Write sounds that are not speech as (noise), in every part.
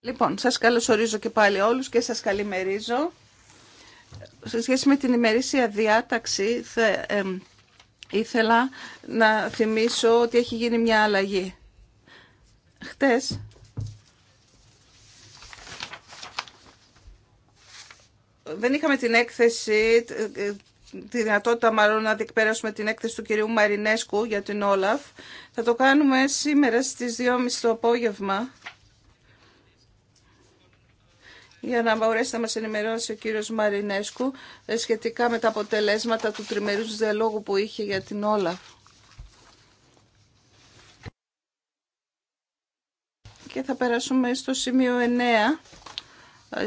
Λοιπόν, σα καλωσορίζω και πάλι όλου και σα καλημερίζω. Σε σχέση με την ημερήσια διάταξη, ήθελα να θυμίσω ότι έχει γίνει μια αλλαγή. Χτες, δεν είχαμε την έκθεση ε, ε, τη δυνατότητα μάλλον να διεκπέρασουμε την έκθεση του κυρίου Μαρινέσκου για την Όλαφ. Θα το κάνουμε σήμερα στις 2.30 το απόγευμα για να μπορέσει να μας ενημερώσει ο κύριος Μαρινέσκου ε, σχετικά με τα αποτελέσματα του τριμερούς διαλόγου που είχε για την Όλαφ. Και θα περάσουμε στο σημείο 9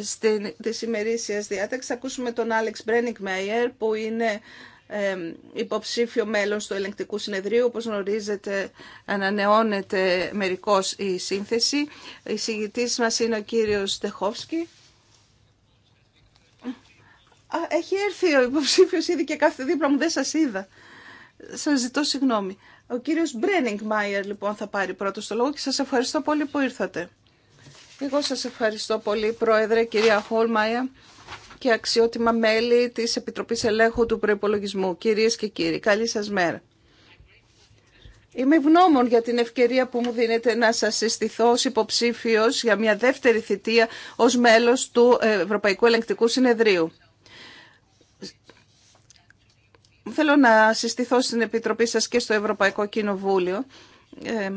στην, της ημερήσιας διάταξης. Θα ακούσουμε τον Άλεξ Μπρένικ Μέιερ που είναι υποψήφιο μέλος του ελεγκτικού συνεδρίου. Όπως γνωρίζετε ανανεώνεται μερικώς η σύνθεση. Η συγητής μας είναι ο κύριος Στεχόφσκι. Α, έχει έρθει ο υποψήφιος ήδη και κάθε δίπλα μου, δεν σας είδα. Σας ζητώ συγγνώμη. Ο κύριος Μπρένιγκ Μάιερ λοιπόν θα πάρει πρώτο το λόγο και σας ευχαριστώ πολύ που ήρθατε. Εγώ σας ευχαριστώ πολύ, Πρόεδρε, κυρία Χόλμαια και αξιότιμα μέλη της Επιτροπής Ελέγχου του Προϋπολογισμού. Κυρίες και κύριοι, καλή σας μέρα. Είμαι ευγνώμων για την ευκαιρία που μου δίνετε να σας συστηθώ ως υποψήφιος για μια δεύτερη θητεία ως μέλος του Ευρωπαϊκού Ελεγκτικού Συνεδρίου. Θέλω να συστηθώ στην Επιτροπή σας και στο Ευρωπαϊκό Κοινοβούλιο ε,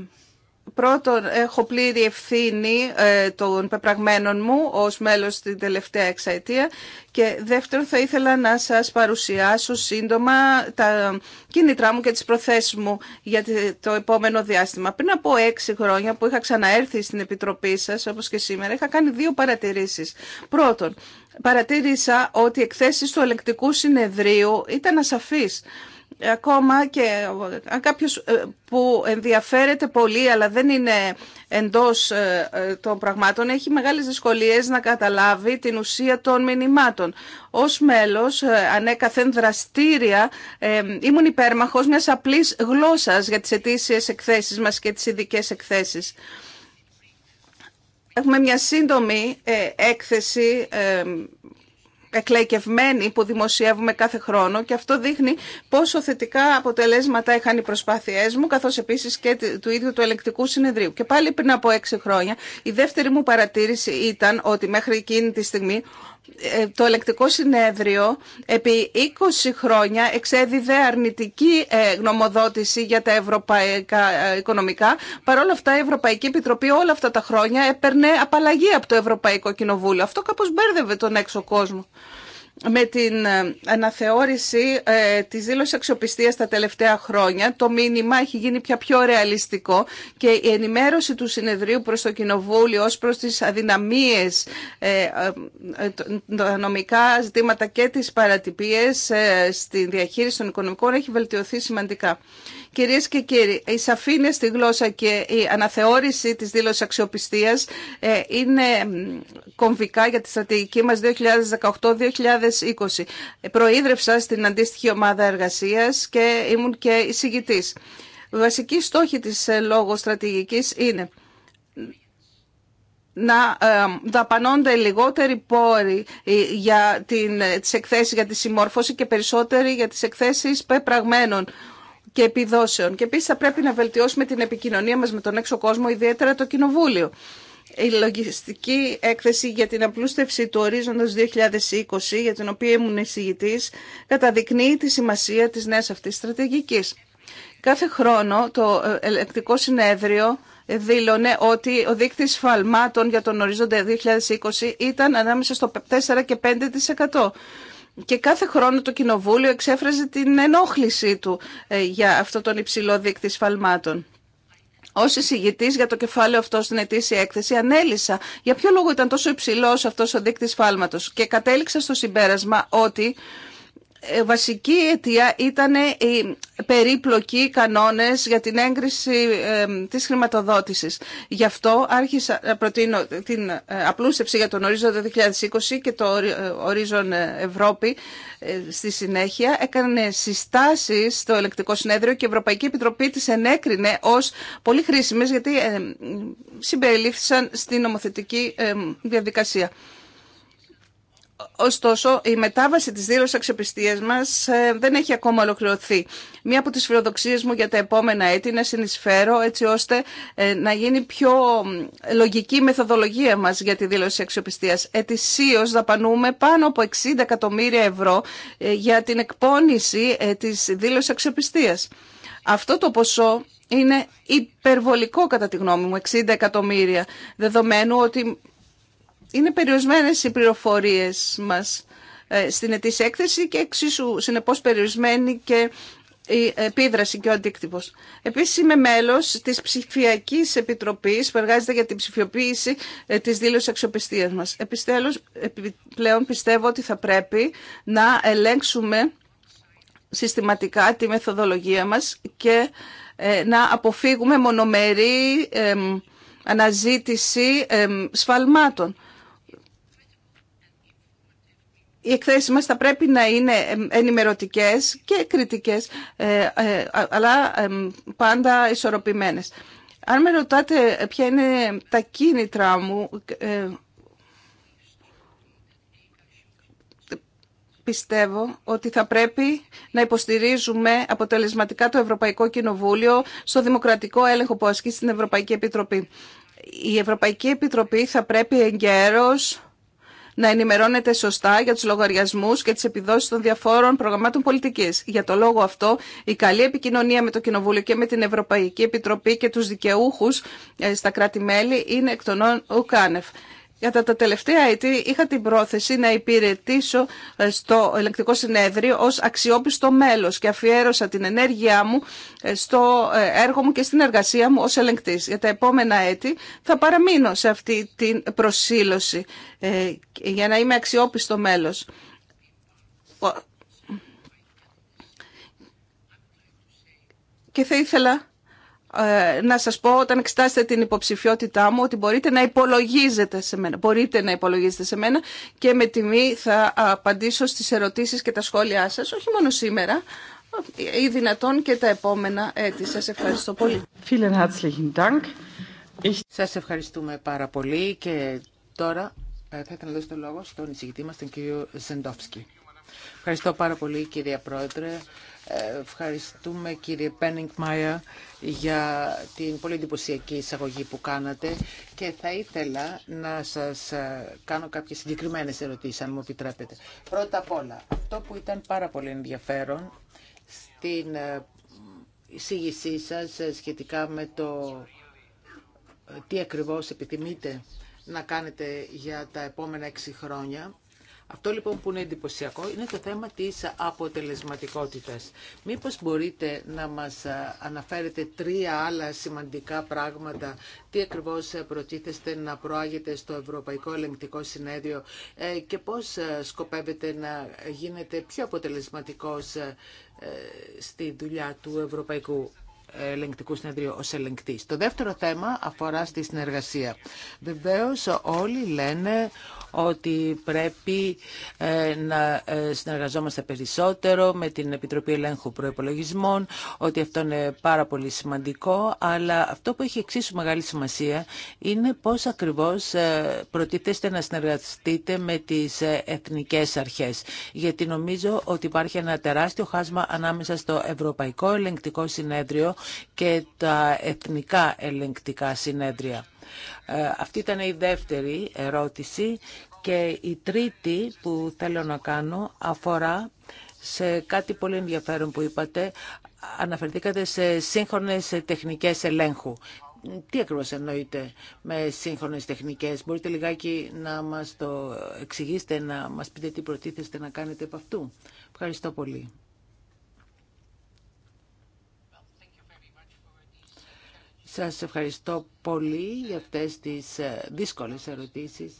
Πρώτον, έχω πλήρη ευθύνη ε, των πεπραγμένων μου ως μέλος την τελευταία εξαετία και δεύτερον θα ήθελα να σας παρουσιάσω σύντομα τα κίνητρά μου και τις προθέσεις μου για το επόμενο διάστημα. Πριν από έξι χρόνια που είχα ξαναέρθει στην Επιτροπή σας, όπως και σήμερα, είχα κάνει δύο παρατηρήσεις. Πρώτον, παρατήρησα ότι οι εκθέσεις του ελεκτικού συνεδρίου ήταν ασαφείς ακόμα και αν κάποιος ε, που ενδιαφέρεται πολύ αλλά δεν είναι εντός ε, ε, των πραγμάτων έχει μεγάλες δυσκολίες να καταλάβει την ουσία των μηνυμάτων. Ως μέλος ανέκαθεν δραστήρια ήμουν υπέρμαχος μιας απλής γλώσσας για τις ετήσιες εκθέσεις μας και τις ειδικέ εκθέσεις. Έχουμε μια σύντομη έκθεση εκλεκευμένη που δημοσιεύουμε κάθε χρόνο και αυτό δείχνει πόσο θετικά αποτελέσματα είχαν οι προσπάθειε μου καθώς επίσης και του ίδιου του ελεκτικού συνεδρίου. Και πάλι πριν από έξι χρόνια η δεύτερη μου παρατήρηση ήταν ότι μέχρι εκείνη τη στιγμή ε, το ελεκτικό συνέδριο επί 20 χρόνια εξέδιδε αρνητική ε, γνωμοδότηση για τα ευρωπαϊκά ε, οικονομικά. Παρ' όλα αυτά η Ευρωπαϊκή Επιτροπή όλα αυτά τα χρόνια έπαιρνε απαλλαγή από το Ευρωπαϊκό Κοινοβούλιο. Αυτό κάπως μπέρδευε τον έξω κόσμο με την ε, αναθεώρηση ε, της δήλωσης αξιοπιστίας τα τελευταία χρόνια το μήνυμα έχει γίνει πια πιο ρεαλιστικό και η ενημέρωση του συνεδρίου προς το Κοινοβούλιο ως προς τις αδυναμίες, ε, ε, τα νομικά ζητήματα και τις παρατυπίες στην διαχείριση των οικονομικών έχει βελτιωθεί σημαντικά. Κυρίες και κύριοι, η σαφήνεια στη γλώσσα και η αναθεώρηση της δήλωσης αξιοπιστίας ε, είναι κομβικά για τη στρατηγική μας 2018-2020. Προείδρευσα στην αντίστοιχη ομάδα εργασίας και ήμουν και εισηγητής. βασική στόχη της ε, λόγω στρατηγικής είναι να ε, δαπανώνται λιγότεροι πόροι για την, τις εκθέσεις για τη συμμόρφωση και περισσότεροι για τις εκθέσεις πεπραγμένων και επιδόσεων. Και επίσης θα πρέπει να βελτιώσουμε την επικοινωνία μα με τον έξω κόσμο, ιδιαίτερα το Κοινοβούλιο. Η λογιστική έκθεση για την απλούστευση του ορίζοντα 2020, για την οποία ήμουν εισήγητή, καταδεικνύει τη σημασία της νέας αυτής στρατηγική. Κάθε χρόνο το ε, ελεκτικό συνέδριο δήλωνε ότι ο δείκτης φαλμάτων για τον ορίζοντα 2020 ήταν ανάμεσα στο 4 και 5%. Και κάθε χρόνο το Κοινοβούλιο εξέφραζε την ενόχλησή του ε, για αυτό τον υψηλό δείκτη σφαλμάτων. Ω εισηγητή για το κεφάλαιο αυτό στην ετήσια έκθεση, ανέλησα για ποιο λόγο ήταν τόσο υψηλό αυτό ο δείκτη σφάλματο και κατέληξα στο συμπέρασμα ότι ε, βασική αιτία ήταν οι περίπλοκοι κανόνες για την έγκριση της χρηματοδότησης. Γι' αυτό άρχισα να ε, προτείνω την ε, απλούστευση για τον ορίζοντα 2020 και το ορίζον Ευρώπη στη συνέχεια. Έκανε συστάσεις στο Ελεκτικό Συνέδριο και η Ευρωπαϊκή Επιτροπή τις ενέκρινε ως πολύ χρήσιμες γιατί συμπεριλήφθησαν στην νομοθετική διαδικασία. Ωστόσο, η μετάβαση της δήλωσης αξιοπιστίας μας ε, δεν έχει ακόμα ολοκληρωθεί. Μία από τις φιλοδοξίες μου για τα επόμενα έτη είναι να συνεισφέρω έτσι ώστε ε, να γίνει πιο λογική η μεθοδολογία μας για τη δήλωση αξιοπιστίας. Ετησίως δαπανούμε πάνω από 60 εκατομμύρια ευρώ ε, για την εκπόνηση της δήλωσης αξιοπιστίας. Αυτό το ποσό είναι υπερβολικό κατά τη γνώμη μου, 60 εκατομμύρια, δεδομένου ότι είναι περιορισμένες οι πληροφορίες μας ε, στην ετήσια έκθεση και εξίσου συνεπώς περιορισμένη και η επίδραση και ο αντίκτυπο. Επίση, είμαι μέλο τη ψηφιακή επιτροπή που εργάζεται για την ψηφιοποίηση ε, τη δήλωση αξιοπιστία μα. Επιπλέον, πιστεύω ότι θα πρέπει να ελέγξουμε συστηματικά τη μεθοδολογία μας και ε, να αποφύγουμε μονομερή αναζήτηση σφαλμάτων οι εκθέσεις μας θα πρέπει να είναι ενημερωτικές και κριτικές, ε, ε, αλλά πάντα ισορροπημένες. Αν με ρωτάτε ποια είναι τα κίνητρα μου, ε, πιστεύω ότι θα πρέπει να υποστηρίζουμε αποτελεσματικά το Ευρωπαϊκό Κοινοβούλιο στο δημοκρατικό έλεγχο που ασκεί στην Ευρωπαϊκή Επιτροπή. Η Ευρωπαϊκή Επιτροπή θα πρέπει εγκαίρως να ενημερώνεται σωστά για του λογαριασμούς και τις επιδόσεις των διαφόρων προγραμμάτων πολιτικής. Για το λόγο αυτό, η καλή επικοινωνία με το Κοινοβούλιο και με την Ευρωπαϊκή Επιτροπή και τους δικαιούχους ε, στα κράτη-μέλη είναι εκ των ουκάνευ. Για τα τελευταία έτη είχα την πρόθεση να υπηρετήσω ε, στο ελεκτικό συνέδριο ως αξιόπιστο μέλος και αφιέρωσα την ενέργειά μου ε, στο ε, έργο μου και στην εργασία μου ως ελεγκτής. Για τα επόμενα έτη θα παραμείνω σε αυτή την προσήλωση για να είμαι αξιόπιστο μέλος. Και θα ήθελα ε, να σας πω όταν εξετάσετε την υποψηφιότητά μου ότι μπορείτε να υπολογίζετε σε μένα. Μπορείτε να υπολογίζετε σε μένα και με τιμή θα απαντήσω στις ερωτήσεις και τα σχόλιά σας, όχι μόνο σήμερα, ή δυνατόν και τα επόμενα έτη. Σας ευχαριστώ πολύ. Σας ευχαριστούμε πάρα πολύ και τώρα ε, θα ήθελα να δώσω το λόγο στον εισηγητή μας, τον κύριο Ζεντόφσκι. Ευχαριστώ πάρα πολύ κυρία Πρόεδρε. Ευχαριστούμε κύριε Πένιγκ Μάια για την πολύ εντυπωσιακή εισαγωγή που κάνατε και θα ήθελα να σας ε, κάνω κάποιες συγκεκριμένες ερωτήσεις αν μου επιτρέπετε. Πρώτα απ' όλα, αυτό που ήταν πάρα πολύ ενδιαφέρον στην ε, εισήγησή σας ε, σχετικά με το τι ακριβώς επιθυμείτε να κάνετε για τα επόμενα έξι χρόνια αυτό λοιπόν που είναι εντυπωσιακό είναι το θέμα της αποτελεσματικότητας. Μήπως μπορείτε να μας ε, αναφέρετε τρία άλλα σημαντικά πράγματα, τι ακριβώς ε, προτίθεστε να προάγετε στο Ευρωπαϊκό Ελεγκτικό Συνέδριο ε, και πώς σκοπεύετε να γίνετε πιο αποτελεσματικός στη δουλειά του Ευρωπαϊκού ελεγκτικού συνεδρίου ως ελεγκτής. Το δεύτερο θέμα αφορά στη συνεργασία. Βεβαίως όλοι λένε ότι πρέπει ε, να ε, συνεργαζόμαστε περισσότερο με την Επιτροπή Ελέγχου Προϋπολογισμών, ότι αυτό είναι πάρα πολύ σημαντικό, αλλά αυτό που έχει εξίσου μεγάλη σημασία είναι πώς ακριβώς ε, προτίθεστε να συνεργαστείτε με τις εθνικές αρχές. Γιατί νομίζω ότι υπάρχει ένα τεράστιο χάσμα ανάμεσα στο Ευρωπαϊκό Ελεγκτικό Συνέδριο και τα Εθνικά Ελεγκτικά Συνέδρια. Ε, αυτή ήταν η δεύτερη ερώτηση και η τρίτη που θέλω να κάνω αφορά σε κάτι πολύ ενδιαφέρον που είπατε. Αναφερθήκατε σε σύγχρονες τεχνικές ελέγχου. Τι ακριβώς εννοείτε με σύγχρονες τεχνικές. Μπορείτε λιγάκι να μας το εξηγήσετε, να μας πείτε τι προτίθεστε να κάνετε από αυτού. Ευχαριστώ πολύ. Σας ευχαριστώ πολύ για αυτές τις ε, δύσκολες ερωτήσεις.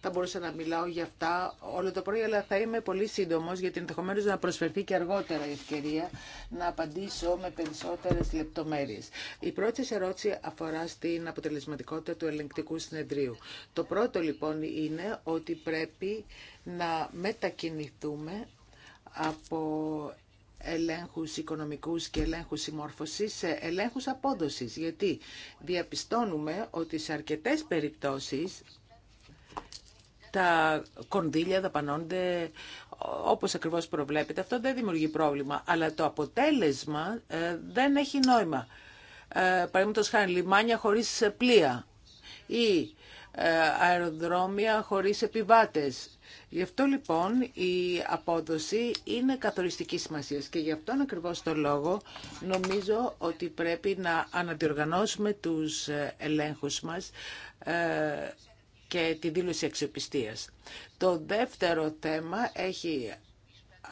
Θα μπορούσα να μιλάω για αυτά όλο το πρωί, αλλά θα είμαι πολύ σύντομο, γιατί ενδεχομένω να προσφερθεί και αργότερα η ευκαιρία να απαντήσω με περισσότερε λεπτομέρειε. Η πρώτη ερώτηση αφορά στην αποτελεσματικότητα του ελεγκτικού συνεδρίου. Το πρώτο λοιπόν είναι ότι πρέπει να μετακινηθούμε από ελέγχους οικονομικούς και ελέγχους συμμόρφωσης σε ελέγχους απόδοσης. Γιατί διαπιστώνουμε ότι σε αρκετές περιπτώσεις τα κονδύλια δαπανώνται όπως ακριβώς προβλέπεται, Αυτό δεν δημιουργεί πρόβλημα, αλλά το αποτέλεσμα ε, δεν έχει νόημα. Ε, Παραδείγματος χάρη λιμάνια χωρίς πλοία ή ε, αεροδρόμια χωρίς επιβάτες. Γι' αυτό λοιπόν η απόδοση είναι καθοριστική σημασία και γι' αυτόν ακριβώς το λόγο νομίζω ότι πρέπει να αναδιοργανώσουμε τους ελέγχους μας ε, και τη δήλωση αξιοπιστίας. Το δεύτερο θέμα έχει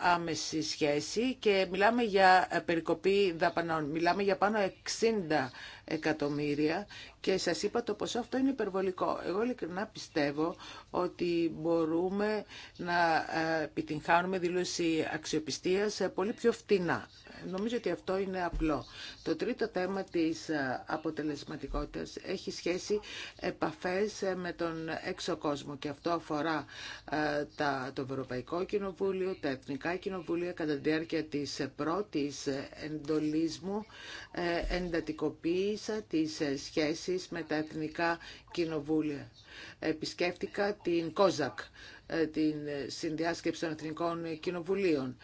άμεση σχέση και μιλάμε για ε, περικοπή δαπανών. Μιλάμε για πάνω 60 εκατομμύρια και σας είπα το ποσό αυτό είναι υπερβολικό. Εγώ ειλικρινά πιστεύω ότι μπορούμε να ε, επιτυγχάνουμε δήλωση αξιοπιστίας ε, πολύ πιο φτηνά. Νομίζω ότι αυτό είναι απλό. Το τρίτο θέμα της ε, αποτελεσματικότητας έχει σχέση επαφές ε, με τον έξω κόσμο και αυτό αφορά ε, τα, το Ευρωπαϊκό Κοινοβούλιο, τα Εθνικά Κοινοβούλια κατά τη διάρκεια της πρώτης εντολής μου εντατικοποίησα τις σχέσεις με τα Εθνικά Κοινοβούλια. Επισκέφτηκα την ΚΟΖΑΚ, την συνδιάσκεψη των Εθνικών Κοινοβουλίων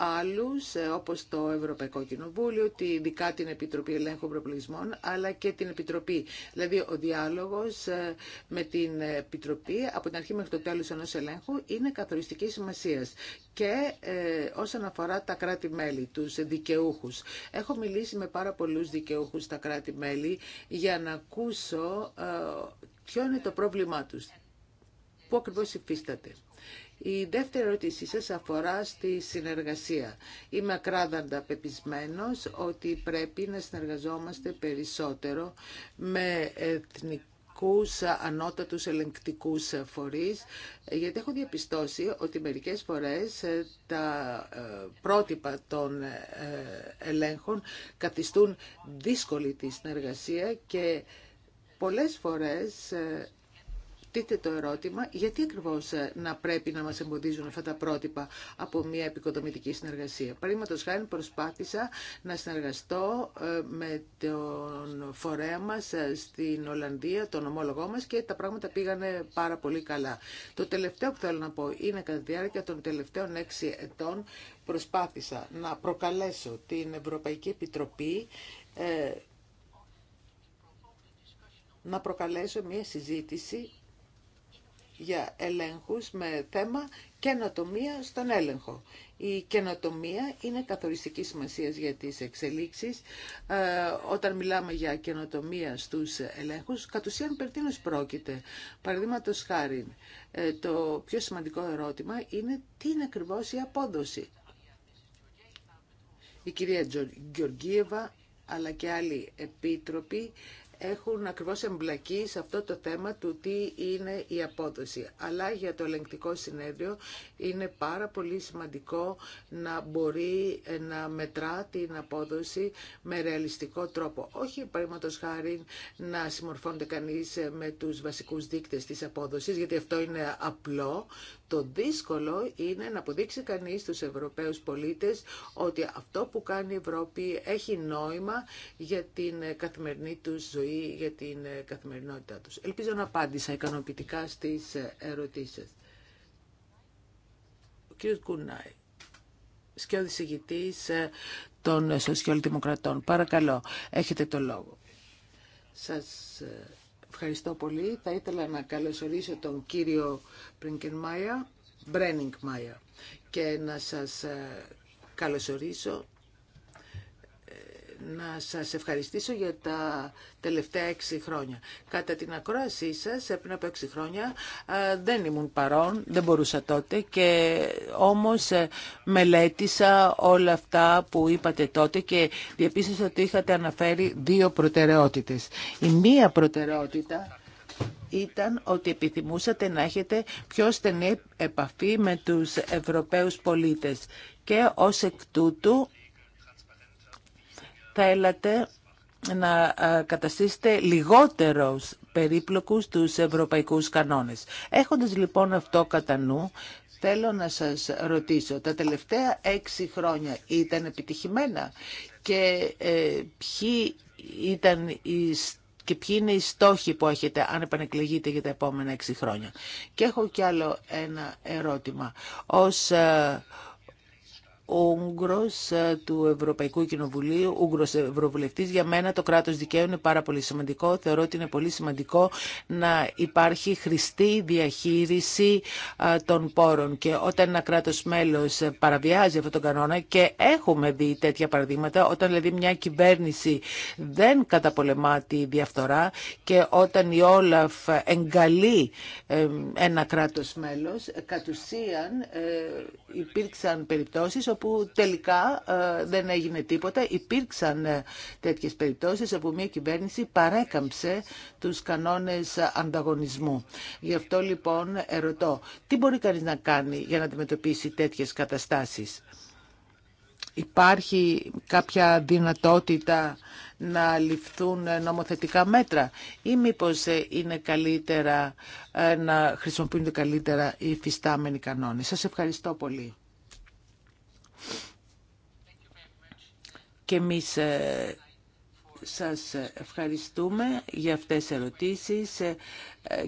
άλλους, ε, όπως το Ευρωπαϊκό Κοινοβούλιο, ειδικά την Επιτροπή Ελέγχου Προπολογισμών, αλλά και την Επιτροπή. Δηλαδή, ο διάλογος ε, με την Επιτροπή από την αρχή μέχρι το τέλος ενός ελέγχου είναι καθοριστική σημασία. και ε, όσον αφορά τα κράτη-μέλη, τους δικαιούχους. Έχω μιλήσει με πάρα πολλούς δικαιούχους στα κράτη-μέλη για να ακούσω ε, ποιο είναι το πρόβλημά τους, πού ακριβώς υφίσταται. Η δεύτερη ερώτησή σας αφορά στη συνεργασία. Είμαι ακράδαντα πεπισμένος ότι πρέπει να συνεργαζόμαστε περισσότερο με εθνικούς ανώτατους ελεγκτικούς φορείς, γιατί έχω διαπιστώσει ότι μερικές φορές ε, τα ε, πρότυπα των ε, ελέγχων καθιστούν δύσκολη τη συνεργασία και πολλές φορές τίτε το ερώτημα γιατί ακριβώς ε, να πρέπει να μας εμποδίζουν αυτά τα πρότυπα από μια επικοδομητική συνεργασία. Παραδείγματο χάρη προσπάθησα να συνεργαστώ ε, με τον φορέα μας ε, στην Ολλανδία, τον ομόλογό μας και τα πράγματα πήγανε πάρα πολύ καλά. Το τελευταίο που θέλω να πω είναι κατά τη διάρκεια των τελευταίων έξι ετών προσπάθησα να προκαλέσω την Ευρωπαϊκή Επιτροπή να προκαλέσω μια συζήτηση για ελέγχους με θέμα καινοτομία στον έλεγχο. Η καινοτομία είναι καθοριστική σημασία για τις εξελίξεις. Ε, όταν μιλάμε για καινοτομία στους ελέγχους, κατ' ουσίαν περί πρόκειται. Παραδείγματο χάρη, ε, το πιο σημαντικό ερώτημα είναι τι είναι ακριβώς η απόδοση. Η κυρία Γεωργίευα αλλά και άλλοι επίτροποι έχουν ακριβώς εμπλακεί σε αυτό το θέμα του τι είναι η απόδοση. Αλλά για το ελεγκτικό συνέδριο είναι πάρα πολύ σημαντικό να μπορεί ε, να μετρά την απόδοση με ρεαλιστικό τρόπο. Όχι, παραδείγματος χάρη, να συμμορφώνεται κανείς ε, με τους βασικούς δείκτες της απόδοσης, γιατί αυτό είναι απλό. Το δύσκολο είναι να αποδείξει κανείς στους Ευρωπαίους πολίτες ότι αυτό που κάνει η Ευρώπη έχει νόημα για την καθημερινή τους ζωή, για την καθημερινότητά τους. Ελπίζω να απάντησα ικανοποιητικά στις ερωτήσεις. Ο κ. Κουνάη, σκιώδης ηγητής ε, των Σοσιαλδημοκρατών. Παρακαλώ, έχετε το λόγο. Σας ε, Ευχαριστώ πολύ. Θα ήθελα να καλωσορίσω τον κύριο Μπρένινγκ Μάια, και να σας ε, καλωσορίσω να σας ευχαριστήσω για τα τελευταία έξι χρόνια. Κατά την ακρόασή σας, πριν από έξι χρόνια, δεν ήμουν παρόν, δεν μπορούσα τότε και όμως ε, μελέτησα όλα αυτά που είπατε τότε και διαπίστωσα ότι είχατε αναφέρει δύο προτεραιότητες. Η μία προτεραιότητα ήταν ότι επιθυμούσατε να έχετε πιο στενή επαφή με τους Ευρωπαίους πολίτες και ως εκ τούτου θέλατε να ε, καταστήσετε λιγότερους περίπλοκους τους ευρωπαϊκούς κανόνες. Έχοντας λοιπόν αυτό κατά νου, θέλω να σας ρωτήσω, τα τελευταία έξι χρόνια ήταν επιτυχημένα και ε, ποιοι ήταν οι και ποιοι είναι οι στόχοι που έχετε αν επανεκλεγείτε για τα επόμενα έξι χρόνια. Και έχω κι άλλο ένα ερώτημα. Ως ε, Ούγγρος ε, του Ευρωπαϊκού Κοινοβουλίου, Ούγγρος Ευρωβουλευτής. Για μένα το κράτος δικαίου είναι πάρα πολύ σημαντικό. Θεωρώ ότι είναι πολύ σημαντικό να υπάρχει χρηστή διαχείριση ε, των πόρων. Και όταν ένα κράτος μέλος ε, παραβιάζει αυτόν τον κανόνα και έχουμε δει τέτοια παραδείγματα, όταν δηλαδή μια κυβέρνηση δεν καταπολεμά τη διαφθορά και όταν η Όλαφ εγκαλεί ένα κράτος μέλος, κατ' ουσίαν υπήρξαν περιπτώσεις που τελικά ε, δεν έγινε τίποτα. Υπήρξαν ε, τέτοιες περιπτώσεις όπου μια κυβέρνηση παρέκαμψε τους κανόνες ανταγωνισμού. Γι' αυτό λοιπόν ερωτώ, τι μπορεί κανείς να κάνει για να αντιμετωπίσει τέτοιες καταστάσεις. Υπάρχει κάποια δυνατότητα να ληφθούν νομοθετικά μέτρα ή μήπως ε, είναι καλύτερα να χρησιμοποιούνται καλύτερα οι φυστάμενοι κανόνες. Σας ευχαριστώ πολύ. Και εμείς ε, σας ευχαριστούμε για αυτές τις ερωτήσεις ε,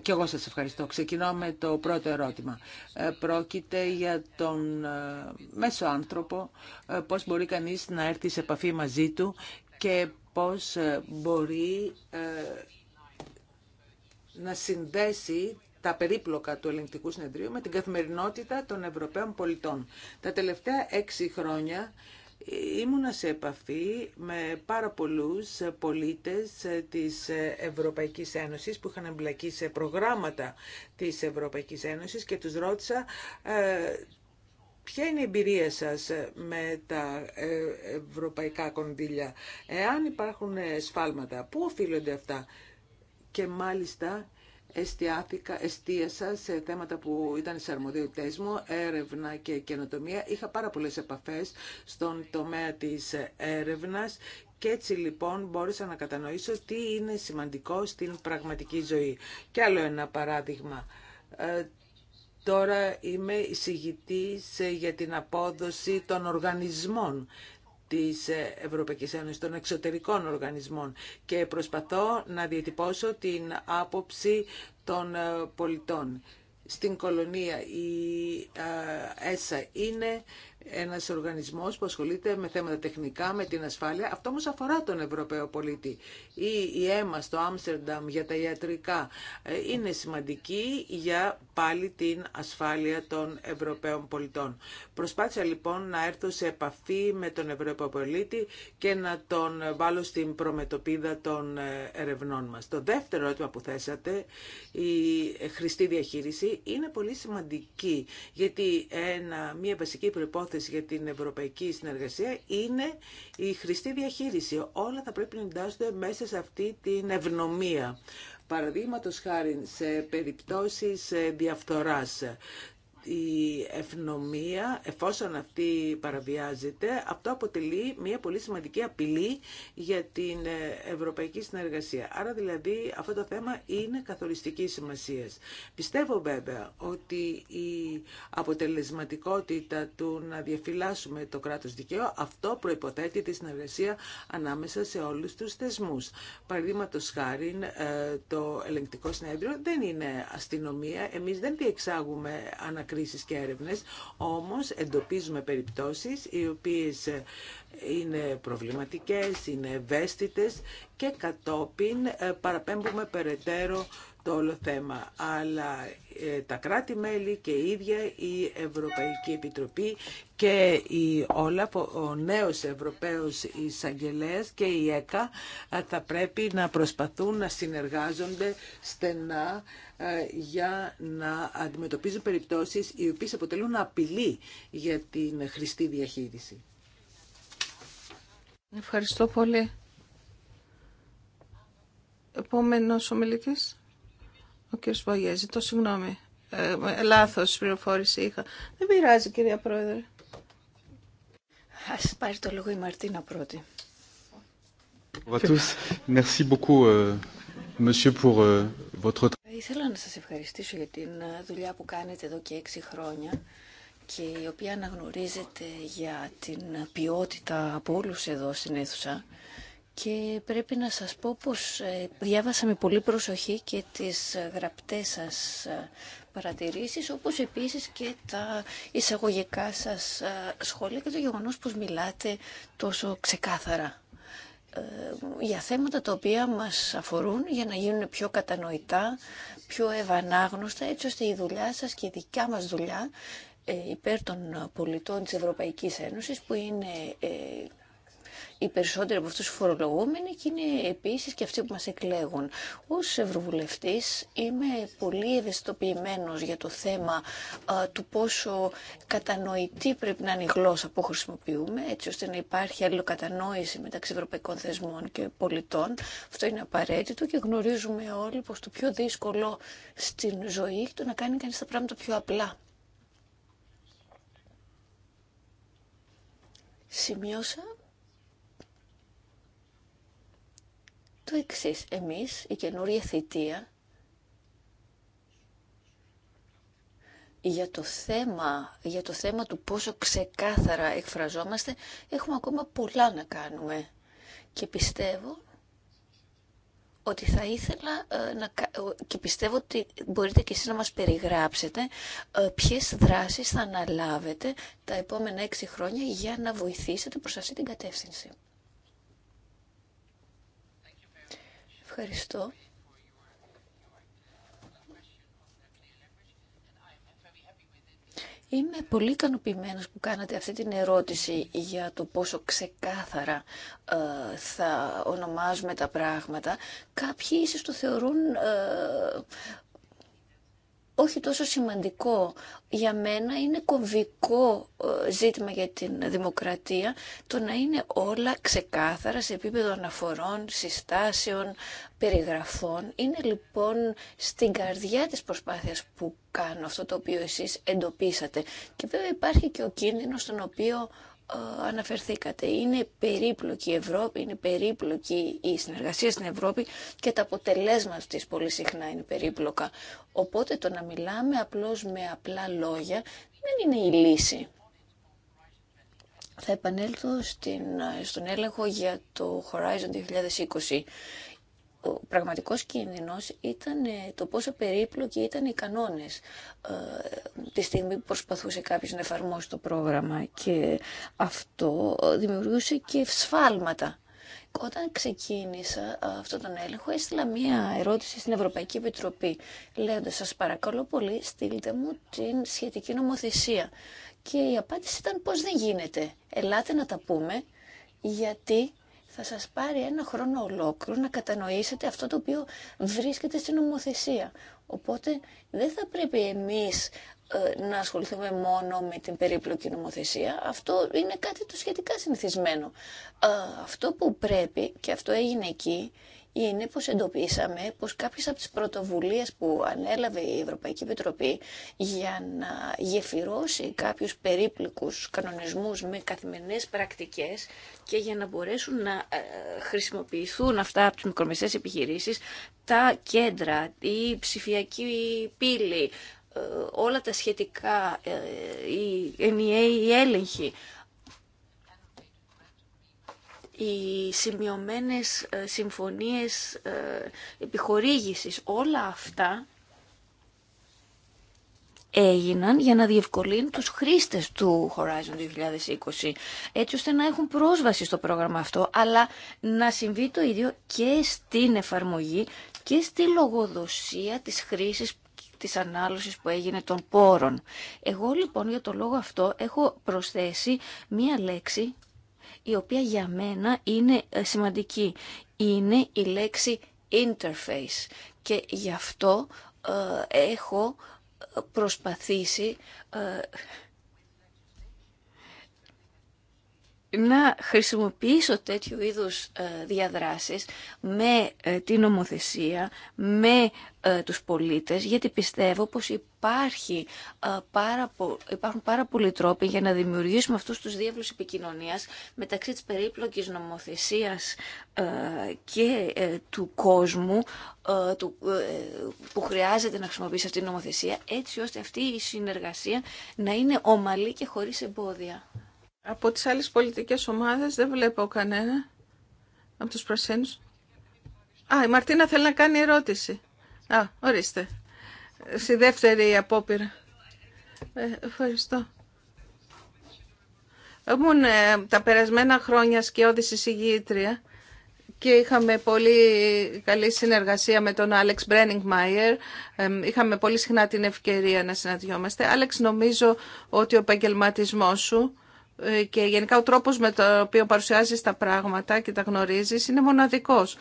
και εγώ σας ευχαριστώ. Ξεκινώ με το πρώτο ερώτημα. Ε, πρόκειται για τον μέσο άνθρωπο, πώς μπορεί κανείς να έρθει σε επαφή μαζί του και πώς μπορεί να συνδέσει τα περίπλοκα του ελεγκτικού συνεδρίου με την καθημερινότητα των Ευρωπαίων πολιτών. Τα τελευταία έξι χρόνια Ήμουνα σε επαφή με πάρα πολλούς πολίτες της Ευρωπαϊκής Ένωσης που είχαν εμπλακεί σε προγράμματα της Ευρωπαϊκής Ένωσης και τους ρώτησα ε, ποια είναι η εμπειρία σας με τα ε, ευρωπαϊκά κονδύλια. Εάν υπάρχουν σφάλματα, πού οφείλονται αυτά. Και μάλιστα εστιάθηκα, εστίασα σε θέματα που ήταν σε μου, έρευνα και καινοτομία. Είχα πάρα πολλές επαφές στον τομέα της έρευνας και έτσι λοιπόν μπόρεσα να κατανοήσω τι είναι σημαντικό στην πραγματική ζωή. Και άλλο ένα παράδειγμα. Ε, τώρα είμαι εισηγητής για την απόδοση των οργανισμών της Ευρωπαϊκής Ένωσης, των εξωτερικών οργανισμών και προσπαθώ να διατυπώσω την άποψη των ε, πολιτών. Στην κολονία η ε, ΕΣΑ είναι ένας οργανισμός που ασχολείται με θέματα τεχνικά, με την ασφάλεια. Αυτό όμω αφορά τον Ευρωπαίο πολίτη. Ή η αίμα στο Άμστερνταμ για τα ιατρικά ε, είναι σημαντική για πάλι την ασφάλεια των Ευρωπαίων πολιτών. Προσπάθησα λοιπόν να έρθω σε επαφή με τον Ευρωπαίο πολίτη και να τον βάλω στην προμετωπίδα των ε, ερευνών μα. Το δεύτερο ερώτημα που θέσατε, η ε, χρηστή διαχείριση, είναι πολύ σημαντική, γιατί ένα, μια βασική προπόθεση για την ευρωπαϊκή συνεργασία είναι η χρηστή διαχείριση. Όλα θα πρέπει να εντάσσονται μέσα σε αυτή την ευνομία. Παραδείγματο χάρη σε περιπτώσεις ε, διαφθοράς, η ευνομία, εφόσον αυτή παραβιάζεται, αυτό αποτελεί μια πολύ σημαντική απειλή για την ε, ευρωπαϊκή συνεργασία. Άρα δηλαδή αυτό το θέμα είναι καθοριστική σημασία. Πιστεύω βέβαια ότι η αποτελεσματικότητα του να διαφυλάσσουμε το κράτος δικαίου, αυτό προϋποθέτει τη συνεργασία ανάμεσα σε όλους τους θεσμούς. Παραδείγματο χάρη ε, το ελεγκτικό συνέδριο δεν είναι αστυνομία. Εμείς δεν διεξάγουμε ανακριτικά αναλύσεις όμως εντοπίζουμε περιπτώσεις οι οποίες είναι προβληματικές, είναι ευαίσθητες και κατόπιν ε, παραπέμπουμε περαιτέρω το όλο θέμα, αλλά ε, τα κράτη-μέλη και η ίδια η Ευρωπαϊκή Επιτροπή και η Όλαφ, ο νέος Ευρωπαίος εισαγγελέα και η ΕΚΑ ε, θα πρέπει να προσπαθούν να συνεργάζονται στενά ε, για να αντιμετωπίζουν περιπτώσεις οι οποίες αποτελούν απειλή για την χρηστή διαχείριση. Ευχαριστώ πολύ. Επόμενος ομιλητής. Ο κ. Βογέ, ζητώ συγγνώμη. Ε, ε, λάθος πληροφόρηση είχα. Δεν πειράζει, κυρία Πρόεδρε. Α πάρει το λόγο η Μαρτίνα πρώτη. Euh, euh, ε, ήθελα να σας ευχαριστήσω για την ε, δουλειά που κάνετε εδώ και έξι χρόνια και η οποία αναγνωρίζεται για την ποιότητα από όλους εδώ στην αίθουσα και πρέπει να σας πω πως ε, διάβασα με πολύ προσοχή και τις ε, γραπτές σας ε, παρατηρήσεις, όπως επίσης και τα εισαγωγικά σας σχόλια και το γεγονός πως μιλάτε τόσο ξεκάθαρα για θέματα τα οποία μας αφορούν για να γίνουν πιο κατανοητά, πιο ευανάγνωστα, έτσι ώστε η δουλειά σας και η δικιά μας δουλειά υπέρ των πολιτών της Ευρωπαϊκής Ένωσης που είναι οι περισσότεροι από αυτούς φορολογούμενοι και είναι επίσης και αυτοί που μας εκλέγουν. Ως Ευρωβουλευτής είμαι πολύ ευαισθητοποιημένος για το θέμα του πόσο κατανοητή πρέπει να είναι η γλώσσα που χρησιμοποιούμε, έτσι ώστε να υπάρχει αλληλοκατανόηση μεταξύ ευρωπαϊκών θεσμών και πολιτών. Αυτό είναι απαραίτητο και γνωρίζουμε όλοι πως το πιο δύσκολο στην ζωή το να κάνει κανείς τα πράγματα πιο απλά. Σημείωσα το εξή. Εμείς, η καινούρια θητεία, για το θέμα, για το θέμα του πόσο ξεκάθαρα εκφραζόμαστε, έχουμε ακόμα πολλά να κάνουμε. Και πιστεύω ότι θα ήθελα ε, να, ε, και πιστεύω ότι μπορείτε και εσείς να μας περιγράψετε ε, ποιες δράσεις θα αναλάβετε τα επόμενα έξι χρόνια για να βοηθήσετε προς αυτή την κατεύθυνση. Ευχαριστώ. Είμαι πολύ ικανοποιημένος που κάνατε αυτή την ερώτηση για το πόσο ξεκάθαρα ε, θα ονομάζουμε τα πράγματα. Κάποιοι ίσως το θεωρούν ε, όχι τόσο σημαντικό. Για μένα είναι κομβικό ε, ζήτημα για την δημοκρατία το να είναι όλα ξεκάθαρα σε επίπεδο αναφορών, συστάσεων, περιγραφών. Είναι λοιπόν στην καρδιά της προσπάθειας που κάνω αυτό το οποίο εσείς εντοπίσατε. Και βέβαια υπάρχει και ο κίνδυνος τον οποίο ε, αναφερθήκατε. Είναι περίπλοκη η Ευρώπη, είναι περίπλοκη η συνεργασία στην Ευρώπη και τα αποτελέσματα της πολύ συχνά είναι περίπλοκα. Οπότε το να μιλάμε απλώς με απλά λόγια δεν είναι η λύση. Θα επανέλθω στην, ε, στον έλεγχο για το Horizon 2020 ο πραγματικός κίνδυνος ήταν ε, το πόσο περίπλοκοι ήταν οι κανόνες ε, τη στιγμή που προσπαθούσε κάποιος να εφαρμόσει το πρόγραμμα και αυτό δημιουργούσε και σφάλματα. Όταν ξεκίνησα αυτό τον έλεγχο, έστειλα μία ερώτηση στην Ευρωπαϊκή Επιτροπή, λέγοντας «Σας παρακαλώ πολύ, στείλτε μου την σχετική νομοθεσία». Και η απάντηση ήταν «Πώς δεν γίνεται, ελάτε να τα πούμε, γιατί θα σας πάρει ένα χρόνο ολόκληρο να κατανοήσετε αυτό το οποίο βρίσκεται στην νομοθεσία. Οπότε δεν θα πρέπει εμείς ε, να ασχοληθούμε μόνο με την περίπλοκη νομοθεσία. Αυτό είναι κάτι το σχετικά συνηθισμένο. αυτό που πρέπει, και αυτό έγινε εκεί, είναι πως εντοπίσαμε πως κάποιες από τις πρωτοβουλίες που ανέλαβε η Ευρωπαϊκή Επιτροπή για να γεφυρώσει κάποιους περίπλικους κανονισμούς με καθημερινές πρακτικές και για να μπορέσουν να ε, χρησιμοποιηθούν αυτά από τις μικρομεσαίες επιχειρήσεις, τα κέντρα, η ψηφιακή πύλη, ε, όλα τα σχετικά, ε, η ενιαίοι e έλεγχοι, οι σημειωμένες ε, συμφωνίες ε, επιχορήγησης, όλα αυτά έγιναν για να διευκολύνουν τους χρήστες του Horizon 2020, έτσι ώστε να έχουν πρόσβαση στο πρόγραμμα αυτό, αλλά να συμβεί το ίδιο και στην εφαρμογή και στη λογοδοσία της χρήσης της ανάλυσης που έγινε των πόρων. Εγώ λοιπόν για το λόγο αυτό έχω προσθέσει μία λέξη η οποία για μένα είναι ε, σημαντική. Είναι η λέξη interface και γι' αυτό ε, έχω ε, προσπαθήσει να χρησιμοποιήσω τέτοιου είδους ε, διαδράσεις με ε, την νομοθεσία, με ε, τους πολίτες, γιατί πιστεύω πως υπάρχει, πάρα υπάρχουν πάρα πολλοί τρόποι για να δημιουργήσουμε αυτούς τους διάβλους επικοινωνίας μεταξύ της περίπλοκης νομοθεσίας και του κόσμου που χρειάζεται να χρησιμοποιήσει αυτή την νομοθεσία, έτσι ώστε αυτή η συνεργασία να είναι ομαλή και χωρίς εμπόδια. Από τις άλλες πολιτικές ομάδες δεν βλέπω κανένα. Από τους προσένους. Α, η Μαρτίνα θέλει να κάνει ερώτηση. Α, ορίστε. Στη δεύτερη απόπειρα. Ε, ευχαριστώ. Ήμουν ε, τα περασμένα χρόνια σκιώδης εισηγήτρια και είχαμε πολύ καλή συνεργασία με τον Άλεξ Μπρένιγκ Μάιερ. Ε, είχαμε πολύ συχνά την ευκαιρία να συναντιόμαστε. Άλεξ, νομίζω ότι ο επαγγελματισμό σου ε, και γενικά ο τρόπος με τον οποίο παρουσιάζεις τα πράγματα και τα γνωρίζεις είναι μοναδικός.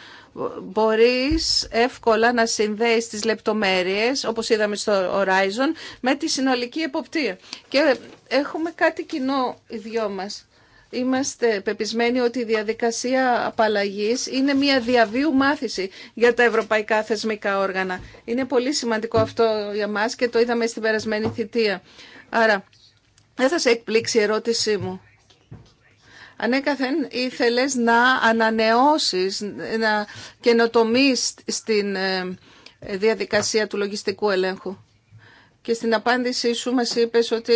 Μπορείς εύκολα να συνδέεις τις λεπτομέρειες, όπως είδαμε στο Horizon, με τη συνολική εποπτεία. Και έχουμε κάτι κοινό οι δυο μας. Είμαστε πεπισμένοι ότι η διαδικασία απαλλαγή είναι μια διαβίου μάθηση για τα ευρωπαϊκά θεσμικά όργανα. Είναι πολύ σημαντικό αυτό για μας και το είδαμε στην περασμένη θητεία. Άρα, δεν θα σε εκπλήξει η ερώτησή μου. Ανέκαθεν ήθελες να ανανεώσεις, να καινοτομείς στην ε, διαδικασία του λογιστικού ελέγχου. Και στην απάντησή σου μας είπες ότι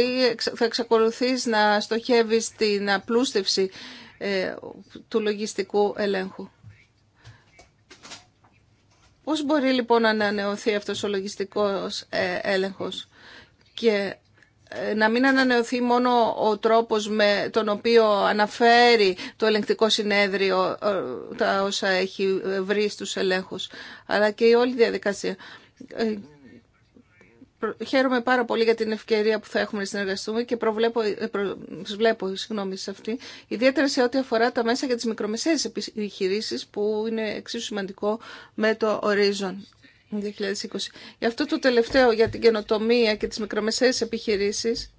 θα εξακολουθείς να στοχεύεις την απλούστευση ε, του λογιστικού ελέγχου. Πώς μπορεί λοιπόν να ανανεωθεί αυτός ο λογιστικός ε, έλεγχος και ε, να μην ανανεωθεί μόνο ο τρόπος με τον οποίο αναφέρει το ελεγκτικό συνέδριο ε, τα όσα έχει βρει στους ελέγχους, αλλά και η όλη διαδικασία. Ε, χαίρομαι πάρα πολύ για την ευκαιρία που θα έχουμε να συνεργαστούμε και προβλέπω, προ, βλέπω συγγνώμη, σε αυτή, ιδιαίτερα σε ό,τι αφορά τα μέσα για τις μικρομεσαίες επιχειρήσεις που είναι εξίσου σημαντικό με το ορίζον 2020. Γι' αυτό το τελευταίο για την καινοτομία και τις μικρομεσαίες επιχειρήσεις,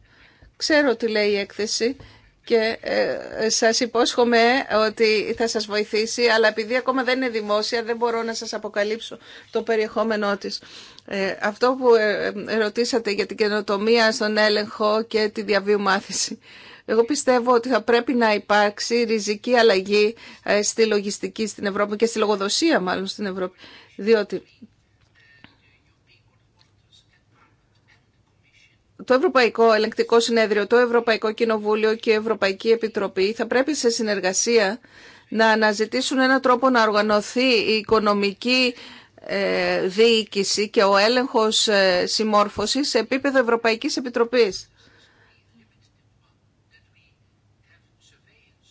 ξέρω τι λέει η έκθεση και ε, ε, σας υπόσχομαι ότι θα σας βοηθήσει, αλλά επειδή ακόμα δεν είναι δημόσια δεν μπορώ να σας αποκαλύψω το περιεχόμενό της. Ε, αυτό που ρωτήσατε για την καινοτομία στον έλεγχο και τη διαβίου μάθηση. Εγώ πιστεύω ότι θα πρέπει να υπάρξει ριζική αλλαγή στη λογιστική στην Ευρώπη και στη λογοδοσία μάλλον στην Ευρώπη. Διότι το Ευρωπαϊκό Ελεγκτικό Συνέδριο, το Ευρωπαϊκό Κοινοβούλιο και η Ευρωπαϊκή Επιτροπή θα πρέπει σε συνεργασία να αναζητήσουν έναν τρόπο να οργανωθεί η οικονομική ε, διοίκηση και ο έλεγχος ε, συμμόρφωσης σε επίπεδο Ευρωπαϊκής Επιτροπής.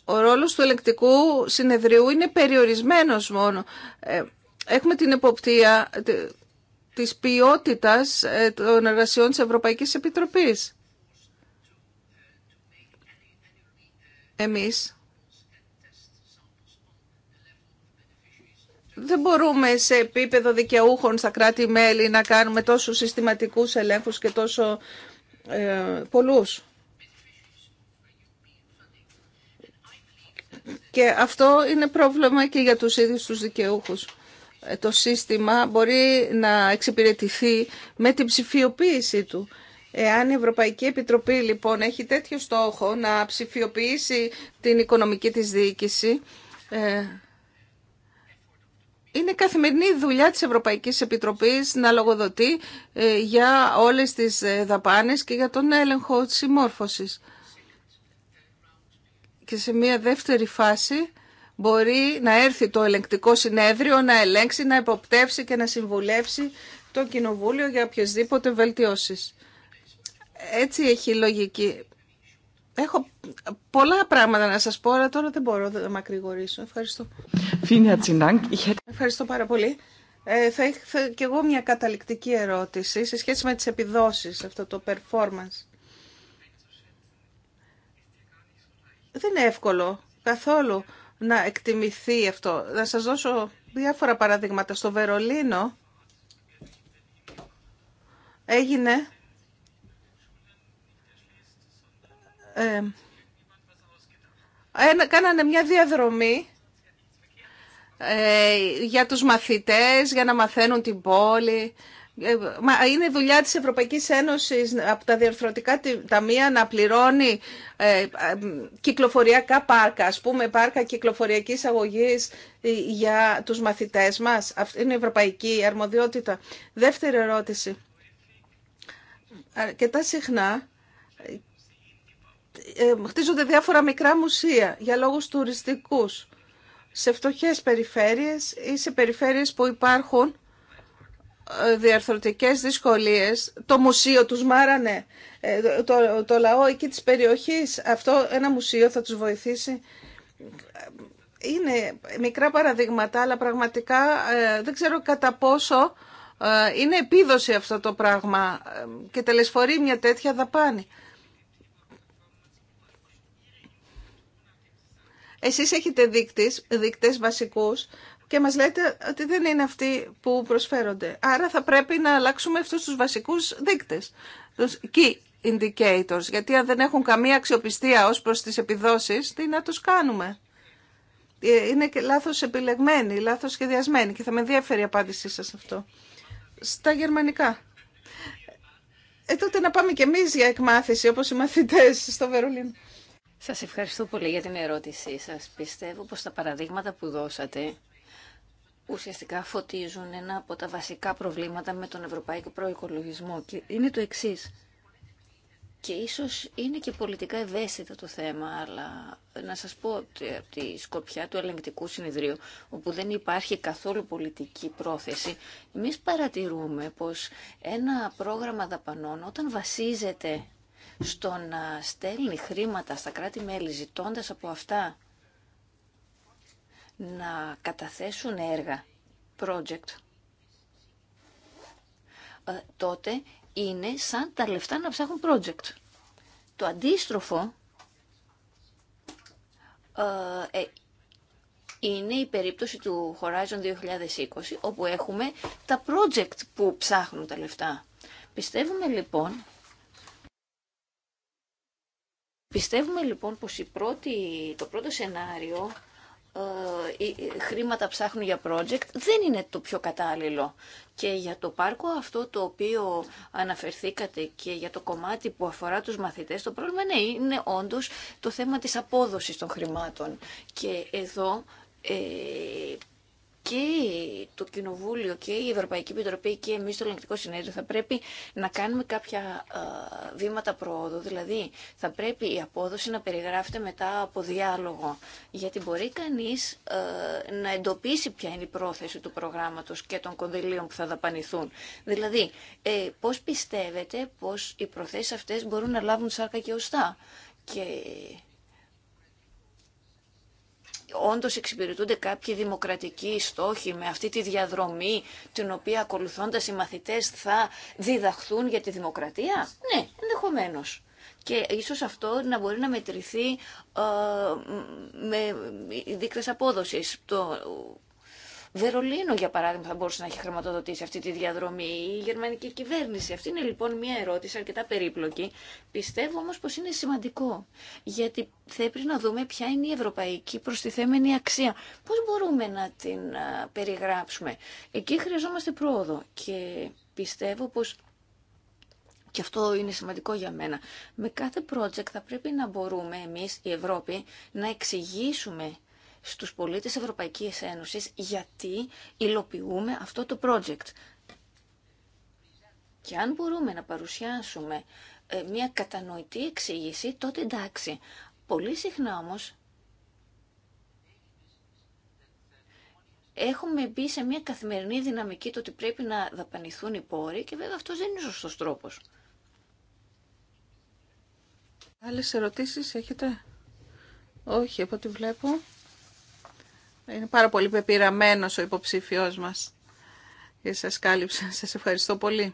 Ο ρόλος του ελεκτικού συνεδριού είναι περιορισμένος μόνο. Ε, έχουμε την εποπτεία της ποιότητας ε, των εργασιών της Ευρωπαϊκής Επιτροπής. Εμείς δεν μπορούμε σε επίπεδο δικαιούχων στα κράτη-μέλη να κάνουμε τόσο συστηματικούς ελέγχους και τόσο ε, πολλούς. Και αυτό είναι πρόβλημα και για τους ίδιους τους δικαιούχους το σύστημα μπορεί να εξυπηρετηθεί με την ψηφιοποίηση του. Εάν η Ευρωπαϊκή Επιτροπή λοιπόν έχει τέτοιο στόχο να ψηφιοποιήσει την οικονομική της διοίκηση, ε, είναι καθημερινή δουλειά της Ευρωπαϊκής Επιτροπής να λογοδοτεί ε, για όλες τις ε, δαπάνες και για τον έλεγχο της συμμόρφωσης. Και σε μια δεύτερη φάση μπορεί να έρθει το ελεγκτικό συνέδριο να ελέγξει, να υποπτεύσει και να συμβουλεύσει το Κοινοβούλιο για οποιασδήποτε βελτιώσεις. Έτσι έχει λογική. Έχω πολλά πράγματα να σας πω, αλλά τώρα δεν μπορώ να μακρηγορήσω. Ευχαριστώ. Ευχαριστώ πάρα πολύ. Ε, θα είχα και εγώ μια καταληκτική ερώτηση σε σχέση με τις επιδόσεις, αυτό το performance. Δεν είναι εύκολο καθόλου να εκτιμηθεί αυτό. Να σας δώσω διάφορα παραδείγματα. Στο Βερολίνο έγινε ε, κάνανε μια διαδρομή ε, για τους μαθητές, για να μαθαίνουν την πόλη, Μα είναι δουλειά της Ευρωπαϊκής Ένωσης από τα διαρθρωτικά ταμεία να πληρώνει ε, ε, κυκλοφοριακά πάρκα, ας πούμε πάρκα κυκλοφοριακής αγωγής ε, για τους μαθητές μας. Αυτή είναι η ευρωπαϊκή αρμοδιότητα. Δεύτερη ερώτηση. Αρκετά συχνά χτίζονται διάφορα μικρά μουσεία για λόγους τουριστικούς σε φτωχές περιφέρειες ή σε περιφέρειες που υπάρχουν διαρθρωτικές δυσκολίες, το μουσείο τους μάρανε, ε, το, το, λαό εκεί της περιοχής, αυτό ένα μουσείο θα τους βοηθήσει. Είναι μικρά παραδείγματα, αλλά πραγματικά ε, δεν ξέρω κατά πόσο ε, είναι επίδοση αυτό το πράγμα και τελεσφορεί μια τέτοια δαπάνη. Εσείς έχετε δείκτες, δείκτες βασικούς και μας λέτε ότι δεν είναι αυτοί που προσφέρονται. Άρα θα πρέπει να αλλάξουμε αυτούς τους βασικούς δείκτες, τους key indicators, γιατί αν δεν έχουν καμία αξιοπιστία ως προς τις επιδόσεις, τι να τους κάνουμε. Είναι και λάθος επιλεγμένοι, λάθος σχεδιασμένοι και θα με ενδιαφέρει η απάντησή σας αυτό. Στα γερμανικά. Ε, τότε να πάμε και εμείς για εκμάθηση, όπως οι μαθητές στο Βερολίνο. Σας ευχαριστώ πολύ για την ερώτησή σας. Πιστεύω πως τα παραδείγματα που δώσατε ουσιαστικά φωτίζουν ένα από τα βασικά προβλήματα με τον ευρωπαϊκό προοικολογισμό και είναι το εξή. Και ίσως είναι και πολιτικά ευαίσθητο το θέμα, αλλά να σας πω ότι από τη σκοπιά του ελεγκτικού συνεδρίου, όπου δεν υπάρχει καθόλου πολιτική πρόθεση, εμείς παρατηρούμε πως ένα πρόγραμμα δαπανών όταν βασίζεται στο να στέλνει χρήματα στα κράτη-μέλη ζητώντας από αυτά να καταθέσουν έργα, project, ε, τότε είναι σαν τα λεφτά να ψάχνουν project. Το αντίστροφο ε, ε, είναι η περίπτωση του Horizon 2020, όπου έχουμε τα project που ψάχνουν τα λεφτά. Πιστεύουμε λοιπόν, πιστεύουμε λοιπόν πως η πρώτη, το πρώτο σενάριο ε, ε, χρήματα ψάχνουν για project δεν είναι το πιο κατάλληλο. Και για το πάρκο αυτό το οποίο αναφερθήκατε και για το κομμάτι που αφορά τους μαθητές, το πρόβλημα είναι όντως το θέμα της απόδοσης των χρημάτων. Και εδώ ε, και το Κοινοβούλιο και η Ευρωπαϊκή Επιτροπή και εμείς στο Ελληνικό Συνέδριο θα πρέπει να κάνουμε κάποια βήματα προόδου. Δηλαδή θα πρέπει η απόδοση να περιγράφεται μετά από διάλογο. Γιατί μπορεί κανείς να εντοπίσει ποια είναι η πρόθεση του προγράμματος και των κονδυλίων που θα δαπανηθούν. Δηλαδή ε, πώς πιστεύετε πως οι προθέσεις αυτές μπορούν να λάβουν σάρκα και οστά. Και Όντω εξυπηρετούνται κάποιοι δημοκρατικοί στόχοι με αυτή τη διαδρομή την οποία ακολουθώντα οι μαθητέ θα διδαχθούν για τη δημοκρατία. Ναι, ενδεχομένω. Και ίσως αυτό να μπορεί να μετρηθεί ε, με δείκτες απόδοσης. Το Βερολίνο, για παράδειγμα, θα μπορούσε να έχει χρηματοδοτήσει αυτή τη διαδρομή η γερμανική κυβέρνηση. Αυτή είναι λοιπόν μια ερώτηση αρκετά περίπλοκη. Πιστεύω όμω πω είναι σημαντικό. Γιατί θα να δούμε ποια είναι η ευρωπαϊκή προστιθέμενη αξία. Πώ μπορούμε να την περιγράψουμε. Εκεί χρειαζόμαστε πρόοδο. Και πιστεύω πω και αυτό είναι σημαντικό για μένα. Με κάθε project θα πρέπει να μπορούμε εμείς, η Ευρώπη, να εξηγήσουμε στους πολίτες Ευρωπαϊκής Ένωσης γιατί υλοποιούμε αυτό το project. Και αν μπορούμε να παρουσιάσουμε ε, μια κατανοητή εξήγηση, τότε εντάξει. Πολύ συχνά όμως έχουμε μπει σε μια καθημερινή δυναμική το ότι πρέπει να δαπανηθούν οι πόροι και βέβαια αυτός δεν είναι ο σωστός τρόπος. Άλλες ερωτήσεις έχετε? Όχι, από ό,τι βλέπω. Είναι πάρα πολύ πεπειραμένος ο υποψήφιός μας. Και σας κάλυψα. Σας ευχαριστώ πολύ.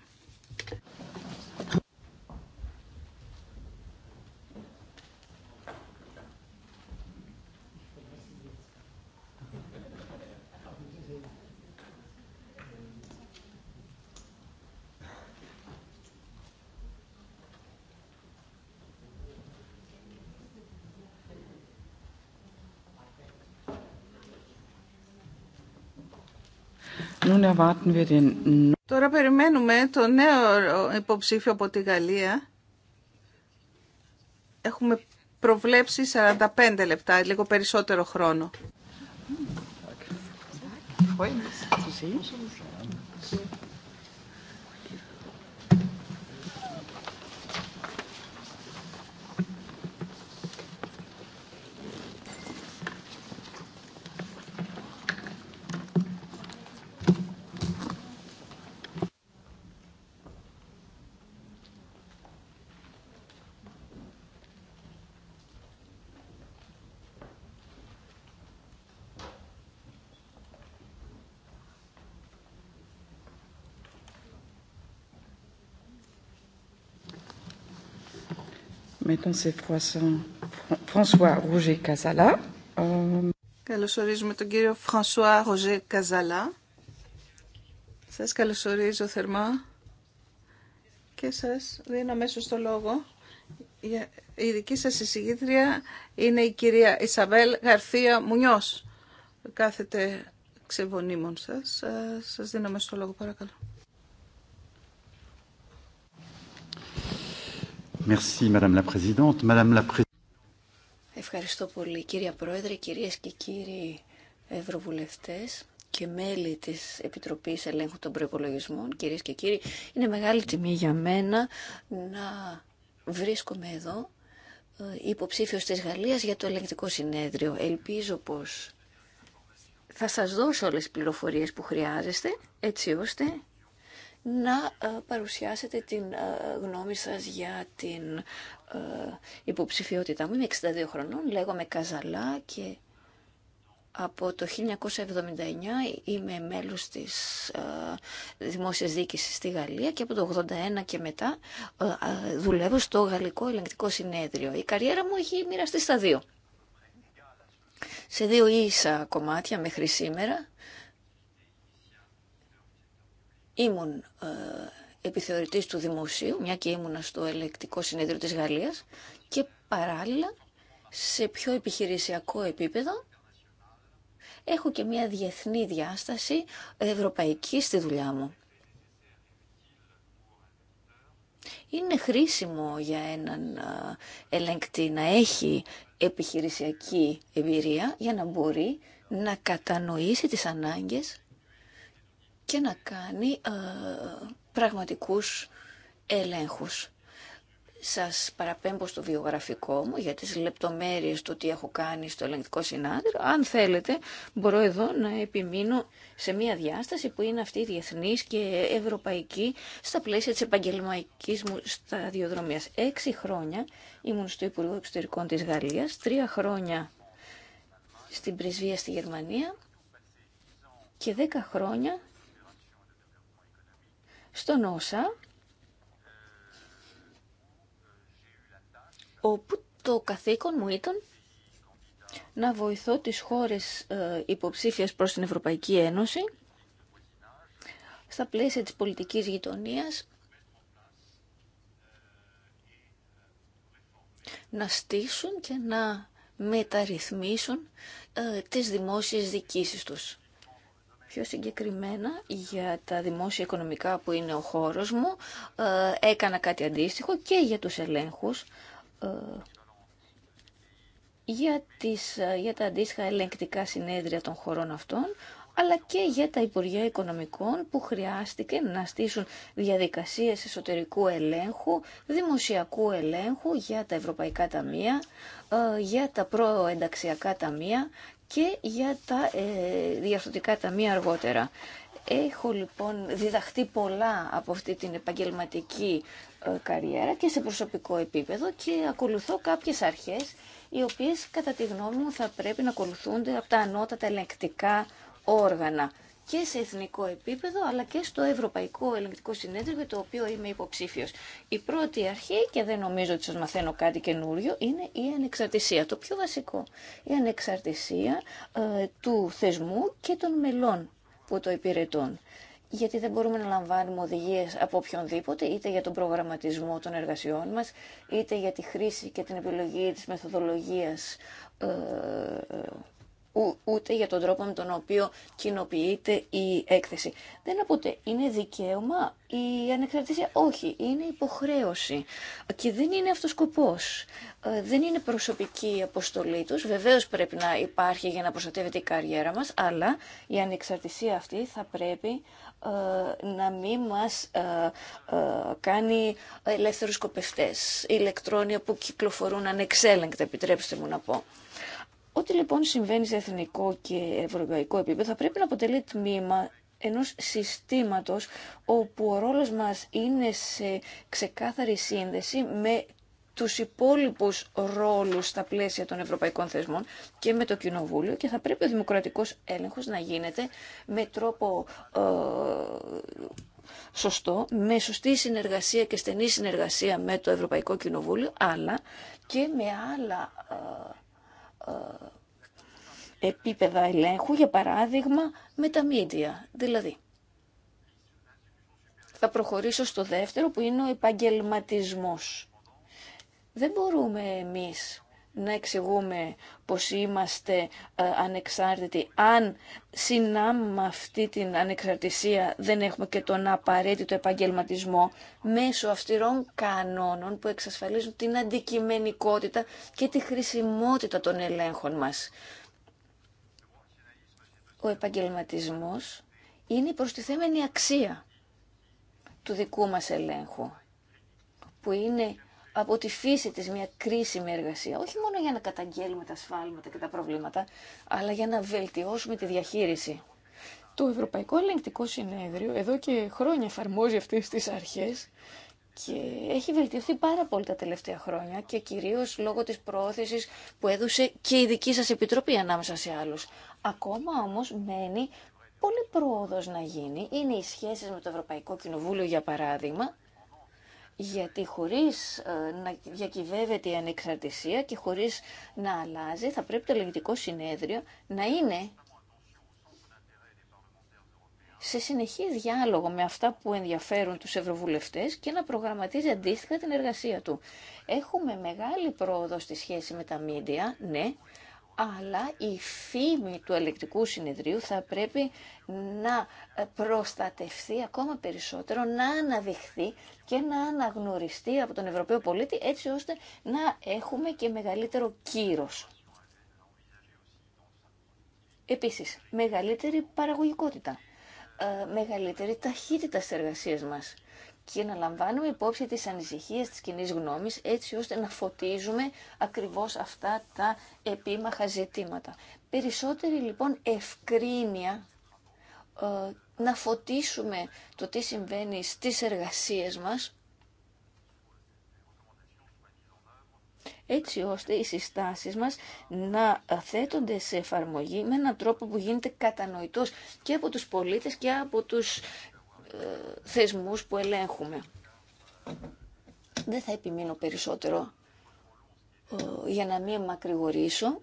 Τώρα περιμένουμε το νέο υποψήφιο από τη Γαλλία. Έχουμε προβλέψει 45 λεπτά, λίγο περισσότερο χρόνο. Maintenant, c'est Φρανσουά Roger Καζαλά. Euh, Καλωσορίζουμε τον κύριο Φρανσουά Ροζέ Καζαλά. Σας καλωσορίζω θερμά και σας δίνω αμέσως το λόγο. Η δική σας εισηγήτρια είναι η κυρία Ισαβέλ Γαρθία Μουνιός. Κάθετε ξεβονίμων σας. Ε, σας δίνω αμέσως το λόγο παρακαλώ. Ευχαριστώ πολύ κύριε Πρόεδρε, κυρίες και κύριοι Ευρωβουλευτές και μέλη της Επιτροπής Ελέγχου των Προϋπολογισμών. Κυρίες και κύριοι, είναι μεγάλη τιμή για μένα να βρίσκομαι εδώ ε, υποψήφιος της Γαλλίας για το ελεγκτικό συνέδριο. Ελπίζω πως θα σας δώσω όλες τις πληροφορίες που χρειάζεστε, έτσι ώστε να ε, παρουσιάσετε την ε, γνώμη σας για την ε, υποψηφιότητά μου. Είμαι 62 χρονών, λέγομαι Καζαλά και από το 1979 είμαι μέλος της δημόσιας διοίκησης στη Γαλλία και από το 1981 και μετά δουλεύω στο Γαλλικό Ελεγκτικό Συνέδριο. Η καριέρα μου έχει μοιραστεί στα δύο. Σε δύο ίσα κομμάτια μέχρι σήμερα ήμουν ε, επιθεωρητής του Δημοσίου, μια και ήμουνα στο ελεκτικό συνέδριο της Γαλλίας και παράλληλα σε πιο επιχειρησιακό επίπεδο έχω και μια διεθνή διάσταση ευρωπαϊκή στη δουλειά μου. Είναι χρήσιμο για έναν ε, ελεγκτή να έχει επιχειρησιακή εμπειρία για να μπορεί να κατανοήσει τις ανάγκες και να κάνει ε, πραγματικούς ελέγχους. Σας παραπέμπω στο βιογραφικό μου για τις λεπτομέρειες του τι έχω κάνει στο ελεγκτικό συνάδελφο. Αν θέλετε μπορώ εδώ να επιμείνω σε μια διάσταση που είναι αυτή διεθνής και ευρωπαϊκή στα πλαίσια της επαγγελματικής μου σταδιοδρομίας. Έξι χρόνια ήμουν στο Υπουργό Εξωτερικών της Γαλλίας, τρία χρόνια στην πρεσβεία στη Γερμανία και δέκα χρόνια στον Όσα, όπου το καθήκον μου ήταν να βοηθώ τις χώρες ε, υποψήφιας προς την Ευρωπαϊκή Ένωση στα πλαίσια της πολιτικής γειτονίας να στήσουν και να μεταρρυθμίσουν ε, τις δημόσιες δικήσεις τους πιο συγκεκριμένα για τα δημόσια οικονομικά που είναι ο χώρος μου. Ε, έκανα κάτι αντίστοιχο και για τους ελέγχους. Ε, για, τις, για τα αντίστοιχα ελεγκτικά συνέδρια των χωρών αυτών, αλλά και για τα Υπουργεία Οικονομικών που χρειάστηκε να στήσουν διαδικασίες εσωτερικού ελέγχου, δημοσιακού ελέγχου για τα Ευρωπαϊκά Ταμεία, ε, για τα προενταξιακά ταμεία και για τα ε, τα ταμεία αργότερα. Έχω λοιπόν διδαχτεί πολλά από αυτή την επαγγελματική ε, καριέρα και σε προσωπικό επίπεδο και ακολουθώ κάποιες αρχές οι οποίες κατά τη γνώμη μου θα πρέπει να ακολουθούνται από τα ανώτατα ελεγκτικά όργανα και σε εθνικό επίπεδο αλλά και στο Ευρωπαϊκό Ελεγκτικό Συνέδριο το οποίο είμαι υποψήφιος. Η πρώτη αρχή, και δεν νομίζω ότι σα μαθαίνω κάτι καινούριο, είναι η ανεξαρτησία. Το πιο βασικό, η ανεξαρτησία ε, του θεσμού και των μελών που το υπηρετούν γιατί δεν μπορούμε να λαμβάνουμε οδηγίε από οποιονδήποτε, είτε για τον προγραμματισμό των εργασιών μα, είτε για τη χρήση και την επιλογή τη μεθοδολογία. Ε, ούτε για τον τρόπο με τον οποίο κοινοποιείται η έκθεση. Δεν αποτε είναι δικαίωμα η ανεξαρτησία. Όχι, είναι υποχρέωση. Και δεν είναι αυτός σκοπός. Ε, δεν είναι προσωπική η αποστολή τους. Βεβαίως πρέπει να υπάρχει για να προστατεύεται η καριέρα μας, αλλά η ανεξαρτησία αυτή θα πρέπει ε, να μην μας ε, κάνει ελεύθερους σκοπευτές. Ηλεκτρόνια που κυκλοφορούν ανεξέλεγκτα, επιτρέψτε μου να πω. Ό,τι λοιπόν συμβαίνει σε εθνικό και ευρωπαϊκό επίπεδο θα πρέπει να αποτελεί τμήμα ενός συστήματος όπου ο ρόλος μας είναι σε ξεκάθαρη σύνδεση με τους υπόλοιπους ρόλους στα πλαίσια των ευρωπαϊκών θεσμών και με το Κοινοβούλιο και θα πρέπει ο δημοκρατικός έλεγχος να γίνεται με τρόπο ε, σωστό, με σωστή συνεργασία και στενή συνεργασία με το Ευρωπαϊκό Κοινοβούλιο, αλλά και με άλλα ε, ε, επίπεδα ελέγχου, για παράδειγμα, με τα μίδια Δηλαδή, θα προχωρήσω στο δεύτερο που είναι ο επαγγελματισμός. Δεν μπορούμε εμείς να εξηγούμε πως είμαστε ε, ανεξάρτητοι. Αν συνάμα αυτή την ανεξαρτησία δεν έχουμε και τον απαραίτητο επαγγελματισμό μέσω αυστηρών κανόνων που εξασφαλίζουν την αντικειμενικότητα και τη χρησιμότητα των ελέγχων μας. Ο επαγγελματισμός είναι η προστιθέμενη αξία του δικού μας ελέγχου, που είναι από τη φύση της μια κρίσιμη εργασία, όχι μόνο για να καταγγέλουμε τα σφάλματα και τα προβλήματα, αλλά για να βελτιώσουμε τη διαχείριση. Το Ευρωπαϊκό Ελεγκτικό Συνέδριο εδώ και χρόνια εφαρμόζει αυτές τις αρχές και έχει βελτιωθεί πάρα πολύ τα τελευταία χρόνια και κυρίως λόγω της προώθησης που έδωσε και η δική σας επιτροπή ανάμεσα σε άλλους. Ακόμα όμως μένει πολύ πρόοδος να γίνει. Είναι οι σχέσεις με το Ευρωπαϊκό Κοινοβούλιο για παράδειγμα γιατί χωρίς ε, να διακυβεύεται η ανεξαρτησία και χωρίς να αλλάζει, θα πρέπει το ελεγκτικό συνέδριο να είναι σε συνεχή διάλογο με αυτά που ενδιαφέρουν τους ευρωβουλευτές και να προγραμματίζει αντίστοιχα την εργασία του. Έχουμε μεγάλη πρόοδο στη σχέση με τα μίντια, ναι, αλλά η φήμη του ελεκτικού συνεδρίου θα πρέπει να ε, προστατευθεί ακόμα περισσότερο, να αναδειχθεί και να αναγνωριστεί από τον Ευρωπαίο πολίτη έτσι ώστε να έχουμε και μεγαλύτερο κύρος. Επίσης, μεγαλύτερη παραγωγικότητα, ε, μεγαλύτερη ταχύτητα στις εργασίες μας και να λαμβάνουμε υπόψη τις ανησυχίες της κοινή γνώμης έτσι ώστε να φωτίζουμε ακριβώς αυτά τα επίμαχα ζητήματα. Περισσότερη λοιπόν ευκρίνεια ε, να φωτίσουμε το τι συμβαίνει στις εργασίες μας έτσι ώστε οι συστάσεις μας να θέτονται σε εφαρμογή με έναν τρόπο που γίνεται κατανοητός και από τους πολίτες και από τους θεσμούς που ελέγχουμε. Δεν θα επιμείνω περισσότερο ε, για να μην μακρηγορήσω.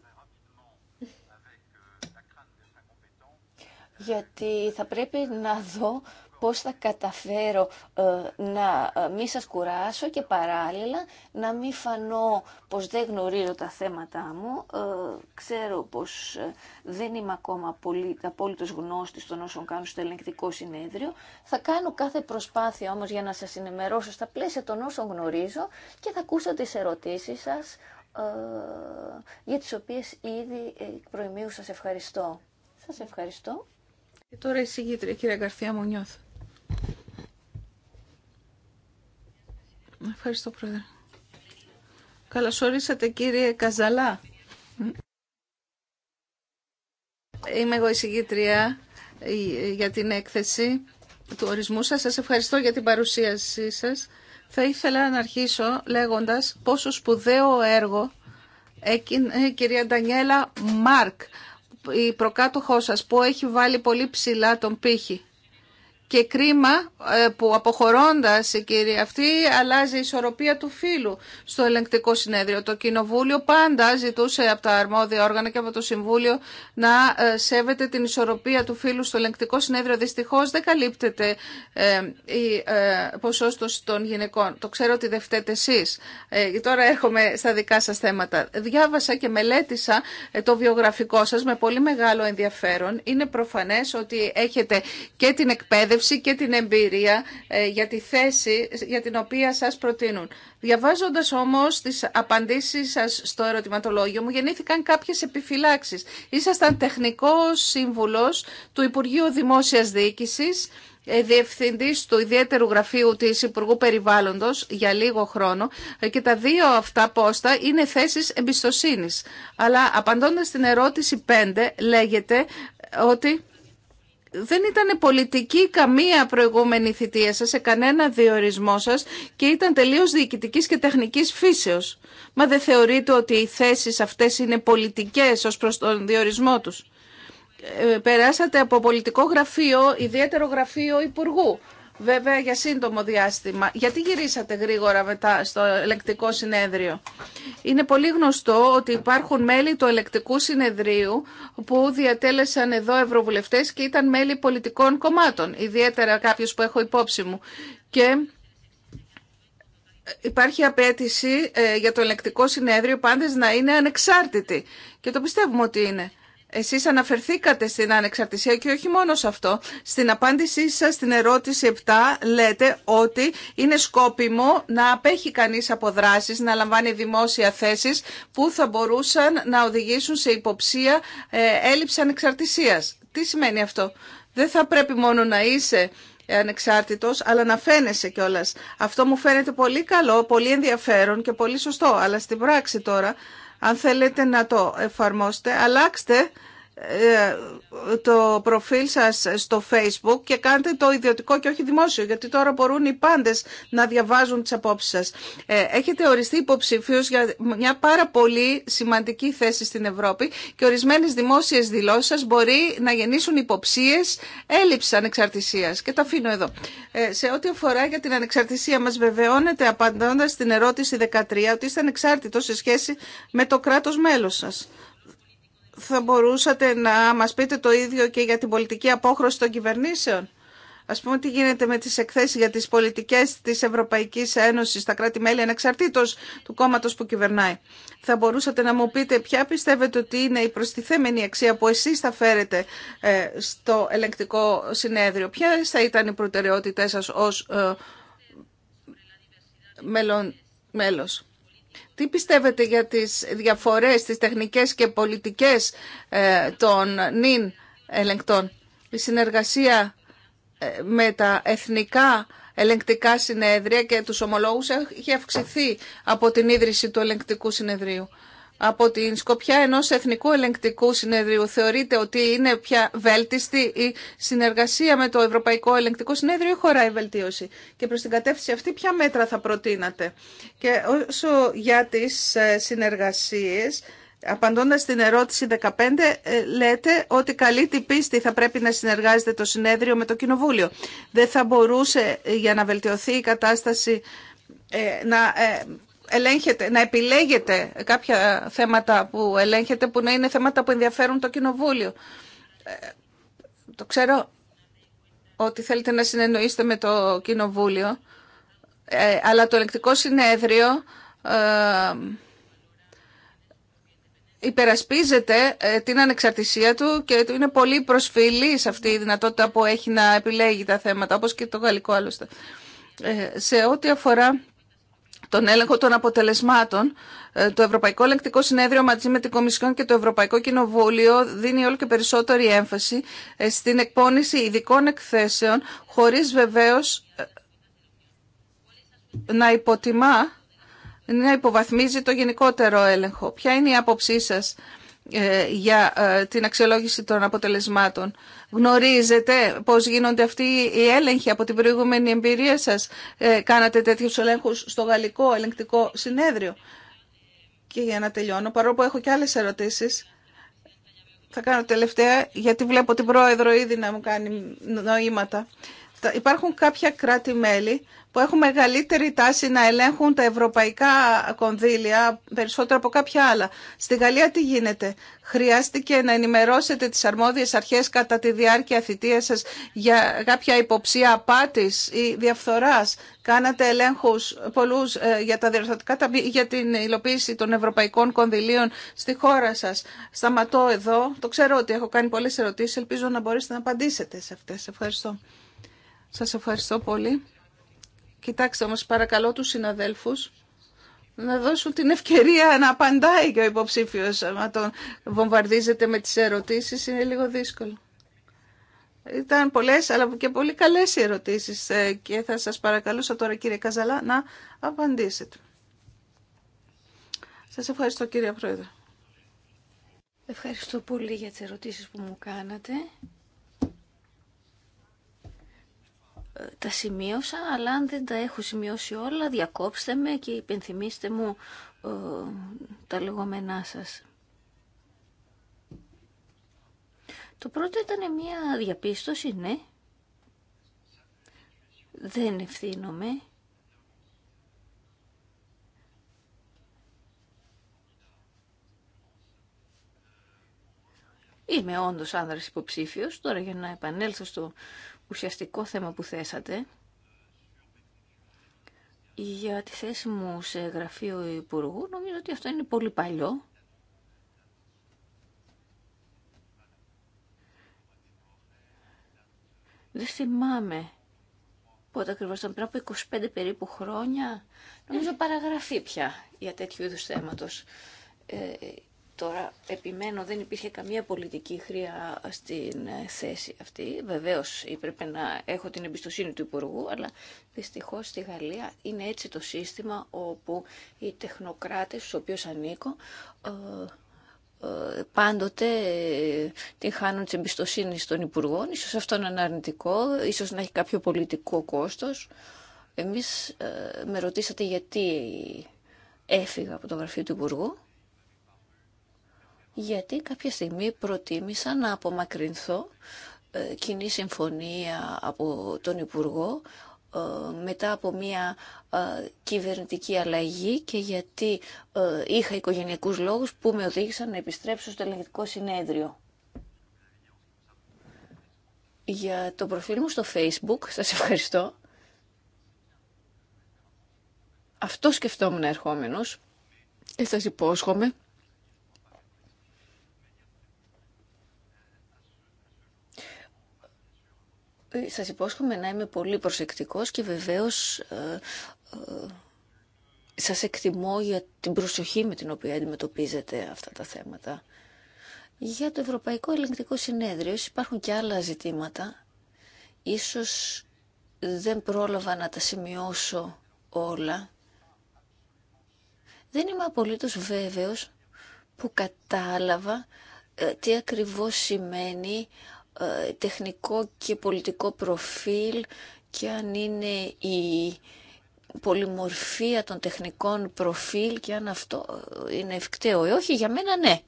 γιατί θα πρέπει να δω πώς θα καταφέρω ε, να ε, μην σας κουράσω και παράλληλα να μην φανώ πως δεν γνωρίζω τα θέματα μου. Ε, ξέρω πως δεν είμαι ακόμα πολύ, απόλυτος γνώστης των όσων κάνω στο ελεγκτικό συνέδριο. Θα κάνω κάθε προσπάθεια όμως για να σας ενημερώσω στα πλαίσια των όσων γνωρίζω και θα ακούσω τις ερωτήσεις σας για τις οποίες ήδη προημίου σας ευχαριστώ. Σας ευχαριστώ. Και τώρα η συγκήτρια, κυρία Γκαρθία νιώθω. Ευχαριστώ, Πρόεδρε. Καλώς ορίσατε, κύριε Καζαλά. Είμαι εγώ η ε, για την έκθεση του ορισμού σας. Σας ευχαριστώ για την παρουσίασή σας. Θα ήθελα να αρχίσω λέγοντας πόσο σπουδαίο έργο η κυρία Ντανιέλα Μάρκ, η προκάτοχό σας, που έχει βάλει πολύ ψηλά τον πύχη. Και κρίμα ε, που αποχωρώντας η κυρία αυτή αλλάζει η ισορροπία του φύλου στο ελεγκτικό συνέδριο. Το Κοινοβούλιο πάντα ζητούσε από τα αρμόδια όργανα και από το Συμβούλιο να ε, σέβεται την ισορροπία του φύλου στο ελεγκτικό συνέδριο. Δυστυχώς δεν καλύπτεται ε, η ποσόστοση των γυναικών. Το ξέρω ότι δεν φταίτε εσείς. Τώρα έρχομαι στα δικά σας θέματα. Διάβασα και μελέτησα το βιογραφικό σας με πολύ μεγάλο ενδιαφέρον. Είναι προφανές ότι έχετε και την εκπαίδευση και την εμπειρία ε, για τη θέση για την οποία σας προτείνουν. Διαβάζοντας όμως τις απαντήσεις σας στο ερωτηματολόγιο μου γεννήθηκαν κάποιες επιφυλάξεις. Ήσασταν τεχνικός σύμβουλος του Υπουργείου Δημόσιας Διοίκησης ε, διευθυντής του ιδιαίτερου γραφείου της Υπουργού Περιβάλλοντος για λίγο χρόνο ε, και τα δύο αυτά πόστα είναι θέσει εμπιστοσύνη. Αλλά απαντώντα στην ερώτηση 5 λέγεται ότι δεν ήταν πολιτική καμία προηγούμενη θητεία σας, σε κανένα διορισμό σας και ήταν τελείως διοικητικής και τεχνικής φύσεως. Μα δεν θεωρείτε ότι οι θέσεις αυτές είναι πολιτικές ως προς τον διορισμό τους. Ε, περάσατε από πολιτικό γραφείο, ιδιαίτερο γραφείο Υπουργού βέβαια για σύντομο διάστημα. Γιατί γυρίσατε γρήγορα μετά στο ελεκτικό συνέδριο. Είναι πολύ γνωστό ότι υπάρχουν μέλη του ελεκτικού συνεδρίου που διατέλεσαν εδώ ευρωβουλευτές και ήταν μέλη πολιτικών κομμάτων, ιδιαίτερα κάποιους που έχω υπόψη μου. Και υπάρχει απέτηση ε, για το ελεκτικό συνέδριο πάντες να είναι ανεξάρτητη. Και το πιστεύουμε ότι είναι. Εσείς αναφερθήκατε στην ανεξαρτησία και όχι μόνο σε αυτό. Στην απάντησή σας στην ερώτηση 7 λέτε ότι είναι σκόπιμο να απέχει κανείς από δράσεις, να λαμβάνει δημόσια θέσεις που θα μπορούσαν να οδηγήσουν σε υποψία ε, έλλειψη ανεξαρτησίας. Τι σημαίνει αυτό. Δεν θα πρέπει μόνο να είσαι ανεξάρτητος, αλλά να φαίνεσαι κιόλας. Αυτό μου φαίνεται πολύ καλό, πολύ ενδιαφέρον και πολύ σωστό, αλλά στην πράξη τώρα αν θέλετε να το εφαρμόσετε, αλλάξτε ε, το προφίλ σας στο facebook και κάντε το ιδιωτικό και όχι δημόσιο γιατί τώρα μπορούν οι πάντες να διαβάζουν τις απόψεις σας. Ε, έχετε οριστεί υποψηφίους για μια πάρα πολύ σημαντική θέση στην Ευρώπη και ορισμένες δημόσιες δηλώσεις σας μπορεί να γεννήσουν υποψίες έλλειψη ανεξαρτησίας και τα αφήνω εδώ. Ε, σε ό,τι αφορά για την ανεξαρτησία μας βεβαιώνεται απαντώντας στην ερώτηση 13 ότι είστε ανεξάρτητο σε σχέση με το κράτος μέλος σας θα μπορούσατε να μας πείτε το ίδιο και για την πολιτική απόχρωση των κυβερνήσεων. Ας πούμε τι γίνεται με τις εκθέσεις για τις πολιτικές της Ευρωπαϊκής Ένωσης στα κράτη-μέλη ανεξαρτήτως του κόμματος που κυβερνάει. Θα μπορούσατε να μου πείτε ποια πιστεύετε ότι είναι η προστιθέμενη αξία που εσείς θα φέρετε ε, στο ελεγκτικό συνέδριο. Ποια θα ήταν οι προτεραιότητές σας ως ε, μέλος. Τι πιστεύετε για τις διαφορές, τις τεχνικές και πολιτικές ε, των νυν ελεγκτών. Η συνεργασία ε, με τα εθνικά ελεγκτικά συνέδρια και τους ομολόγους έχει αυξηθεί από την ίδρυση του ελεγκτικού συνεδρίου από την σκοπιά ενός εθνικού ελεγκτικού συνέδριου θεωρείτε ότι είναι πια βέλτιστη η συνεργασία με το Ευρωπαϊκό Ελεγκτικό Συνέδριο ή χωράει βελτίωση. Και προς την κατεύθυνση αυτή ποια μέτρα θα προτείνατε. Και όσο για τις ε, συνεργασίες, απαντώντας στην ερώτηση 15, ε, λέτε ότι καλή την πίστη θα πρέπει να συνεργάζεται το συνέδριο με το Κοινοβούλιο. Δεν θα μπορούσε ε, για να βελτιωθεί η κατάσταση να ελέγχετε, να επιλέγετε κάποια θέματα που ελέγχεται που να είναι θέματα που ενδιαφέρουν το Κοινοβούλιο. Ε, το ξέρω ότι θέλετε να συνεννοήσετε με το Κοινοβούλιο, ε, αλλά το ελεκτικό συνέδριο ε, υπερασπίζεται την ανεξαρτησία του και είναι πολύ σε αυτή η δυνατότητα που έχει να επιλέγει τα θέματα, όπως και το γαλλικό άλλωστε. Σε ό,τι αφορά τον έλεγχο των αποτελεσμάτων. Ε, το Ευρωπαϊκό Ελεγκτικό Συνέδριο μαζί με την Κομισιόν και το Ευρωπαϊκό Κοινοβούλιο δίνει όλο και περισσότερη έμφαση ε, στην εκπόνηση ειδικών εκθέσεων χωρίς βεβαίως ε, να υποτιμά, να υποβαθμίζει το γενικότερο έλεγχο. Ποια είναι η άποψή σας ε, για ε, την αξιολόγηση των αποτελεσμάτων. Γνωρίζετε πώς γίνονται αυτοί οι έλεγχοι από την προηγούμενη εμπειρία σας. Ε, κάνατε τέτοιους ελέγχους στο Γαλλικό Ελεγκτικό Συνέδριο. Και για να τελειώνω, παρόλο που έχω και άλλες ερωτήσεις, θα κάνω τελευταία, γιατί βλέπω την Πρόεδρο ήδη να μου κάνει νοήματα. Υπάρχουν κάποια κράτη-μέλη που έχουν μεγαλύτερη τάση να ελέγχουν τα ευρωπαϊκά κονδύλια περισσότερο από κάποια άλλα. Στη Γαλλία τι γίνεται. Χρειάστηκε να ενημερώσετε τις αρμόδιες αρχές κατά τη διάρκεια θητείας σας για κάποια υποψία απάτης ή διαφθοράς. Κάνατε ελέγχους πολλούς ε, για τα διορθωτικά για την υλοποίηση των ευρωπαϊκών κονδυλίων στη χώρα σας. Σταματώ εδώ. Το ξέρω ότι έχω κάνει πολλές ερωτήσεις. Ελπίζω να μπορέσετε να απαντήσετε σε αυτές. Ευχαριστώ. Σας ευχαριστώ πολύ. Κοιτάξτε όμως παρακαλώ τους συναδέλφους να δώσουν την ευκαιρία να απαντάει και ο υποψήφιος. Αν τον βομβαρδίζετε με τις ερωτήσεις είναι λίγο δύσκολο. Ήταν πολλές αλλά και πολύ καλές οι ερωτήσεις ε, και θα σας παρακαλούσα τώρα κύριε Καζαλά να απαντήσετε. Σας ευχαριστώ κύριε Πρόεδρε. Ευχαριστώ πολύ για τις ερωτήσεις που μου κάνατε. τα σημείωσα, αλλά αν δεν τα έχω σημειώσει όλα, διακόψτε με και υπενθυμίστε μου ε, τα λεγόμενά σας. Το πρώτο ήταν μια διαπίστωση, ναι. Δεν ευθύνομαι. Είμαι όντως άνδρας υποψήφιος. Τώρα για να επανέλθω στο ουσιαστικό θέμα που θέσατε για τη θέση μου σε γραφείο υπουργού. Νομίζω ότι αυτό είναι πολύ παλιό. Δεν θυμάμαι πότε ακριβώ ήταν, πριν από 25 περίπου χρόνια. Νομίζω παραγραφή πια για τέτοιου είδου θέματο. Ε, Τώρα, επιμένω, δεν υπήρχε καμία πολιτική χρειά στην ε, θέση αυτή. Βεβαίω έπρεπε να έχω την εμπιστοσύνη του Υπουργού, αλλά δυστυχώ στη Γαλλία είναι έτσι το σύστημα όπου οι τεχνοκράτε, στου οποίου ανήκω, ε, ε, πάντοτε την χάνουν τη εμπιστοσύνη των Υπουργών. Ίσως αυτό είναι αρνητικό, ίσως να έχει κάποιο πολιτικό κόστος. Εμείς με ρωτήσατε γιατί έφυγα από το γραφείο του Υπουργού γιατί κάποια στιγμή προτίμησα να απομακρυνθώ ε, κοινή συμφωνία από τον Υπουργό ε, μετά από μια ε, κυβερνητική αλλαγή και γιατί είχα οικογενειακούς λόγους που με οδήγησαν να επιστρέψω στο ελεγκτικό συνέδριο. Για το προφίλ μου στο facebook, σας ευχαριστώ. Αυτό σκεφτόμουν ερχόμενος και σας υπόσχομαι Σας υπόσχομαι να είμαι πολύ προσεκτικός και βεβαίως ε, ε, σας εκτιμώ για την προσοχή με την οποία αντιμετωπίζετε αυτά τα θέματα. Για το Ευρωπαϊκό Ελεγκτικό Συνέδριο υπάρχουν και άλλα ζητήματα. Ίσως δεν πρόλαβα να τα σημειώσω όλα. Δεν είμαι απολύτως βέβαιος που κατάλαβα ε, τι ακριβώς σημαίνει ε, τεχνικό και πολιτικό προφίλ και αν είναι η πολυμορφία των τεχνικών προφίλ και αν αυτό είναι ευκταίο ε, όχι, για μένα ναι.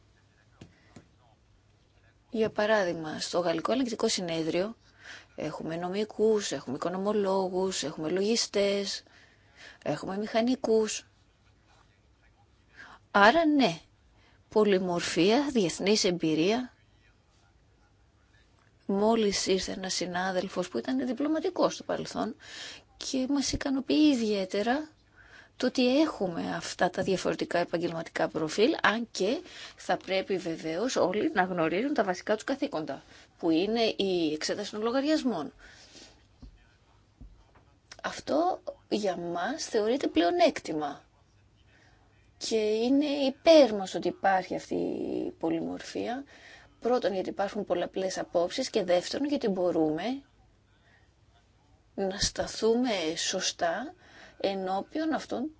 Για παράδειγμα, στο Γαλλικό Ελεγκτικό Συνέδριο έχουμε νομικούς, έχουμε οικονομολόγους, έχουμε λογιστές, έχουμε μηχανικούς. Άρα ναι, πολυμορφία, διεθνής εμπειρία Μόλις ήρθε ένα συνάδελφος που ήταν διπλωματικός στο παρελθόν και μας ικανοποιεί ιδιαίτερα το ότι έχουμε αυτά τα διαφορετικά επαγγελματικά προφίλ, αν και θα πρέπει βεβαίως όλοι να γνωρίζουν τα βασικά του καθήκοντα, που είναι η εξέταση των λογαριασμών. Αυτό για μας θεωρείται πλεονέκτημα. Και είναι υπέρ μας ότι υπάρχει αυτή η πολυμορφία Πρώτον, γιατί υπάρχουν πολλαπλές απόψεις και δεύτερον, γιατί μπορούμε να σταθούμε σωστά ενώπιον αυτών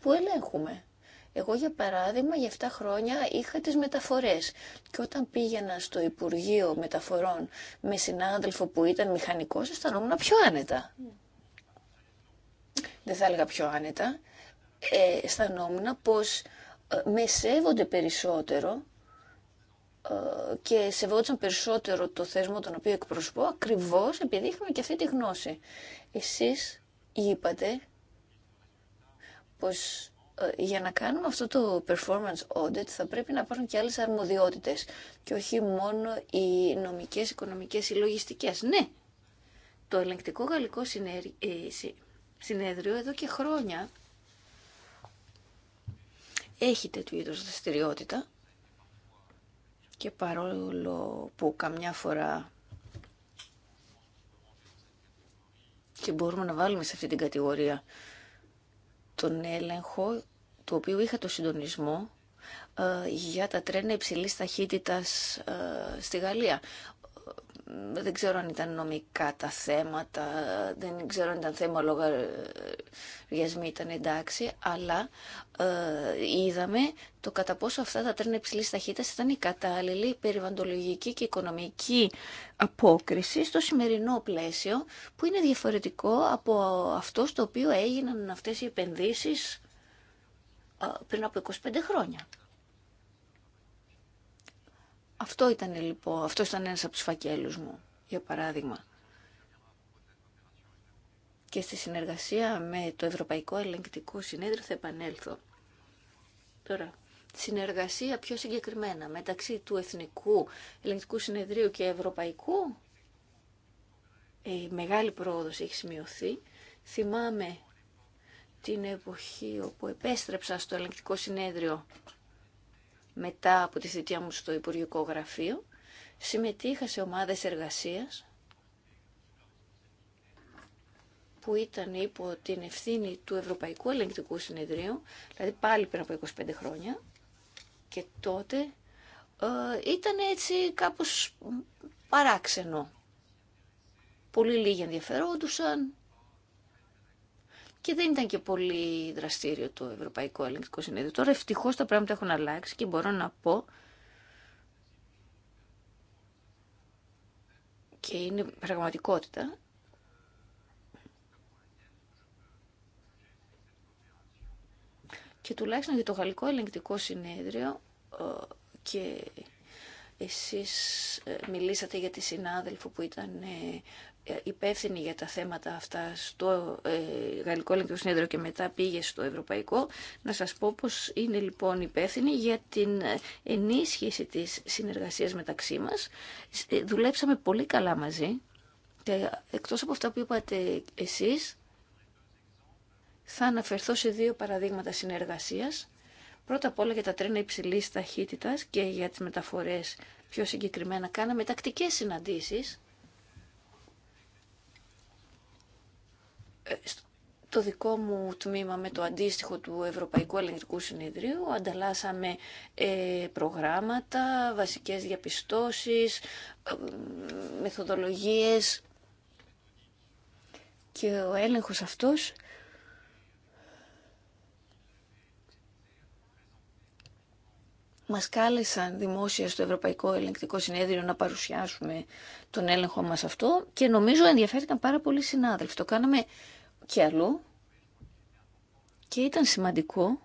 που ελέγχουμε. Εγώ, για παράδειγμα, για 7 χρόνια είχα τις μεταφορές και όταν πήγαινα στο Υπουργείο Μεταφορών με συνάδελφο που ήταν μηχανικός, αισθανόμουν πιο άνετα. Δεν θα έλεγα πιο άνετα. Ε, αισθανόμουν πως ε, με σέβονται περισσότερο ε, και σεβόντουσαν περισσότερο το θεσμό τον οποίο εκπροσωπώ ακριβώς επειδή είχαμε και αυτή τη γνώση. Εσείς είπατε πως ε, για να κάνουμε αυτό το performance audit θα πρέπει να υπάρχουν και άλλες αρμοδιότητες και όχι μόνο οι νομικές, οικονομικές ή λογιστικές. Ναι, το ελεγκτικό γαλλικό ε, συνέδριο εδώ και χρόνια έχει τέτοιου είδους δραστηριότητα και παρόλο που καμιά φορά και μπορούμε να βάλουμε σε αυτή την κατηγορία τον έλεγχο το οποίο είχα το συντονισμό ε, για τα τρένα υψηλής ταχύτητας ε, στη Γαλλία δεν ξέρω αν ήταν νομικά τα θέματα, δεν ξέρω αν ήταν θέμα λογαριασμού, ήταν εντάξει, αλλά ε, είδαμε το κατά πόσο αυτά τα τρένα υψηλής ταχύτητας ήταν η κατάλληλη περιβαντολογική και οικονομική απόκριση στο σημερινό πλαίσιο που είναι διαφορετικό από αυτό στο οποίο έγιναν αυτές οι επενδύσεις ε, πριν από 25 χρόνια. Αυτό ήταν λοιπόν, αυτό ήταν ένας από τους φακέλους μου, για παράδειγμα. Και στη συνεργασία με το Ευρωπαϊκό Ελεγκτικό Συνέδριο θα επανέλθω. Τώρα, συνεργασία πιο συγκεκριμένα μεταξύ του Εθνικού Ελεγκτικού Συνεδρίου και Ευρωπαϊκού. Η ε, μεγάλη πρόοδος έχει σημειωθεί. Θυμάμαι την εποχή όπου επέστρεψα στο Ελεγκτικό Συνέδριο μετά από τη θητεία μου στο Υπουργικό Γραφείο, συμμετείχα σε ομάδες εργασίας που ήταν υπό την ευθύνη του Ευρωπαϊκού Ελεγκτικού Συνεδρίου, δηλαδή πάλι πριν από 25 χρόνια, και τότε ε, ήταν έτσι κάπως παράξενο. Πολύ λίγοι ενδιαφερόντουσαν, και δεν ήταν και πολύ δραστήριο το Ευρωπαϊκό Ελεγκτικό Συνέδριο. Τώρα ευτυχώ τα πράγματα έχουν αλλάξει και μπορώ να πω και είναι πραγματικότητα και τουλάχιστον για το Γαλλικό Ελεγκτικό Συνέδριο ε, και εσείς ε, μιλήσατε για τη συνάδελφο που ήταν ε, υπεύθυνη για τα θέματα αυτά στο ε, Γαλλικό Ελληνικό Συνέδριο και μετά πήγε στο Ευρωπαϊκό, να σας πω πως είναι λοιπόν υπεύθυνη για την ε, ενίσχυση της συνεργασίας μεταξύ μας. Ε, δουλέψαμε πολύ καλά μαζί και εκτός από αυτά που είπατε εσείς, θα αναφερθώ σε δύο παραδείγματα συνεργασίας. Πρώτα απ' όλα για τα τρένα υψηλής ταχύτητας και για τις μεταφορές πιο συγκεκριμένα κάναμε τακτικές συναντήσεις το δικό μου τμήμα με το αντίστοιχο του Ευρωπαϊκού Ελεγκτικού Συνεδρίου. Ανταλλάσσαμε ε, προγράμματα, βασικές διαπιστώσεις, ε, μεθοδολογίες και ο έλεγχος αυτός Μας κάλεσαν δημόσια στο Ευρωπαϊκό Ελεγκτικό Συνέδριο να παρουσιάσουμε τον έλεγχο μας αυτό και νομίζω ενδιαφέρθηκαν πάρα πολλοί συνάδελφοι. Το κάναμε και αλλού και ήταν σημαντικό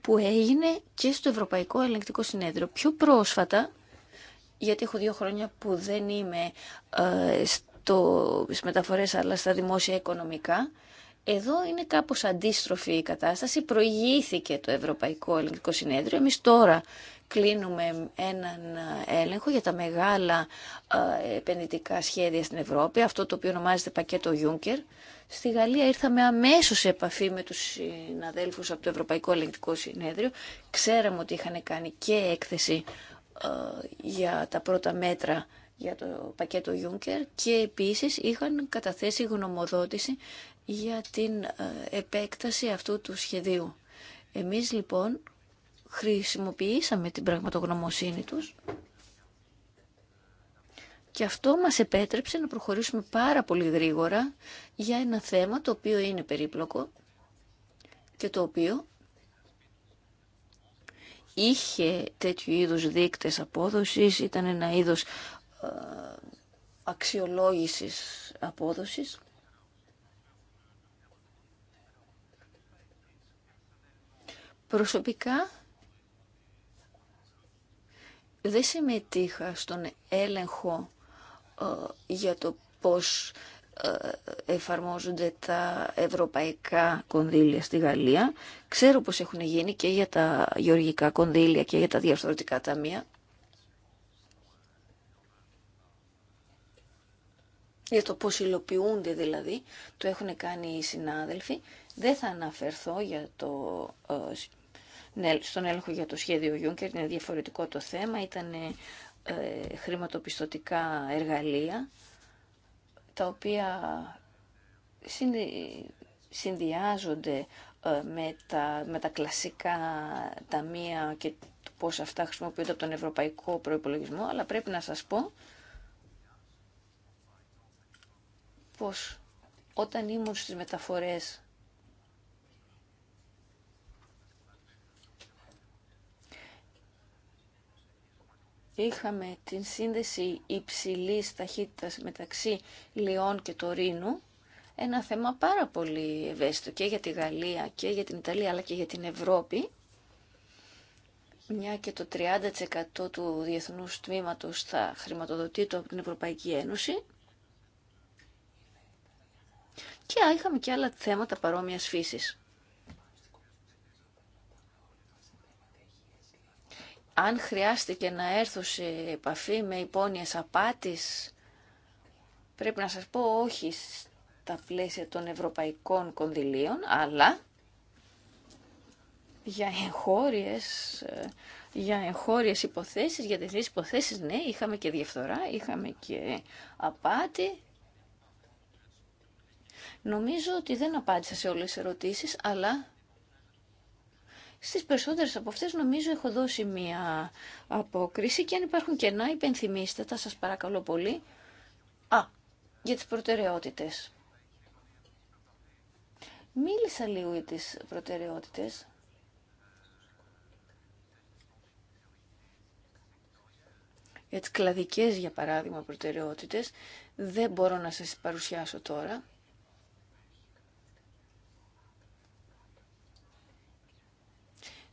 που έγινε και στο Ευρωπαϊκό Ελεγκτικό Συνέδριο. Πιο πρόσφατα, γιατί έχω δύο χρόνια που δεν είμαι στι ε, στο, μεταφορές αλλά στα δημόσια οικονομικά, εδώ είναι κάπως αντίστροφη η κατάσταση. Προηγήθηκε το Ευρωπαϊκό Ελληνικό Συνέδριο. Εμείς τώρα κλείνουμε έναν ε, έλεγχο για τα μεγάλα ε, επενδυτικά σχέδια στην Ευρώπη, αυτό το οποίο ονομάζεται πακέτο Juncker. Στη Γαλλία ήρθαμε αμέσως σε επαφή με τους συναδέλφους από το Ευρωπαϊκό Ελεγκτικό Συνέδριο. Ξέραμε ότι είχαν κάνει και έκθεση ε, για τα πρώτα μέτρα για το πακέτο Juncker και επίσης είχαν καταθέσει γνωμοδότηση για την ε, επέκταση αυτού του σχεδίου. Εμείς λοιπόν χρησιμοποιήσαμε την πραγματογνωμοσύνη τους και αυτό μας επέτρεψε να προχωρήσουμε πάρα πολύ γρήγορα για ένα θέμα το οποίο είναι περίπλοκο και το οποίο είχε τέτοιου είδους δείκτες απόδοσης, ήταν ένα είδος ε, αξιολόγησης απόδοσης Προσωπικά δεν συμμετείχα στον έλεγχο ε, για το πώς ε, εφαρμόζονται τα ευρωπαϊκά κονδύλια στη Γαλλία. Ξέρω πως έχουν γίνει και για τα γεωργικά κονδύλια και για τα διαστροτικά ταμεία. Για το πώς υλοποιούνται δηλαδή, το έχουν κάνει οι συνάδελφοι. Δεν θα αναφερθώ για το ε, ναι, στον έλεγχο για το σχέδιο Juncker. Είναι διαφορετικό το θέμα. Ήταν ε, χρηματοπιστωτικά εργαλεία τα οποία συνδυάζονται ε, με τα, με τα κλασικά ταμεία και πώς αυτά χρησιμοποιούνται από τον ευρωπαϊκό προϋπολογισμό, αλλά πρέπει να σας πω πως όταν ήμουν στις μεταφορές είχαμε την σύνδεση υψηλής ταχύτητας μεταξύ Λιών και Τωρίνου, ένα θέμα πάρα πολύ ευαίσθητο και για τη Γαλλία και για την Ιταλία αλλά και για την Ευρώπη, μια και το 30% του διεθνούς τμήματος θα χρηματοδοτείται από την Ευρωπαϊκή Ένωση. Και είχαμε και άλλα θέματα παρόμοιας φύσης. αν χρειάστηκε να έρθω σε επαφή με υπόνοιες απάτης, πρέπει να σας πω όχι στα πλαίσια των ευρωπαϊκών κονδυλίων, αλλά για εγχώριες, για εγχώριες υποθέσεις, για διεθνείς υποθέσεις, ναι, είχαμε και διαφθορά, είχαμε και απάτη. Νομίζω ότι δεν απάντησα σε όλες τις ερωτήσεις, αλλά στις περισσότερες από αυτές νομίζω έχω δώσει μία απόκριση και αν υπάρχουν κενά υπενθυμίστε τα σας παρακαλώ πολύ. Α, για τις προτεραιότητες. Μίλησα λίγο για τις προτεραιότητες. Για τις κλαδικές, για παράδειγμα, προτεραιότητες. Δεν μπορώ να σας παρουσιάσω τώρα.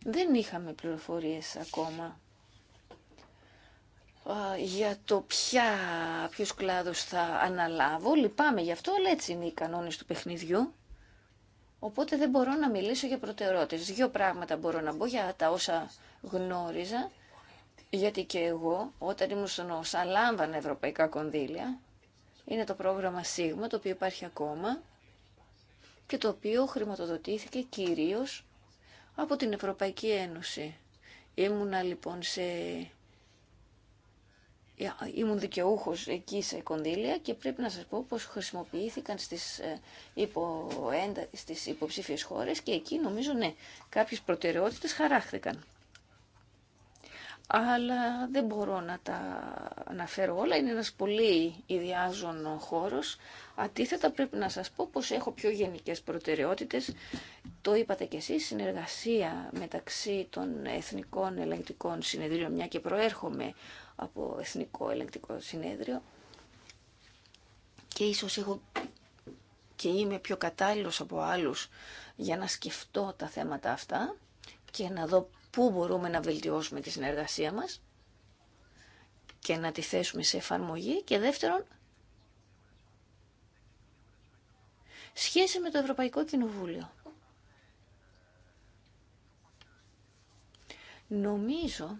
δεν είχαμε πληροφορίες ακόμα για το ποια, ποιος κλάδος θα αναλάβω. Λυπάμαι γι' αυτό, αλλά έτσι είναι οι κανόνες του παιχνιδιού. Οπότε δεν μπορώ να μιλήσω για προτεραιότητες. Δύο πράγματα μπορώ να πω για τα όσα γνώριζα, γιατί και εγώ όταν ήμουν στον ΩΣΑ λάμβανα ευρωπαϊκά κονδύλια. Είναι το πρόγραμμα ΣΥΓΜΑ, το οποίο υπάρχει ακόμα και το οποίο χρηματοδοτήθηκε κυρίως από την Ευρωπαϊκή Ένωση. Ήμουνα λοιπόν σε... Ήμουν δικαιούχος εκεί σε κονδύλια και πρέπει να σας πω πως χρησιμοποιήθηκαν στις, ε, υπο... στις υποψήφιες χώρες και εκεί νομίζω ναι, κάποιες προτεραιότητες χαράχθηκαν αλλά δεν μπορώ να τα αναφέρω όλα. Είναι ένας πολύ ιδιάζων χώρος. Αντίθετα πρέπει να σας πω πως έχω πιο γενικές προτεραιότητες. Το είπατε κι εσείς, συνεργασία μεταξύ των εθνικών ελεγκτικών συνεδρίων, μια και προέρχομαι από εθνικό ελεγκτικό συνέδριο. Και ίσως έχω και είμαι πιο κατάλληλος από άλλους για να σκεφτώ τα θέματα αυτά και να δω πού μπορούμε να βελτιώσουμε τη συνεργασία μας και να τη θέσουμε σε εφαρμογή και δεύτερον σχέση με το Ευρωπαϊκό Κοινοβούλιο. Νομίζω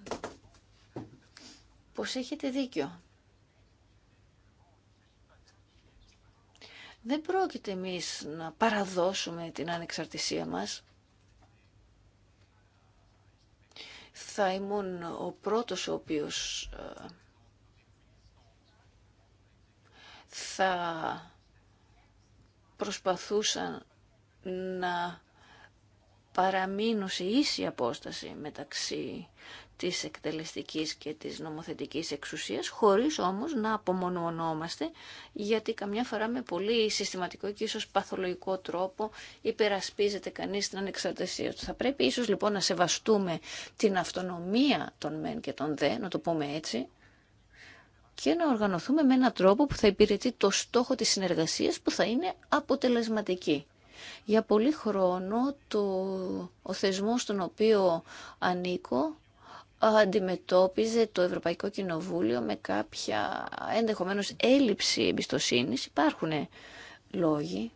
πως έχετε δίκιο. Δεν πρόκειται εμείς να παραδώσουμε την ανεξαρτησία μας. θα ήμουν ο πρώτος ο οποίος ε, θα προσπαθούσα να παραμείνω σε ίση απόσταση μεταξύ της εκτελεστικής και της νομοθετικής εξουσίας, χωρίς όμως να απομονωνόμαστε, γιατί καμιά φορά με πολύ συστηματικό και ίσως παθολογικό τρόπο υπερασπίζεται κανείς την ανεξαρτησία του. Θα πρέπει ίσως λοιπόν να σεβαστούμε την αυτονομία των μεν και των δε, να το πούμε έτσι, και να οργανωθούμε με έναν τρόπο που θα υπηρετεί το στόχο της συνεργασίας που θα είναι αποτελεσματική. Για πολύ χρόνο το, ο θεσμός στον οποίο ανήκω αντιμετώπιζε το Ευρωπαϊκό Κοινοβούλιο με κάποια ενδεχομένως έλλειψη εμπιστοσύνης. Υπάρχουν λόγοι.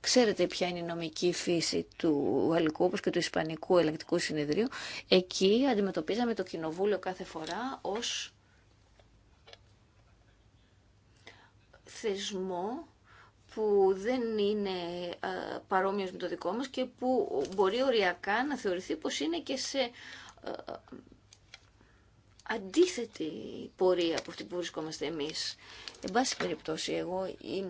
Ξέρετε ποια είναι η νομική φύση του Γαλλικού όπως και του Ισπανικού Ελεκτικού Συνεδρίου. Εκεί αντιμετωπίζαμε το Κοινοβούλιο κάθε φορά ως θεσμό που δεν είναι ε, παρόμοιος με το δικό μας και που μπορεί οριακά να θεωρηθεί πως είναι και σε αντίθετη πορεία από αυτή που βρισκόμαστε εμείς. Εν πάση περιπτώσει, εγώ ε,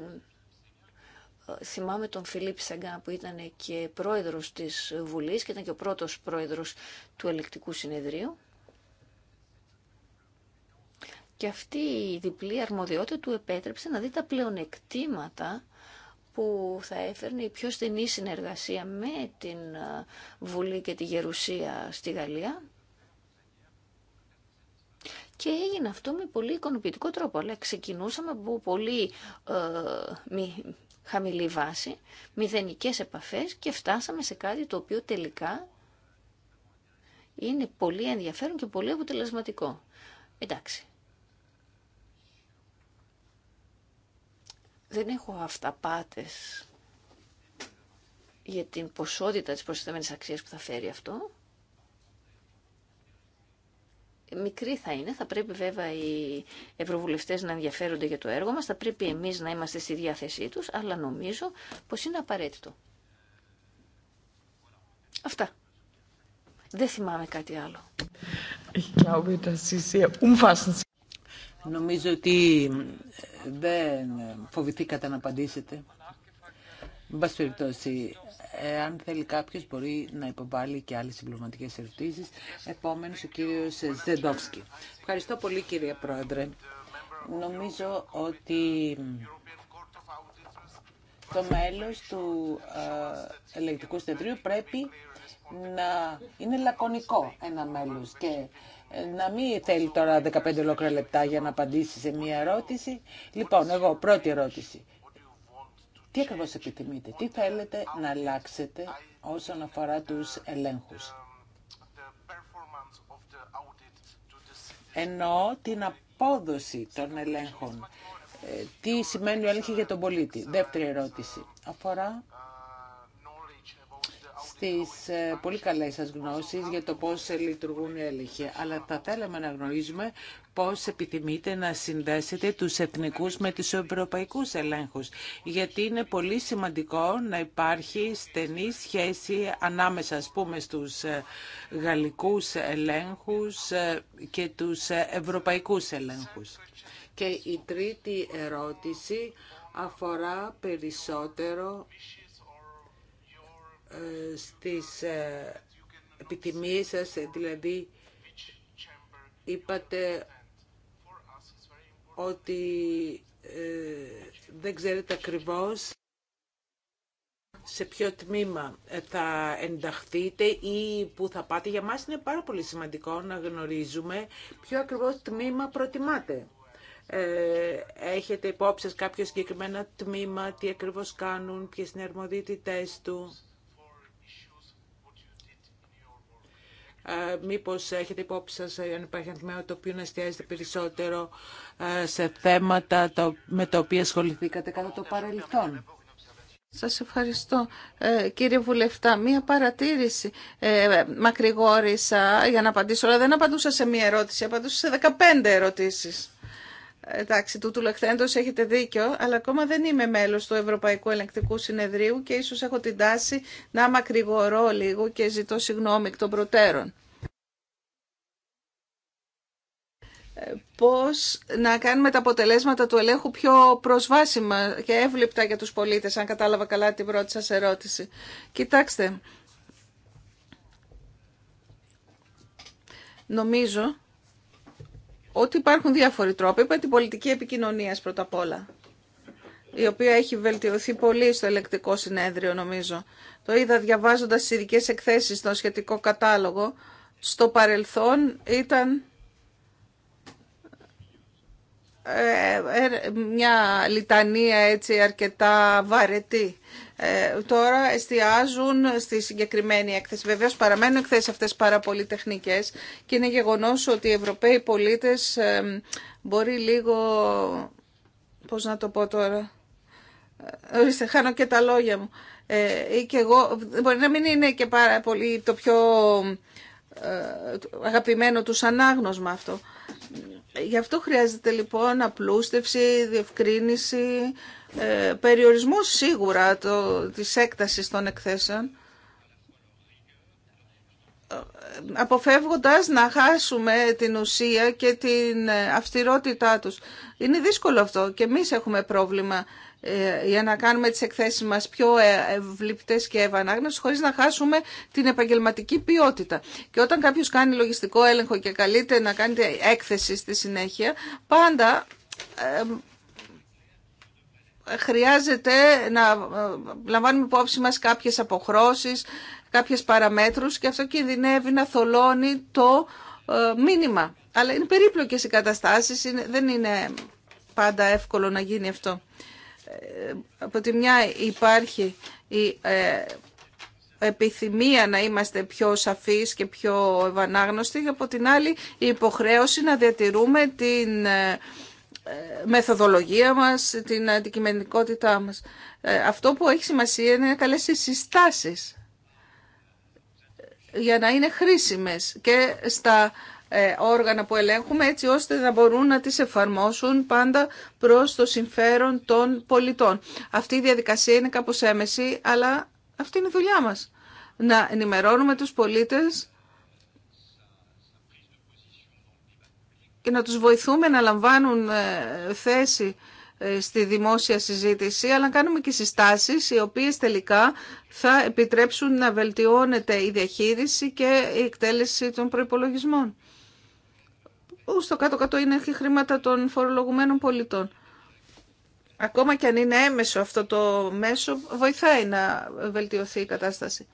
θυμάμαι τον Φιλίπ Σαγκά που ήταν και πρόεδρος της Βουλής και ήταν και ο πρώτος πρόεδρος του Ελεκτικού Συνεδρίου. Και αυτή η διπλή αρμοδιότητα του επέτρεψε να δει τα πλεονεκτήματα που θα έφερνε η πιο στενή συνεργασία με την ε, Βουλή και τη Γερουσία στη Γαλλία. Και έγινε αυτό με πολύ ικανοποιητικό τρόπο. Αλλά ξεκινούσαμε από πολύ ε, χαμηλή βάση, μηδενικές επαφές και φτάσαμε σε κάτι το οποίο τελικά είναι πολύ ενδιαφέρον και πολύ αποτελεσματικό. Εντάξει, δεν έχω αυταπάτες για την ποσότητα της προσθέμενης αξίας που θα φέρει αυτό. Μικρή θα είναι, θα πρέπει βέβαια οι ευρωβουλευτές να ενδιαφέρονται για το έργο μας, θα πρέπει εμείς να είμαστε στη διάθεσή τους, αλλά νομίζω πως είναι απαραίτητο. Αυτά. Δεν θυμάμαι κάτι άλλο. Ich glaube, sehr umfassend Νομίζω ότι δεν φοβηθήκατε να απαντήσετε. Μπας περιπτώσει, αν θέλει κάποιος μπορεί να υποβάλει και άλλες συμπληρωματικέ ερωτήσεις. Επόμενος ο κύριος Ζεντόφσκι. Ευχαριστώ πολύ κύριε Πρόεδρε. Νομίζω ότι το μέλος του ε, ελεγκτικού συνεδρίου πρέπει να είναι λακωνικό ένα μέλος και να μην θέλει τώρα 15 ολόκληρα λεπτά για να απαντήσει σε μία ερώτηση. Λοιπόν, εγώ πρώτη ερώτηση. Τι ακριβώ επιθυμείτε, τι θέλετε να αλλάξετε όσον αφορά τους ελέγχους. Ενώ την απόδοση των ελέγχων. Ε, τι σημαίνει ο για τον πολίτη. Δεύτερη ερώτηση αφορά τις ε, πολύ καλές σας γνώσεις για το πώς λειτουργούν οι έλεγχοι. Αλλά θα θέλαμε να γνωρίζουμε πώς επιθυμείτε να συνδέσετε τους εθνικούς με τους ευρωπαϊκούς ελέγχους. Γιατί είναι πολύ σημαντικό να υπάρχει στενή σχέση ανάμεσα, ας πούμε, στους ε, γαλλικούς ελέγχους ε, και τους ευρωπαϊκούς ελέγχους. Και η τρίτη ερώτηση αφορά περισσότερο στις ε, επιθυμίες σας, δηλαδή είπατε ότι ε, δεν ξέρετε ακριβώς σε ποιο τμήμα ε, θα ενταχθείτε ή που θα πάτε. Για μας είναι πάρα πολύ σημαντικό να γνωρίζουμε ποιο ακριβώς τμήμα προτιμάτε. έχετε υπόψη κάποιο συγκεκριμένο τμήμα, τι ακριβώς κάνουν, ποιες είναι οι του. Ε, Μήπω έχετε υπόψη σας αν υπάρχει ένα τμήμα το οποίο να εστιάζεται περισσότερο ε, σε θέματα με τα οποία ασχοληθήκατε κατά το παρελθόν. Σας ευχαριστώ. Ε, κύριε Βουλευτά, μία παρατήρηση ε, μακρηγόρησα για να απαντήσω, αλλά δεν απαντούσα σε μία ερώτηση, απαντούσα σε 15 ερωτήσεις. Εντάξει, τούτου λεχθέντος έχετε δίκιο, αλλά ακόμα δεν είμαι μέλος του Ευρωπαϊκού Ελεγκτικού Συνεδρίου και ίσως έχω την τάση να μακρηγορώ λίγο και ζητώ συγγνώμη εκ των προτέρων. Ε, πώς να κάνουμε τα αποτελέσματα του ελέγχου πιο προσβάσιμα και εύληπτα για τους πολίτες, αν κατάλαβα καλά την πρώτη σας ερώτηση. Κοιτάξτε, νομίζω ότι υπάρχουν διάφοροι τρόποι. Είπα την πολιτική επικοινωνία πρώτα απ' όλα, η οποία έχει βελτιωθεί πολύ στο ελεκτικό συνέδριο νομίζω. Το είδα διαβάζοντας τι ειδικέ εκθέσεις στον σχετικό κατάλογο. Στο παρελθόν ήταν ε, ε, μια λιτανία έτσι αρκετά βαρετή. Ε, τώρα εστιάζουν στη συγκεκριμένη έκθεση. Βεβαίω παραμένουν εκθέσει αυτέ πάρα πολύ τεχνικέ και είναι γεγονό ότι οι Ευρωπαίοι πολίτε ε, μπορεί λίγο. Πώ να το πω τώρα. Ορίστε, χάνω και τα λόγια μου. Ε, και εγώ, μπορεί να μην είναι και πάρα πολύ το πιο ε, αγαπημένο τους ανάγνωσμα αυτό. Γι' αυτό χρειάζεται λοιπόν απλούστευση, διευκρίνηση, ε, Περιορισμό σίγουρα το, της έκτασης των εκθέσεων, ε, αποφεύγοντας να χάσουμε την ουσία και την αυστηρότητά τους. Είναι δύσκολο αυτό και εμείς έχουμε πρόβλημα ε, για να κάνουμε τις εκθέσεις μας πιο ε, ευληπτές και ευανάγνωσες χωρίς να χάσουμε την επαγγελματική ποιότητα. Και όταν κάποιος κάνει λογιστικό έλεγχο και καλείται να κάνει έκθεση στη συνέχεια, πάντα ε, χρειάζεται να λαμβάνουμε υπόψη μας κάποιες αποχρώσεις, κάποιες παραμέτρους και αυτό κινδυνεύει να θολώνει το μήνυμα. Αλλά είναι περίπλοκες οι καταστάσεις, δεν είναι πάντα εύκολο να γίνει αυτό. Ε, από τη μια υπάρχει η ε, επιθυμία να είμαστε πιο σαφείς και πιο ευανάγνωστοι, από την άλλη η υποχρέωση να διατηρούμε την ε, μεθοδολογία μας, την αντικειμενικότητά μας. Αυτό που έχει σημασία είναι να καλές συστάσεις για να είναι χρήσιμες και στα ε, όργανα που ελέγχουμε έτσι ώστε να μπορούν να τις εφαρμόσουν πάντα προς το συμφέρον των πολιτών. Αυτή η διαδικασία είναι κάπως έμεση, αλλά αυτή είναι η δουλειά μας. Να ενημερώνουμε τους πολίτες και να τους βοηθούμε να λαμβάνουν ε, θέση ε, στη δημόσια συζήτηση, αλλά κάνουμε και συστάσεις οι οποίες τελικά θα επιτρέψουν να βελτιώνεται η διαχείριση και η εκτέλεση των προϋπολογισμών στο κάτω-κάτω είναι και χρήματα των φορολογουμένων πολιτών. Ακόμα και αν είναι έμεσο αυτό το μέσο, βοηθάει να βελτιωθεί η κατάσταση.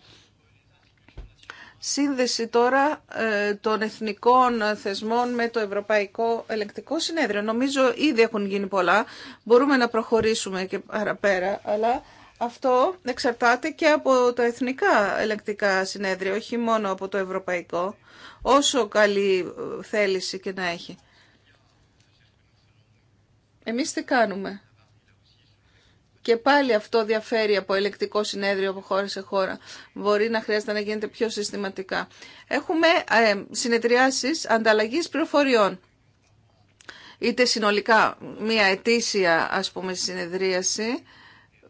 Σύνδεση τώρα ε, των εθνικών θεσμών με το Ευρωπαϊκό Ελεκτικό Συνέδριο. Νομίζω ήδη έχουν γίνει πολλά. Μπορούμε να προχωρήσουμε και παραπέρα, αλλά αυτό εξαρτάται και από τα εθνικά ελεκτικά συνέδρια, όχι μόνο από το ευρωπαϊκό όσο καλή ε, θέληση και να έχει. Εμείς τι κάνουμε. Και πάλι αυτό διαφέρει από ελεκτικό συνέδριο από χώρα σε χώρα. Μπορεί να χρειάζεται να γίνεται πιο συστηματικά. Έχουμε ε, συνεδριάσεις ανταλλαγής πληροφοριών. Είτε συνολικά μία ετήσια ας πούμε συνεδρίαση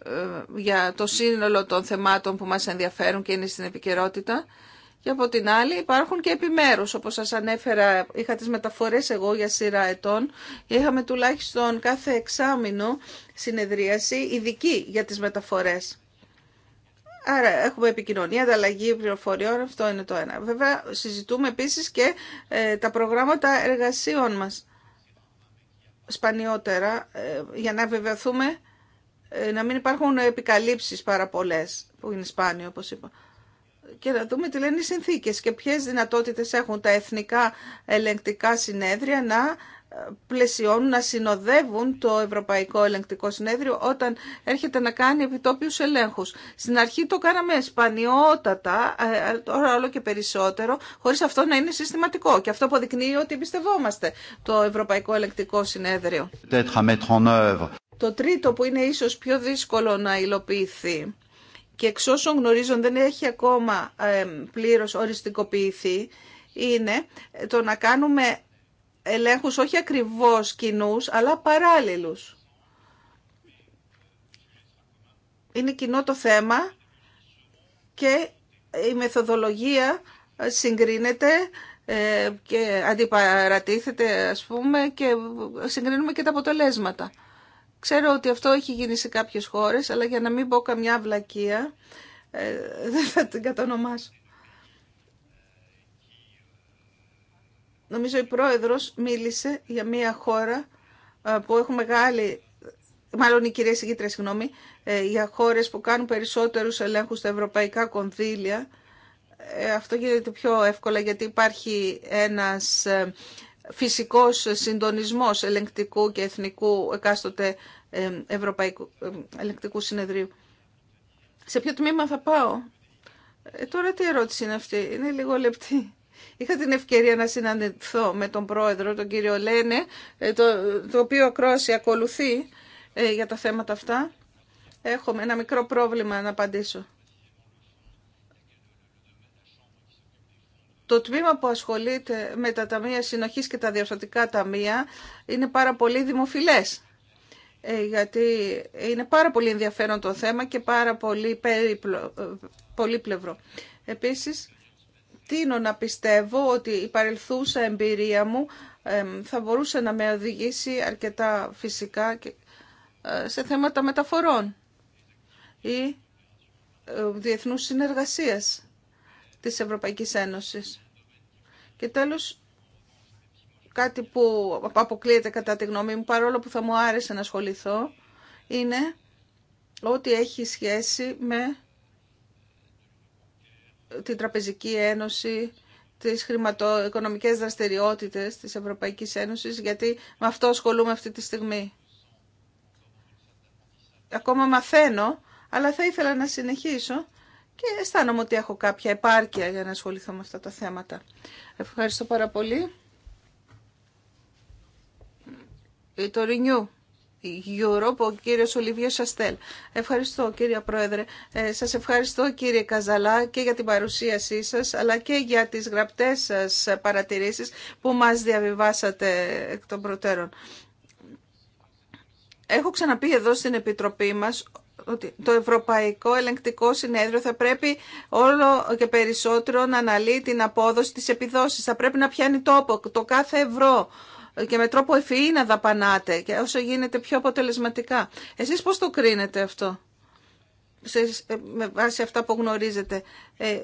ε, για το σύνολο των θεμάτων που μας ενδιαφέρουν και είναι στην επικαιρότητα και από την άλλη υπάρχουν και επιμέρους. Όπως σας ανέφερα, είχα τις μεταφορές εγώ για σειρά ετών. Είχαμε τουλάχιστον κάθε εξάμεινο συνεδρίαση ειδική για τις μεταφορές. Άρα έχουμε επικοινωνία, ανταλλαγή πληροφοριών, αυτό είναι το ένα. Βέβαια συζητούμε επίσης και ε, τα προγράμματα εργασίων μας σπανιότερα ε, για να βεβαιωθούμε ε, να μην υπάρχουν επικαλύψεις πάρα πολλές που είναι σπάνιο όπως είπα και να δούμε τι λένε οι συνθήκες και ποιες δυνατότητες έχουν τα εθνικά ελεγκτικά συνέδρια να ε, πλαισιώνουν, να συνοδεύουν το Ευρωπαϊκό Ελεγκτικό Συνέδριο όταν έρχεται να κάνει επιτόπιους ελέγχους. Στην αρχή το κάναμε σπανιότατα, ε, ε, τώρα όλο και περισσότερο, χωρίς αυτό να είναι συστηματικό. Και αυτό αποδεικνύει ότι εμπιστευόμαστε το Ευρωπαϊκό Ελεγκτικό Συνέδριο. Το τρίτο που είναι ίσως πιο δύσκολο να υλοποιηθεί και εξ όσων γνωρίζουν δεν έχει ακόμα πλήρως οριστικοποιηθεί είναι το να κάνουμε ελέγχους όχι ακριβώς κοινού, αλλά παράλληλους. Είναι κοινό το θέμα και η μεθοδολογία ε, συγκρίνεται ε, και αντιπαρατίθεται ας πούμε και συγκρίνουμε και τα αποτελέσματα. Ξέρω ότι αυτό έχει γίνει σε κάποιες χώρες, αλλά για να μην πω καμιά βλακεία, ε, δεν θα την κατανομάσω. Νομίζω η πρόεδρος μίλησε για μια χώρα ε, που έχουν μεγάλη, μάλλον οι κυρίες ηγήτρες, συγγνώμη, ε, για χώρες που κάνουν περισσότερους ελέγχους στα ευρωπαϊκά κονδύλια. Αυτό γίνεται πιο εύκολα γιατί υπάρχει ένας φυσικός συντονισμός ελεγκτικού και εθνικού εκάστοτε ευρωπαϊκού ελεγκτικού συνεδρίου. Σε ποιο τμήμα θα πάω. Ε, τώρα τι ερώτηση είναι αυτή. Είναι λίγο λεπτή. Είχα την ευκαιρία να συναντηθώ με τον πρόεδρο, τον κύριο Λένε, ε, το, το οποίο ακρόαση ακολουθεί ε, για τα θέματα αυτά. Έχω ένα μικρό πρόβλημα να απαντήσω. Το τμήμα που ασχολείται με τα ταμεία συνοχής και τα διορθωτικά ταμεία είναι πάρα πολύ δημοφιλές ε, γιατί είναι πάρα πολύ ενδιαφέρον το θέμα και πάρα πολύ ε, πολύπλευρο. Επίσης, τίνω να πιστεύω ότι η παρελθούσα εμπειρία μου θα μπορούσε να με οδηγήσει αρκετά φυσικά και ε, σε θέματα μεταφορών ή διεθνούς συνεργασίας της Ευρωπαϊκής Ένωσης. Και τέλος, κάτι που αποκλείεται κατά τη γνώμη μου, παρόλο που θα μου άρεσε να ασχοληθώ, είναι ό,τι έχει σχέση με την Τραπεζική Ένωση, τις χρηματοοικονομικές δραστηριότητες της Ευρωπαϊκής Ένωσης, γιατί με αυτό ασχολούμαι αυτή τη στιγμή. Ακόμα μαθαίνω, αλλά θα ήθελα να συνεχίσω και αισθάνομαι ότι έχω κάποια επάρκεια για να ασχοληθώ με αυτά τα θέματα. Ευχαριστώ πάρα πολύ. Ε, το Renew Europe, ο κύριος Ολιβιέ Σαστέλ. Ευχαριστώ κύριε Πρόεδρε. Ε, σας ευχαριστώ κύριε Καζαλά και για την παρουσίασή σας, αλλά και για τις γραπτές σας παρατηρήσεις που μας διαβιβάσατε εκ των προτέρων. Έχω ξαναπεί εδώ στην Επιτροπή μας ότι το Ευρωπαϊκό Ελεγκτικό Συνέδριο θα πρέπει όλο και περισσότερο να αναλύει την απόδοση της επιδόσης. Θα πρέπει να πιάνει τόπο το κάθε ευρώ και με τρόπο ευφυή να δαπανάτε και όσο γίνεται πιο αποτελεσματικά. Εσείς πώς το κρίνετε αυτό, σε, με βάση αυτά που γνωρίζετε. Ε,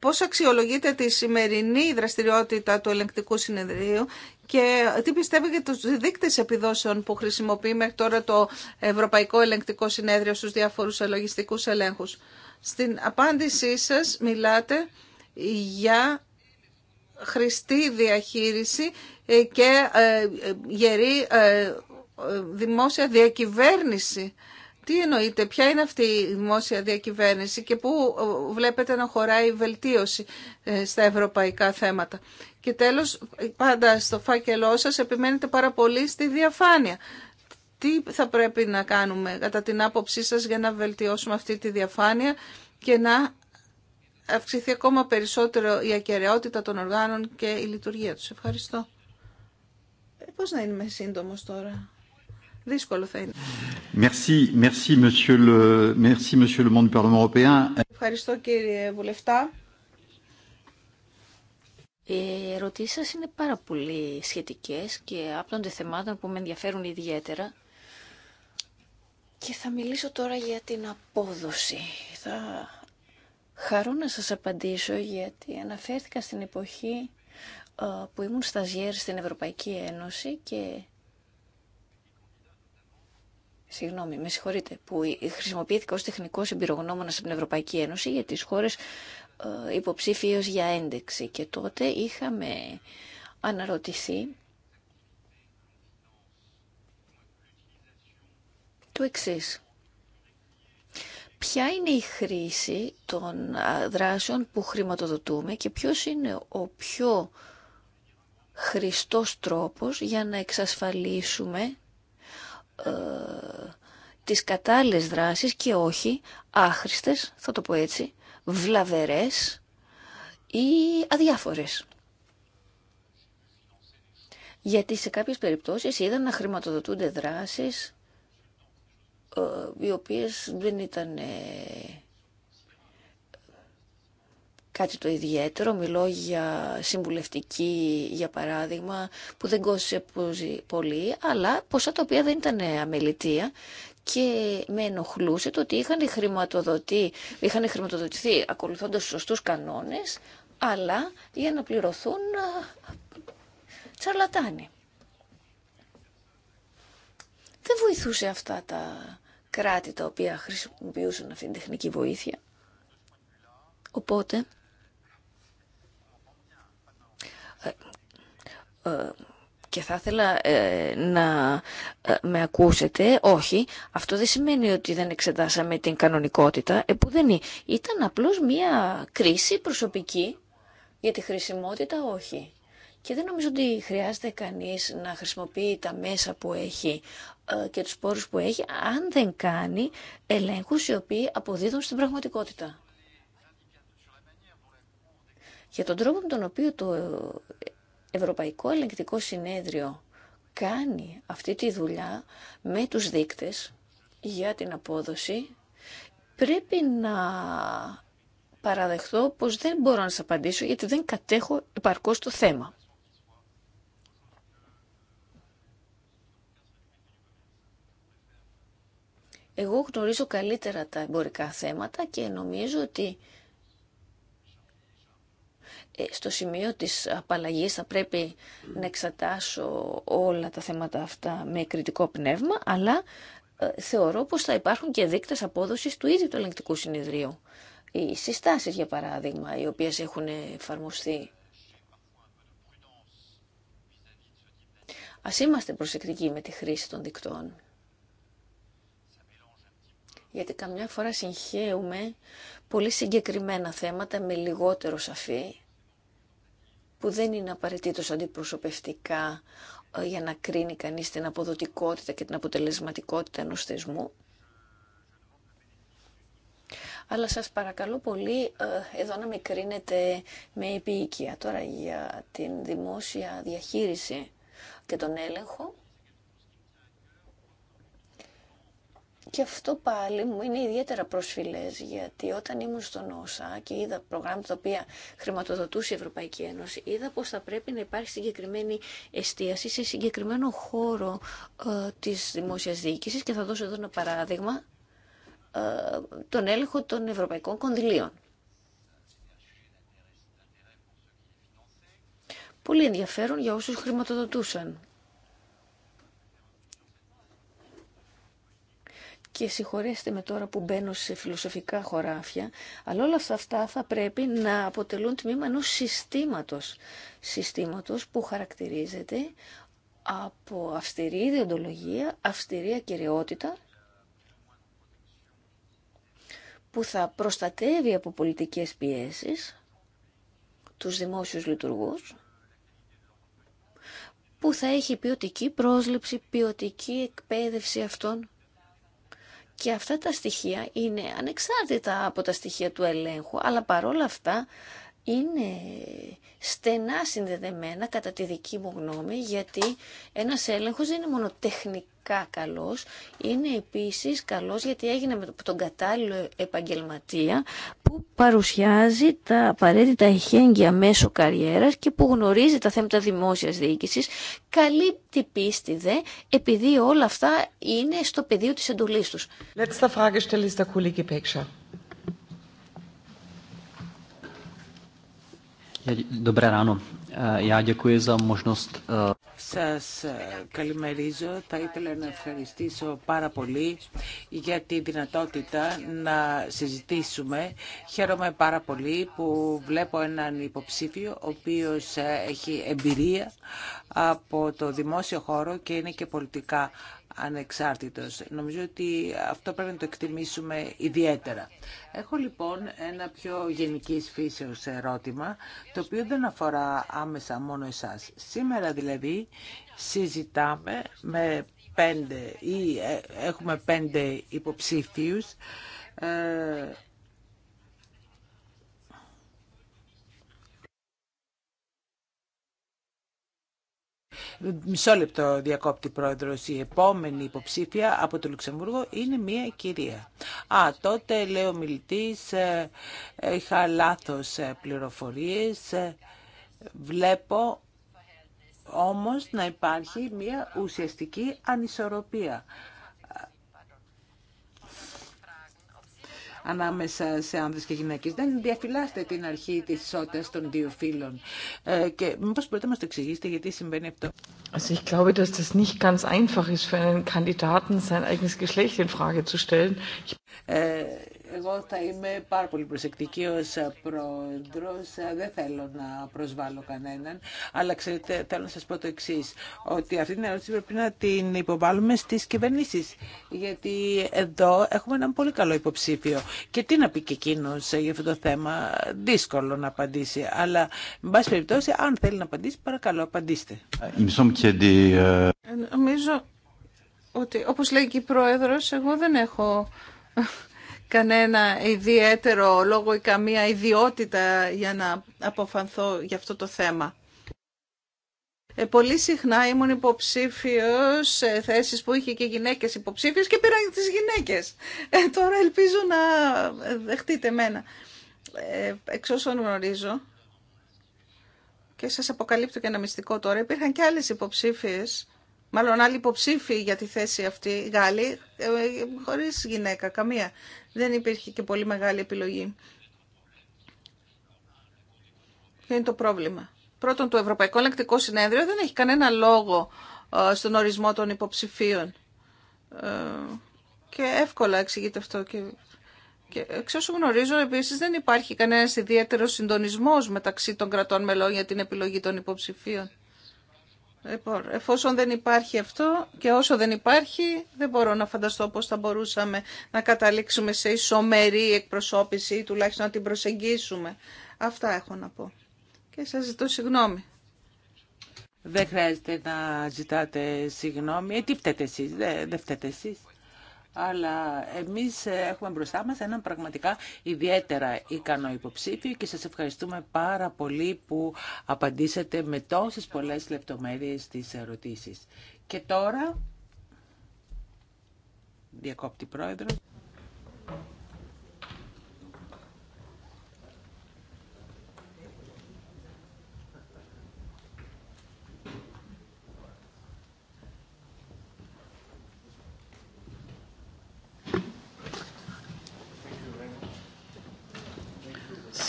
Πώς αξιολογείται τη σημερινή δραστηριότητα του ελεγκτικού συνεδρίου και τι πιστεύετε για τους δείκτες επιδόσεων που χρησιμοποιεί μέχρι τώρα το Ευρωπαϊκό Ελεγκτικό Συνέδριο στους διάφορους λογιστικούς ελέγχους. Στην απάντησή σας μιλάτε για χρηστή διαχείριση και ε, γερή ε, ε, δημόσια διακυβέρνηση τι εννοείτε, ποια είναι αυτή η δημόσια διακυβέρνηση και πού ε, βλέπετε να χωράει η βελτίωση ε, στα ευρωπαϊκά θέματα. Και τέλος, πάντα στο φάκελό σας επιμένετε πάρα πολύ στη διαφάνεια. Τι θα πρέπει να κάνουμε κατά την άποψή σας για να βελτιώσουμε αυτή τη διαφάνεια και να αυξηθεί ακόμα περισσότερο η ακαιρεότητα των οργάνων και η λειτουργία τους. Ευχαριστώ. Ε, πώς να είμαι σύντομος τώρα. Δύσκολο θα είναι. Merci, Ευχαριστώ κύριε Βουλευτά. Οι ερωτήσει σα είναι πάρα πολύ σχετικές και άπτονται θεμάτων που με ενδιαφέρουν ιδιαίτερα. Και θα μιλήσω τώρα για την απόδοση. Θα χαρώ να σας απαντήσω γιατί αναφέρθηκα στην εποχή ε, που ήμουν σταζιέρ στην Ευρωπαϊκή Ένωση και συγγνώμη, με συγχωρείτε, που χρησιμοποιήθηκε ως τεχνικός εμπειρογνώμονας στην Ευρωπαϊκή Ένωση για τις χώρες ε, υποψήφιες για ένταξη. Και τότε είχαμε αναρωτηθεί το εξή: Ποια είναι η χρήση των δράσεων που χρηματοδοτούμε και ποιος είναι ο πιο χρηστός τρόπος για να εξασφαλίσουμε ε, τις κατάλληλες δράσεις και όχι άχρηστες, θα το πω έτσι, βλαβερές ή αδιάφορες. Γιατί σε κάποιες περιπτώσεις είδαν να χρηματοδοτούνται δράσεις ε, οι οποίες δεν ήταν ε, κάτι το ιδιαίτερο. Μιλώ για συμβουλευτική, για παράδειγμα, που δεν κόστισε πολύ, αλλά ποσά τα οποία δεν ήταν αμελητεία και με ενοχλούσε το ότι είχαν, είχαν χρηματοδοτηθεί ακολουθώντας τους σωστούς κανόνες, αλλά για να πληρωθούν τσαρλατάνοι. Δεν βοηθούσε αυτά τα κράτη τα οποία χρησιμοποιούσαν αυτήν την τεχνική βοήθεια. Οπότε, ε, ε, και θα ήθελα ε, να ε, με ακούσετε. Όχι, αυτό δεν σημαίνει ότι δεν εξετάσαμε την κανονικότητα. Ε, που δεν είναι. Ήταν απλώς μία κρίση προσωπική για τη χρησιμότητα, όχι. Και δεν νομίζω ότι χρειάζεται κανείς να χρησιμοποιεί τα μέσα που έχει ε, και τους πόρους που έχει, αν δεν κάνει ελέγχους οι οποίοι αποδίδουν στην πραγματικότητα. Για τον τρόπο με τον οποίο το Ευρωπαϊκό Ελεγκτικό Συνέδριο κάνει αυτή τη δουλειά με τους δείκτες για την απόδοση, πρέπει να παραδεχθώ πως δεν μπορώ να σας απαντήσω γιατί δεν κατέχω επαρκώς το θέμα. Εγώ γνωρίζω καλύτερα τα εμπορικά θέματα και νομίζω ότι ε, στο σημείο της απαλλαγής θα πρέπει να εξετάσω όλα τα θέματα αυτά με κριτικό πνεύμα, αλλά ε, θεωρώ πως θα υπάρχουν και δείκτες απόδοσης του ίδιου του ελεγκτικού συνεδρίου. Οι συστάσεις, για παράδειγμα, οι οποίες έχουν εφαρμοστεί. Ας είμαστε προσεκτικοί με τη χρήση των δικτών. Γιατί καμιά φορά συγχαίουμε πολύ συγκεκριμένα θέματα με λιγότερο σαφή που δεν είναι απαραίτητο αντιπροσωπευτικά ε, για να κρίνει κανείς την αποδοτικότητα και την αποτελεσματικότητα ενός θεσμού. Αλλά σας παρακαλώ πολύ ε, εδώ να με κρίνετε με επίοικια τώρα για την δημόσια διαχείριση και τον έλεγχο. Και αυτό πάλι μου είναι ιδιαίτερα προσφυλές, γιατί όταν ήμουν στον ΩΣΑ και είδα προγράμματα τα οποία χρηματοδοτούσε η Ευρωπαϊκή Ένωση, είδα πως θα πρέπει να υπάρχει συγκεκριμένη εστίαση σε συγκεκριμένο χώρο ε, της δημόσιας διοίκησης και θα δώσω εδώ ένα παράδειγμα, ε, τον έλεγχο των ευρωπαϊκών κονδυλίων. Πολύ ενδιαφέρον για όσους χρηματοδοτούσαν και συγχωρέστε με τώρα που μπαίνω σε φιλοσοφικά χωράφια, αλλά όλα αυτά θα πρέπει να αποτελούν τμήμα ενός συστήματος. Συστήματος που χαρακτηρίζεται από αυστηρή ιδιοντολογία, αυστηρή ακυριότητα, που θα προστατεύει από πολιτικές πιέσεις τους δημόσιους λειτουργούς, που θα έχει ποιοτική πρόσληψη, ποιοτική εκπαίδευση αυτών και αυτά τα στοιχεία είναι ανεξάρτητα από τα στοιχεία του ελέγχου, αλλά παρόλα αυτά είναι στενά συνδεδεμένα κατά τη δική μου γνώμη γιατί ένας έλεγχος δεν είναι μόνο τεχνικά καλός είναι επίσης καλός γιατί έγινε με τον κατάλληλο επαγγελματία που παρουσιάζει τα απαραίτητα εχέγγυα μέσω καριέρας και που γνωρίζει τα θέματα δημόσιας διοίκησης καλύπτει πίστη δε επειδή όλα αυτά είναι στο πεδίο της εντολής τους. Letzte Frage Dobré eh, eh, Σας eh, καλημερίζω. Θα ήθελα να ευχαριστήσω πάρα πολύ για τη δυνατότητα να συζητήσουμε. Χαίρομαι πάρα πολύ που βλέπω έναν υποψήφιο ο οποίος ε, έχει εμπειρία από το δημόσιο χώρο και είναι και πολιτικά ανεξάρτητος. Νομίζω ότι αυτό πρέπει να το εκτιμήσουμε ιδιαίτερα. Έχω λοιπόν ένα πιο γενικής φύσεως ερώτημα, το οποίο δεν αφορά άμεσα μόνο εσάς. Σήμερα δηλαδή συζητάμε με πέντε ή ε, έχουμε πέντε υποψήφιους ε, Μισό λεπτό διακόπτη πρόεδρος. Η επόμενη υποψήφια από το Λουξεμβούργο είναι μία κυρία. Α, τότε λέει ο μιλητής, ε, είχα λάθος ε, πληροφορίες. Ε, βλέπω όμως να υπάρχει μία ουσιαστική ανισορροπία ανάμεσα σε άνδρες και γυναίκες. Δεν διαφυλάστε την αρχή της ισότητας των δύο φύλων. Ε, και μήπως μπορείτε να μας το εξηγήσετε γιατί συμβαίνει αυτό. Also ich glaube, dass das nicht ganz einfach ist für einen Kandidaten, sein eigenes Geschlecht in Frage zu stellen. Ich... Ε, εγώ θα είμαι πάρα πολύ προσεκτική ως πρόεδρος, δεν θέλω να προσβάλλω κανέναν, αλλά ξέρετε, θέλω να σας πω το εξή ότι αυτή την ερώτηση πρέπει να την υποβάλουμε στις κυβερνήσει. γιατί εδώ έχουμε έναν πολύ καλό υποψήφιο. Και τι να πει και εκείνο για αυτό το θέμα, δύσκολο να απαντήσει, αλλά, με πάση περιπτώσει, αν θέλει να απαντήσει, παρακαλώ, απαντήστε. Ε, ε, ε, νομίζω ότι, όπως λέει και η Πρόεδρος, εγώ δεν έχω κανένα ιδιαίτερο λόγο ή καμία ιδιότητα για να αποφανθώ για αυτό το θέμα. Ε, πολύ συχνά ήμουν υποψήφιος σε θέσεις που είχε και γυναίκες υποψήφιες και πήραν τις γυναίκες. Ε, τώρα ελπίζω να δεχτείτε μένα. Ε, εξ όσων γνωρίζω, και σας αποκαλύπτω και ένα μυστικό τώρα, υπήρχαν και άλλες υποψήφιες μάλλον άλλοι υποψήφοι για τη θέση αυτή, οι Γάλλοι, ε, χωρίς γυναίκα, καμία. Δεν υπήρχε και πολύ μεγάλη επιλογή. Ποιο είναι το πρόβλημα. Πρώτον, το Ευρωπαϊκό Ελεκτικό Συνέδριο δεν έχει κανένα λόγο ε, στον ορισμό των υποψηφίων. Ε, και εύκολα εξηγείται αυτό. Και, και εξ όσου γνωρίζω, επίσης δεν υπάρχει κανένας ιδιαίτερος συντονισμός μεταξύ των κρατών μελών για την επιλογή των υποψηφίων. Λοιπόν, εφόσον δεν υπάρχει αυτό και όσο δεν υπάρχει, δεν μπορώ να φανταστώ πώς θα μπορούσαμε να καταλήξουμε σε ισομερή εκπροσώπηση ή τουλάχιστον να την προσεγγίσουμε. Αυτά έχω να πω. Και σας ζητώ συγγνώμη. Δεν χρειάζεται να ζητάτε συγγνώμη. Ε, τι φταίτε εσείς, δεν, δεν φταίτε εσείς αλλά εμείς έχουμε μπροστά μας έναν πραγματικά ιδιαίτερα ικανό υποψήφιο και σας ευχαριστούμε πάρα πολύ που απαντήσατε με τόσες πολλές λεπτομέρειες στις ερωτήσεις. Και τώρα, διακόπτη πρόεδρος.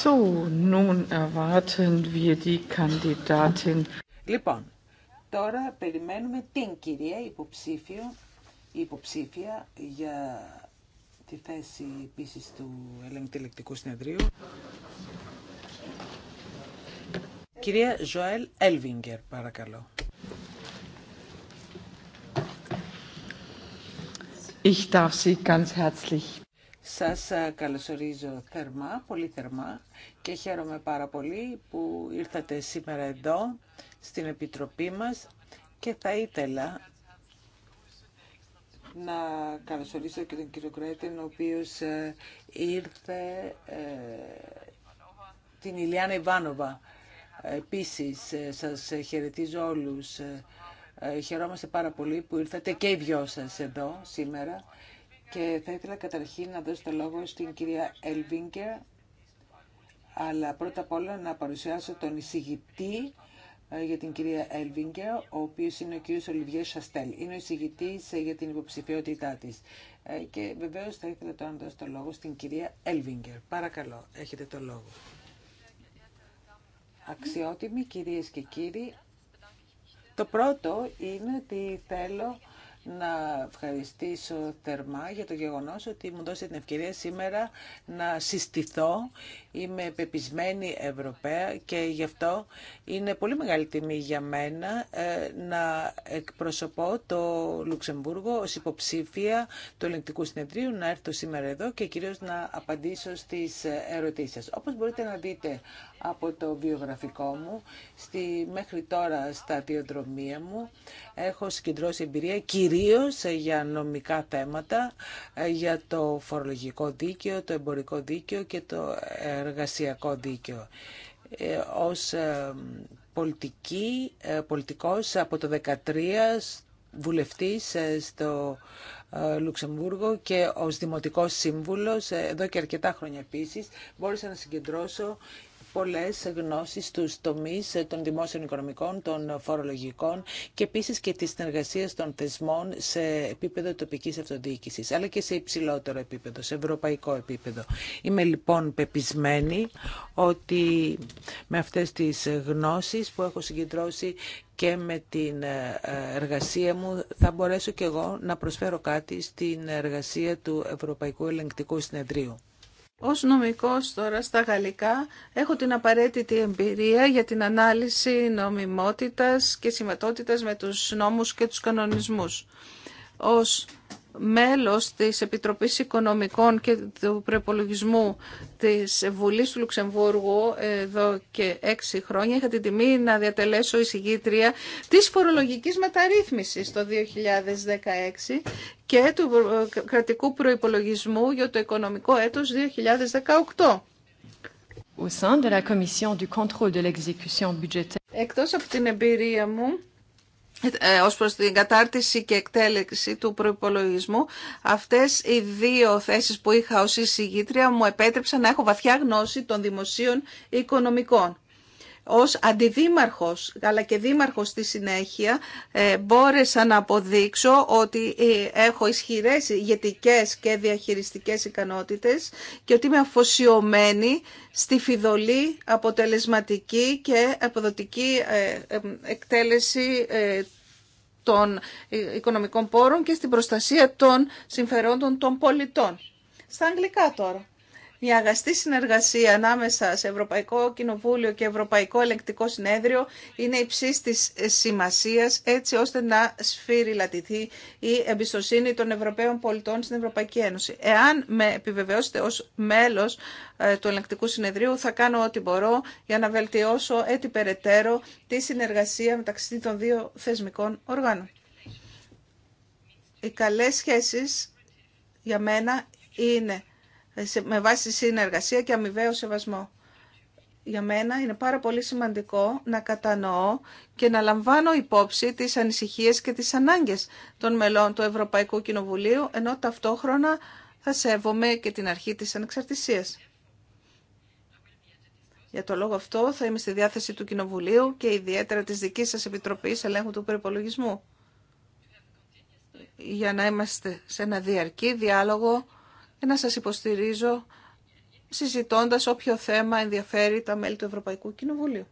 So, nun erwarten wir die Kandidatin. Λοιπόν, τώρα περιμένουμε την κυρία υποψήφιο, υποψήφια για τη θέση επίση του ελεγκτή ελεκτικού συνεδρίου. Κυρία Ζωέλ Έλβιγκερ, παρακαλώ. Ich darf Sie ganz herzlich σας ε, καλωσορίζω θερμά, πολύ θερμά και χαίρομαι πάρα πολύ που ήρθατε σήμερα εδώ στην Επιτροπή μας και θα ήθελα να καλωσορίσω και τον κύριο Κρέτην ο οποίος ε, ήρθε ε, την Ηλιάνα Ιβάνοβα. Επίσης, σας χαιρετίζω όλους. Χαιρόμαστε πάρα πολύ που ήρθατε και οι δυο σας εδώ σήμερα και θα ήθελα καταρχήν να δώσω το λόγο στην κυρία Ελβίνκερ, αλλά πρώτα απ' όλα να παρουσιάσω τον εισηγητή ε, για την κυρία Ελβίνκερ, ο οποίος είναι ο κύριος Ολιβιέ Σαστέλ. Είναι ο εισηγητής ε, για την υποψηφιότητά της. Ε, και βεβαίως θα ήθελα τώρα να δώσω το λόγο στην κυρία Ελβίνκερ. Παρακαλώ, έχετε το λόγο. Αξιότιμοι κυρίες και κύριοι, το πρώτο είναι ότι θέλω να ευχαριστήσω θερμά για το γεγονός ότι μου δώσετε την ευκαιρία σήμερα να συστηθώ. Είμαι πεπισμένη Ευρωπαία και γι' αυτό είναι πολύ μεγάλη τιμή για μένα ε, να εκπροσωπώ το Λουξεμβούργο ως υποψήφια του Ελληνικού Συνεδρίου, να έρθω σήμερα εδώ και κυρίως να απαντήσω στις ερωτήσεις Όπως μπορείτε να δείτε από το βιογραφικό μου. Στη, μέχρι τώρα στα διοδρομία μου έχω συγκεντρώσει εμπειρία κυρίως για νομικά θέματα, ε, για το φορολογικό δίκαιο, το εμπορικό δίκαιο και το εργασιακό δίκαιο. Ε, ως ε, πολιτική, ε, πολιτικός από το 2013 βουλευτής στο Λουξεμβούργο και ως δημοτικός σύμβουλος εδώ και αρκετά χρόνια επίσης μπόρεσα να συγκεντρώσω πολλές γνώσεις στους τομείς των δημόσιων οικονομικών, των φορολογικών και επίσης και της συνεργασία των θεσμών σε επίπεδο τοπικής αυτοδιοίκησης, αλλά και σε υψηλότερο επίπεδο, σε ευρωπαϊκό επίπεδο. Είμαι λοιπόν πεπισμένη ότι με αυτές τις γνώσεις που έχω συγκεντρώσει και με την ε, εργασία μου θα μπορέσω και εγώ να προσφέρω κάτι στην εργασία του Ευρωπαϊκού Ελεγκτικού Συνεδρίου. Ως νομικός τώρα στα γαλλικά έχω την απαραίτητη εμπειρία για την ανάλυση νομιμότητας και συμβατότητας με τους νόμους και τους κανονισμούς. Ως μέλος της Επιτροπής Οικονομικών και του Προπολογισμού της Βουλής του Λουξεμβούργου εδώ και έξι χρόνια. Είχα την τιμή να διατελέσω εισηγήτρια της φορολογικής μεταρρύθμισης το 2016 και του κρατικού προϋπολογισμού για το οικονομικό έτος 2018. Εκτός από την εμπειρία μου, ε, ως προς την κατάρτιση και εκτέλεξη του προϋπολογισμού, αυτές οι δύο θέσεις που είχα ως εισηγήτρια μου επέτρεψαν να έχω βαθιά γνώση των δημοσίων οικονομικών ως αντιδήμαρχος αλλά και δήμαρχος στη συνέχεια ε, μπόρεσα να αποδείξω ότι ε, έχω ισχυρές ηγετικές και διαχειριστικές ικανότητες και ότι είμαι αφοσιωμένη στη φιδωλή, αποτελεσματική και αποδοτική ε, εκτέλεση των οικονομικών πόρων και στην προστασία των συμφερόντων των πολιτών. Στα αγγλικά τώρα η αγαστή συνεργασία ανάμεσα σε Ευρωπαϊκό Κοινοβούλιο και Ευρωπαϊκό Ελεκτικό Συνέδριο είναι υψή τη σημασίας έτσι ώστε να σφυριλατηθεί η εμπιστοσύνη των Ευρωπαίων πολιτών στην Ευρωπαϊκή Ένωση. Εάν με επιβεβαιώσετε ως μέλος ε, του Ελεκτικού Συνεδρίου θα κάνω ό,τι μπορώ για να βελτιώσω έτσι περαιτέρω τη συνεργασία μεταξύ των δύο θεσμικών οργάνων. Οι καλές σχέσεις για μένα είναι ε, με βάση συνεργασία και αμοιβαίο σεβασμό. Για μένα είναι πάρα πολύ σημαντικό να κατανοώ και να λαμβάνω υπόψη τις ανησυχίες και τις ανάγκες των μελών του Ευρωπαϊκού Κοινοβουλίου, ενώ ταυτόχρονα θα σέβομαι και την αρχή της ανεξαρτησίας. Για το λόγο αυτό θα είμαι στη διάθεση του Κοινοβουλίου και ιδιαίτερα της δικής σας Επιτροπής Ελέγχου του Περιπολογισμού για να είμαστε σε ένα διαρκή διάλογο ε, να σας υποστηρίζω συζητώντας όποιο θέμα ενδιαφέρει τα μέλη του Ευρωπαϊκού Κοινοβουλίου.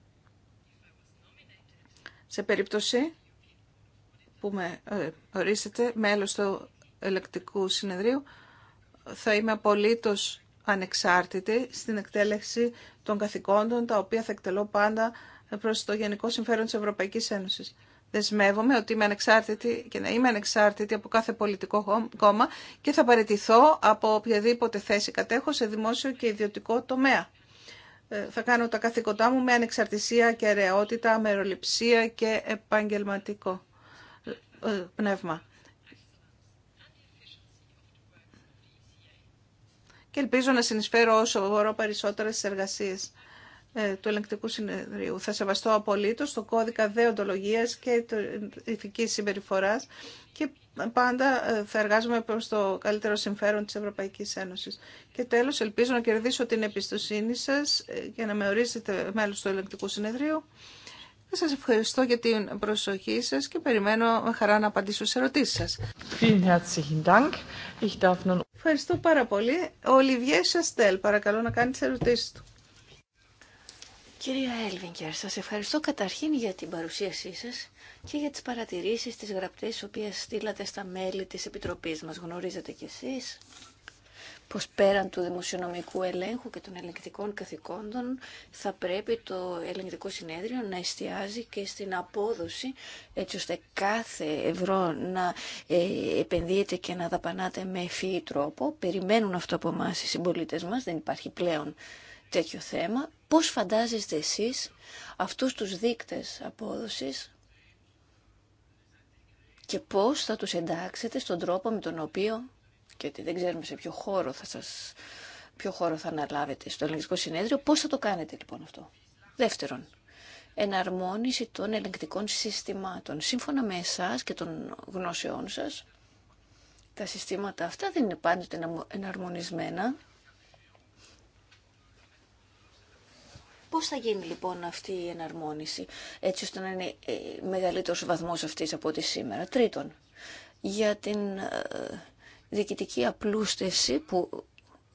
Σε περίπτωση που με ε, ορίσετε μέλος του ελεκτικού συνεδρίου, θα είμαι απολύτως ανεξάρτητη στην εκτέλεση των καθηκόντων, τα οποία θα εκτελώ πάντα προς το γενικό συμφέρον της Ευρωπαϊκής Ένωσης δεσμεύομαι ότι είμαι ανεξάρτητη και να είμαι ανεξάρτητη από κάθε πολιτικό κόμμα και θα παραιτηθώ από οποιαδήποτε θέση κατέχω σε δημόσιο και ιδιωτικό τομέα. Ε, θα κάνω τα καθήκοντά μου με ανεξαρτησία και αραιότητα, αμεροληψία και επαγγελματικό ε, ε, πνεύμα. Και ελπίζω να συνεισφέρω όσο μπορώ περισσότερες εργασίες ε, του ελεγκτικού συνεδρίου. Θα σεβαστώ απολύτω το κώδικα δεοντολογίας και ηθική συμπεριφορά και πάντα ε, θα εργάζομαι προ το καλύτερο συμφέρον τη Ευρωπαϊκή Ένωση. Και τέλο, ελπίζω να κερδίσω την εμπιστοσύνη σας και ε, να με ορίσετε μέλο του ελεγκτικού συνεδρίου. Σα σας ευχαριστώ για την προσοχή σα και περιμένω με χαρά να απαντήσω σε ερωτήσει σα. Ευχαριστώ πάρα πολύ. Ο Ολιβιέ Σαστέλ, παρακαλώ να κάνει τι ερωτήσει του. Κυρία Έλβιγκερ, σας ευχαριστώ καταρχήν για την παρουσίασή σας και για τις παρατηρήσεις, της γραπτές, τις οποίες στείλατε στα μέλη της Επιτροπής μας. Γνωρίζετε κι εσείς πως πέραν του δημοσιονομικού ελέγχου και των ελεγκτικών καθηκόντων θα πρέπει το ελεγκτικό συνέδριο να εστιάζει και στην απόδοση έτσι ώστε κάθε ευρώ να ε, επενδύεται και να δαπανάται με ευφυή τρόπο. Περιμένουν αυτό από εμά οι συμπολίτε μας, δεν υπάρχει πλέον τέτοιο θέμα. Πώς φαντάζεστε εσείς αυτούς τους δείκτες απόδοσης και πώς θα τους εντάξετε στον τρόπο με τον οποίο, γιατί δεν ξέρουμε σε ποιο χώρο θα σας ποιο χώρο θα αναλάβετε στο ελληνικό συνέδριο, πώς θα το κάνετε λοιπόν αυτό. Δεύτερον, εναρμόνιση των ελεγκτικών συστημάτων. Σύμφωνα με εσά και των γνώσεών σας, τα συστήματα αυτά δεν είναι πάντοτε εναρμονισμένα. Πώς θα γίνει λοιπόν αυτή η εναρμόνιση, έτσι ώστε να είναι ε, μεγαλύτερος βαθμός αυτής από ό,τι σήμερα. Τρίτον, για την ε, διοικητική απλούστευση που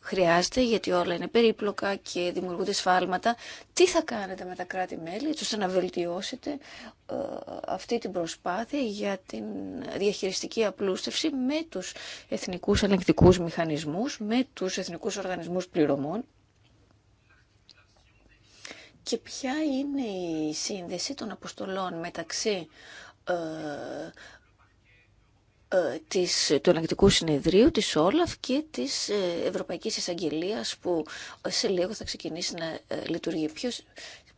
χρειάζεται, γιατί όλα είναι περίπλοκα και δημιουργούνται σφάλματα. Τι θα κάνετε με τα κράτη-μέλη, έτσι ώστε να βελτιώσετε ε, αυτή την προσπάθεια για την διαχειριστική απλούστευση με τους εθνικούς ελεγκτικούς μηχανισμούς, με τους εθνικούς οργανισμούς πληρωμών και ποια είναι η σύνδεση των αποστολών μεταξύ ε, ε, της, του Ενακτικού Συνεδρίου, της Όλαφ και της ε, Ευρωπαϊκής Εισαγγελίας που σε λίγο θα ξεκινήσει να ε, λειτουργεί. Ποιος,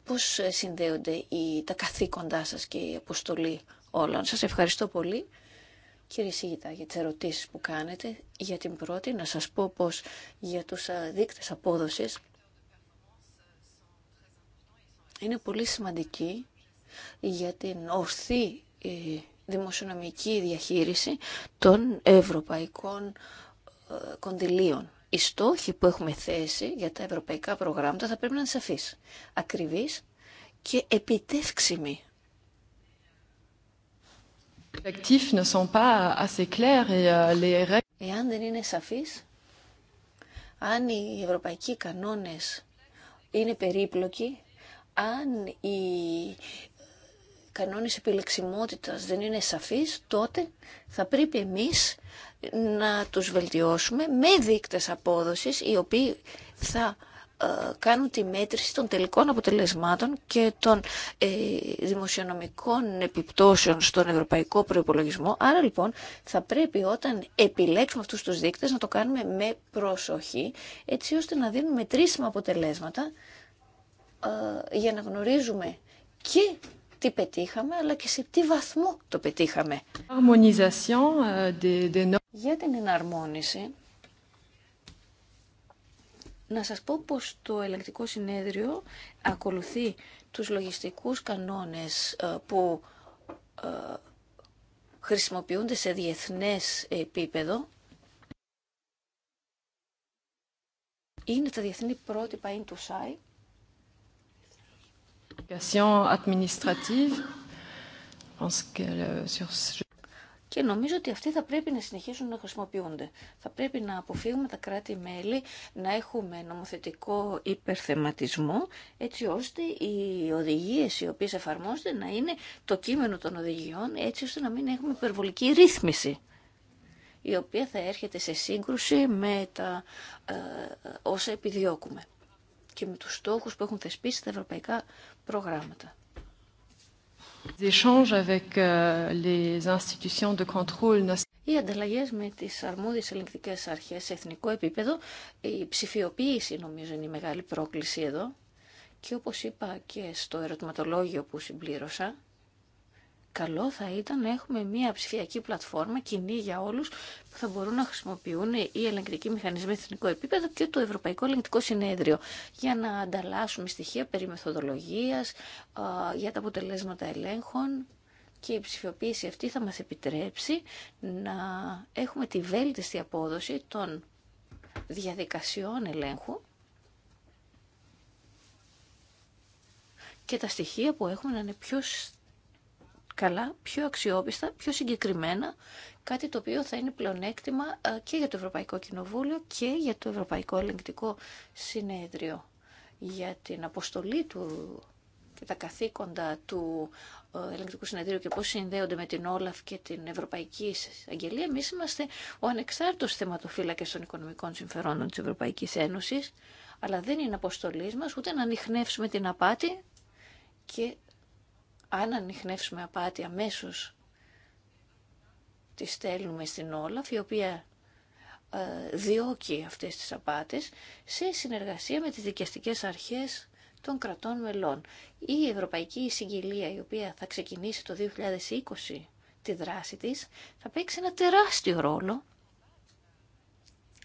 πώς ε, συνδέονται οι, τα καθήκοντά σας και η αποστολή όλων. Σας ευχαριστώ πολύ. Κύριε Σίγητα, για τις ερωτήσεις που κάνετε, για την πρώτη να σας πω πως για τους δείκτες απόδοσης είναι πολύ σημαντική για την ορθή ε, δημοσιονομική διαχείριση των ευρωπαϊκών ε, κονδυλίων. Οι στόχοι που έχουμε θέσει για τα ευρωπαϊκά προγράμματα θα πρέπει να είναι σαφείς, ακριβείς και επιτεύξιμοι. Εάν δεν είναι σαφείς, αν οι ευρωπαϊκοί κανόνες είναι περίπλοκοι, αν οι κανόνες επιλεξιμότητας δεν είναι σαφής τότε θα πρέπει εμείς να τους βελτιώσουμε με δείκτες απόδοσης, οι οποίοι θα ε, κάνουν τη μέτρηση των τελικών αποτελεσμάτων και των ε, δημοσιονομικών επιπτώσεων στον ευρωπαϊκό προϋπολογισμό. Άρα λοιπόν θα πρέπει όταν επιλέξουμε αυτούς τους δείκτες να το κάνουμε με προσοχή έτσι ώστε να δίνουμε τρίσιμα αποτελέσματα ε, για να γνωρίζουμε και τι πετύχαμε, αλλά και σε τι βαθμό το πετύχαμε. Ε, για την εναρμόνιση, να σας πω πως το ελεγκτικό συνέδριο ακολουθεί τους λογιστικούς κανόνες ε, που χρησιμοποιούνται σε διεθνές επίπεδο. Είναι τα διεθνή πρότυπα in to και νομίζω ότι αυτοί θα πρέπει να συνεχίσουν να χρησιμοποιούνται. Θα πρέπει να αποφύγουμε τα κράτη-μέλη να έχουμε νομοθετικό υπερθεματισμό, έτσι ώστε οι οδηγίες οι οποίες εφαρμόζονται να είναι το κείμενο των οδηγιών, έτσι ώστε να μην έχουμε υπερβολική ρύθμιση η οποία θα έρχεται σε σύγκρουση με τα ε, ε, όσα επιδιώκουμε και με τους στόχους που έχουν θεσπίσει τα ευρωπαϊκά προγράμματα. Euh, Οι ανταλλαγέ με τι αρμόδιε ελεγκτικέ αρχέ σε εθνικό επίπεδο, η ψηφιοποίηση νομίζω είναι η μεγάλη πρόκληση εδώ. Και όπω είπα και στο ερωτηματολόγιο που συμπλήρωσα, καλό θα ήταν να έχουμε μια ψηφιακή πλατφόρμα κοινή για όλους που θα μπορούν να χρησιμοποιούν οι ελεγκτικοί μηχανισμοί εθνικό επίπεδο και το Ευρωπαϊκό Ελεγκτικό Συνέδριο για να ανταλλάσσουμε στοιχεία περί μεθοδολογίας, για τα αποτελέσματα ελέγχων και η ψηφιοποίηση αυτή θα μας επιτρέψει να έχουμε τη βέλτιστη απόδοση των διαδικασιών ελέγχου και τα στοιχεία που έχουμε να είναι πιο καλά, πιο αξιόπιστα, πιο συγκεκριμένα, κάτι το οποίο θα είναι πλεονέκτημα ε, και για το Ευρωπαϊκό Κοινοβούλιο και για το Ευρωπαϊκό Ελεγκτικό Συνέδριο. Για την αποστολή του και τα καθήκοντα του ε, Ελεγκτικού Συνεδρίου και πώς συνδέονται με την Όλαφ και την Ευρωπαϊκή Αγγελία, εμεί είμαστε ο ανεξάρτητος θεματοφύλακας των οικονομικών συμφερόντων της Ευρωπαϊκής Ένωσης, αλλά δεν είναι αποστολή μας ούτε να ανοιχνεύσουμε την απάτη και αν ανοιχνεύσουμε απάτη αμέσω τη στέλνουμε στην Όλαφ, η οποία ε, διώκει αυτές τις απάτες σε συνεργασία με τις δικαστικές αρχές των κρατών μελών. Η Ευρωπαϊκή Συγγελία, η οποία θα ξεκινήσει το 2020 τη δράση της, θα παίξει ένα τεράστιο ρόλο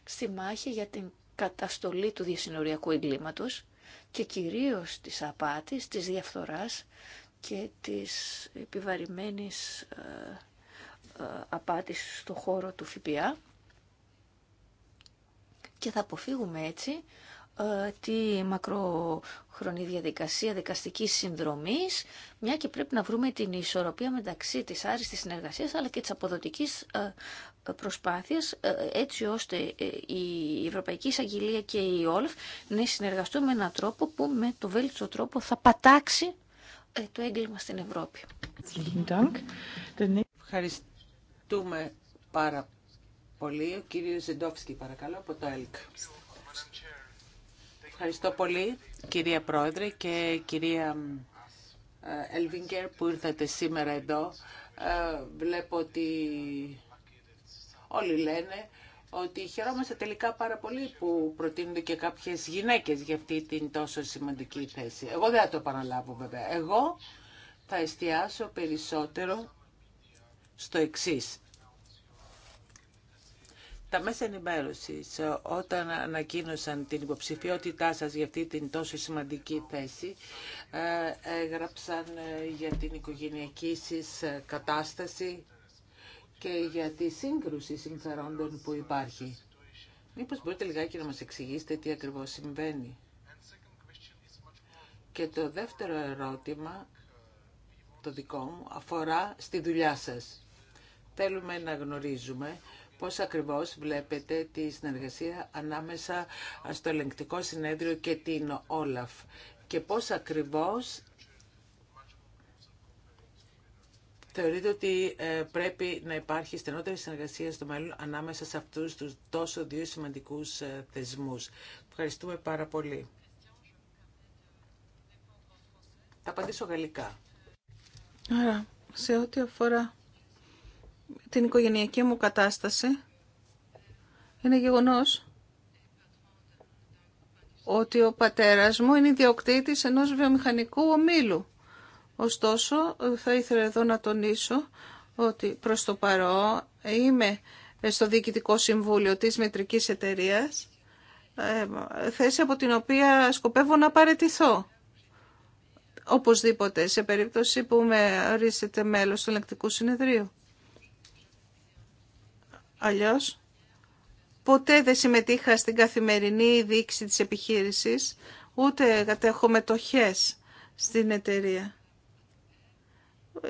στη μάχη για την καταστολή του διασυνοριακού εγκλήματος και κυρίως της απάτης, της διαφθοράς, και της επιβαρημένης ε, ε, απάτης στο χώρο του ΦΠΑ και θα αποφύγουμε έτσι ε, τη μακροχρονή διαδικασία δικαστικής συνδρομής, μια και πρέπει να βρούμε την ισορροπία μεταξύ της άριστης συνεργασίας αλλά και της αποδοτικής προσπάθειας έτσι ώστε η Ευρωπαϊκή Εισαγγελία και η Όλφ να συνεργαστούν με έναν τρόπο που με το βέλτιστο τρόπο θα πατάξει ε, το έγκλημα στην Ευρώπη. Ευχαριστούμε πάρα πολύ. Ο κύριο Ζεντόφσκι παρακαλώ από το ΕΛΚ. Ευχαριστώ πολύ κυρία Πρόεδρε και κυρία Ελβίνγκερ που ήρθατε σήμερα εδώ. Ε, βλέπω ότι όλοι λένε ότι χαιρόμαστε τελικά πάρα πολύ που προτείνονται και κάποιες γυναίκες για αυτή την τόσο σημαντική θέση. Εγώ δεν θα το παραλάβω βέβαια. Εγώ θα εστιάσω περισσότερο στο εξής. Τα μέσα ενημέρωση όταν ανακοίνωσαν την υποψηφιότητά σας για αυτή την τόσο σημαντική θέση, ε, έγραψαν ε, για την οικογενειακή σας κατάσταση, και για τη σύγκρουση συμφερόντων που υπάρχει. Μήπως μπορείτε λιγάκι να μας εξηγήσετε τι ακριβώς συμβαίνει. Και το δεύτερο ερώτημα, το δικό μου, αφορά στη δουλειά σας. Θέλουμε να γνωρίζουμε πώς ακριβώς βλέπετε τη συνεργασία ανάμεσα στο ελεγκτικό συνέδριο και την Όλαφ και πώς ακριβώς Θεωρείτε ότι ε, πρέπει να υπάρχει στενότερη συνεργασία στο μέλλον ανάμεσα σε αυτούς τους τόσο δύο σημαντικούς ε, θεσμούς. Ευχαριστούμε πάρα πολύ. Θα απαντήσω γαλλικά. Άρα, σε ό,τι αφορά την οικογενειακή μου κατάσταση, είναι γεγονός ότι ο πατέρας μου είναι ιδιοκτήτης ενός βιομηχανικού ομίλου Ωστόσο, θα ήθελα εδώ να τονίσω ότι προς το παρόν είμαι στο Διοικητικό Συμβούλιο της Μητρικής Εταιρείας, ε, θέση από την οποία σκοπεύω να παρετηθώ. Οπωσδήποτε, σε περίπτωση που με ορίσετε μέλος του Ελεκτικού Συνεδρίου. Αλλιώς, ποτέ δεν συμμετείχα στην καθημερινή διοίκηση της επιχείρησης, ούτε κατέχω μετοχές στην εταιρεία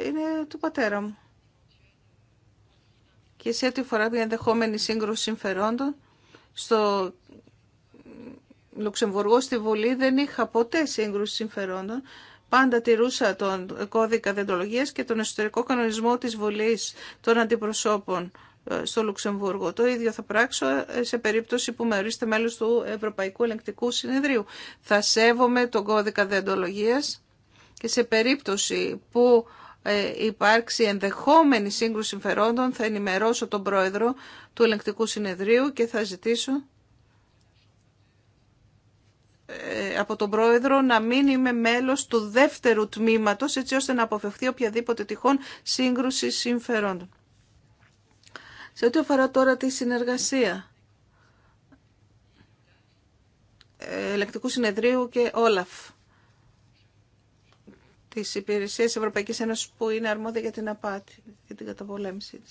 είναι του πατέρα μου. Και σε ό,τι φορά μια ενδεχόμενη σύγκρουση συμφερόντων, στο Λουξεμβουργό στη Βουλή δεν είχα ποτέ σύγκρουση συμφερόντων. Πάντα τηρούσα τον κώδικα δεντρολογίας και τον εσωτερικό κανονισμό της Βουλής των Αντιπροσώπων ε, στο Λουξεμβούργο. Το ίδιο θα πράξω ε, σε περίπτωση που με ορίστε μέλος του Ευρωπαϊκού Ελεγκτικού Συνεδρίου. Θα σέβομαι τον κώδικα και σε περίπτωση που ε, υπάρξει ενδεχόμενη σύγκρουση συμφερόντων θα ενημερώσω τον πρόεδρο του ελεγκτικού συνεδρίου και θα ζητήσω ε, από τον πρόεδρο να μην είμαι μέλος του δεύτερου τμήματος έτσι ώστε να αποφευθεί οποιαδήποτε τυχόν σύγκρουση συμφερόντων. Σε ό,τι αφορά τώρα τη συνεργασία ε, ελεκτικού συνεδρίου και Όλαφ. Τη υπηρεσία ευρωπαϊκή Ένωση που είναι αρμόδια για την απάτη και την καταπολέμησή τη.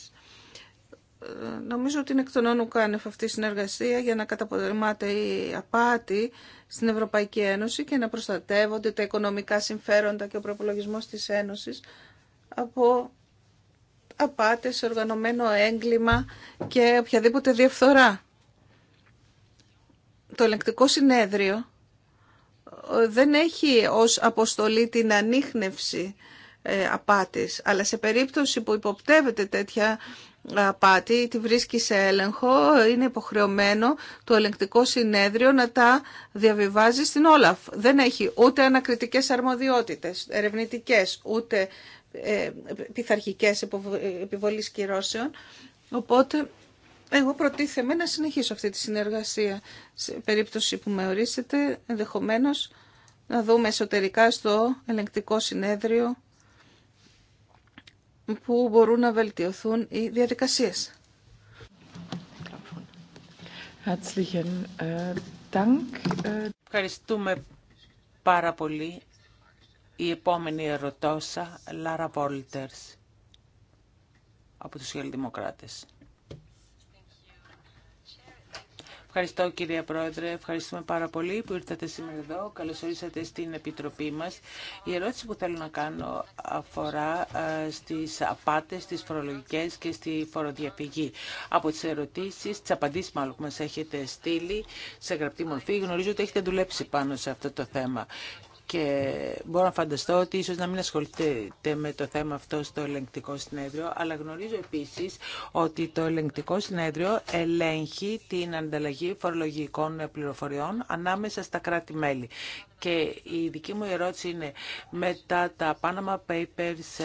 Ε, νομίζω ότι είναι εκ των όνων κάνευ αυτή η συνεργασία για να καταπολεμάται η απάτη στην Ευρωπαϊκή Ένωση και να προστατεύονται τα οικονομικά συμφέροντα και ο προπολογισμό της Ένωσης από απάτες, οργανωμένο έγκλημα και οποιαδήποτε διαφθορά. Το ελεγκτικό συνέδριο δεν έχει ως αποστολή την ανείχνευση ε, απάτης, αλλά σε περίπτωση που υποπτεύεται τέτοια ε, απάτη, τη βρίσκει σε έλεγχο, είναι υποχρεωμένο το ελεγκτικό συνέδριο να τα διαβιβάζει στην Όλαφ. Δεν έχει ούτε ανακριτικές αρμοδιότητες, ερευνητικές, ούτε ε, πειθαρχικές επιβολής κυρώσεων. Οπότε εγώ προτίθεμαι να συνεχίσω αυτή τη συνεργασία σε περίπτωση που με ορίσετε, Ενδεχομένω να δούμε εσωτερικά στο ελεγκτικό συνέδριο που μπορούν να βελτιωθούν οι διαδικασίες. Ε, ε. Ευχαριστούμε πάρα πολύ. Η επόμενη ερωτώσα, Λάρα Βόλτερς, από τους Σοσιαλδημοκράτες. Ευχαριστώ κύριε Πρόεδρε, ευχαριστούμε πάρα πολύ που ήρθατε σήμερα εδώ, καλωσορίσατε στην Επιτροπή μας. Η ερώτηση που θέλω να κάνω αφορά ε, στις απάτες, στις φορολογικές και στη φοροδιαφυγή. Από τις ερωτήσεις, τις απαντήσεις μάλλον που μας έχετε στείλει σε γραπτή μορφή, γνωρίζω ότι έχετε δουλέψει πάνω σε αυτό το θέμα και μπορώ να φανταστώ ότι ίσως να μην ασχοληθείτε με το θέμα αυτό στο ελεγκτικό συνέδριο, αλλά γνωρίζω επίσης ότι το ελεγκτικό συνέδριο ελέγχει την ανταλλαγή φορολογικών πληροφοριών ανάμεσα στα κράτη-μέλη. Και η δική μου ερώτηση είναι, μετά τα Panama Papers,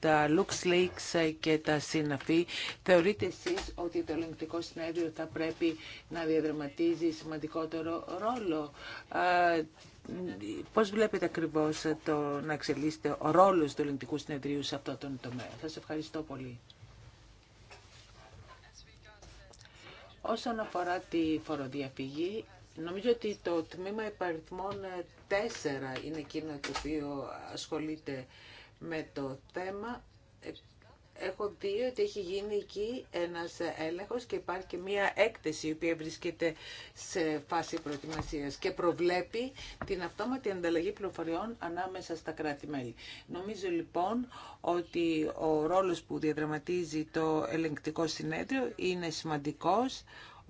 τα LuxLeaks και τα συναφή, θεωρείτε εσείς ότι το ελεγκτικό συνέδριο θα πρέπει να διαδραματίζει σημαντικότερο ρόλο ε, πώς βλέπετε ακριβώς το να εξελίσσεται ο ρόλος του ελληνικού συνεδρίου σε αυτό τον τομέα. Σας ευχαριστώ πολύ. Όσον αφορά τη φοροδιαφυγή, νομίζω ότι το τμήμα υπαριθμών 4 είναι εκείνο το οποίο ασχολείται με το θέμα έχω δει ότι έχει γίνει εκεί ένας έλεγχος και υπάρχει και μία έκθεση η οποία βρίσκεται σε φάση προετοιμασίας και προβλέπει την αυτόματη ανταλλαγή πληροφοριών ανάμεσα στα κράτη-μέλη. Νομίζω λοιπόν ότι ο ρόλος που διαδραματίζει το ελεγκτικό συνέδριο είναι σημαντικός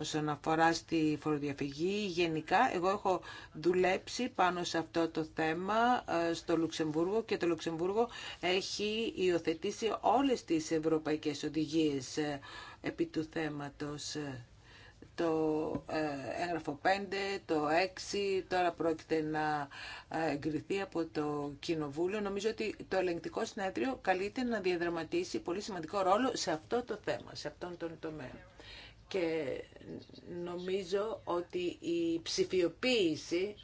όσον αφορά στη φοροδιαφυγή. Γενικά, εγώ έχω δουλέψει πάνω σε αυτό το θέμα ε, στο Λουξεμβούργο και το Λουξεμβούργο έχει υιοθετήσει όλες τις ευρωπαϊκές οδηγίες ε, επί του θέματος ε, το έγγραφο 5, το 6, τώρα πρόκειται να εγκριθεί από το Κοινοβούλιο. Νομίζω ότι το ελεγκτικό συνέδριο καλείται να διαδραματίσει πολύ σημαντικό ρόλο σε αυτό το θέμα, σε αυτόν τον τομέα και νομίζω ότι η ψηφιοποίηση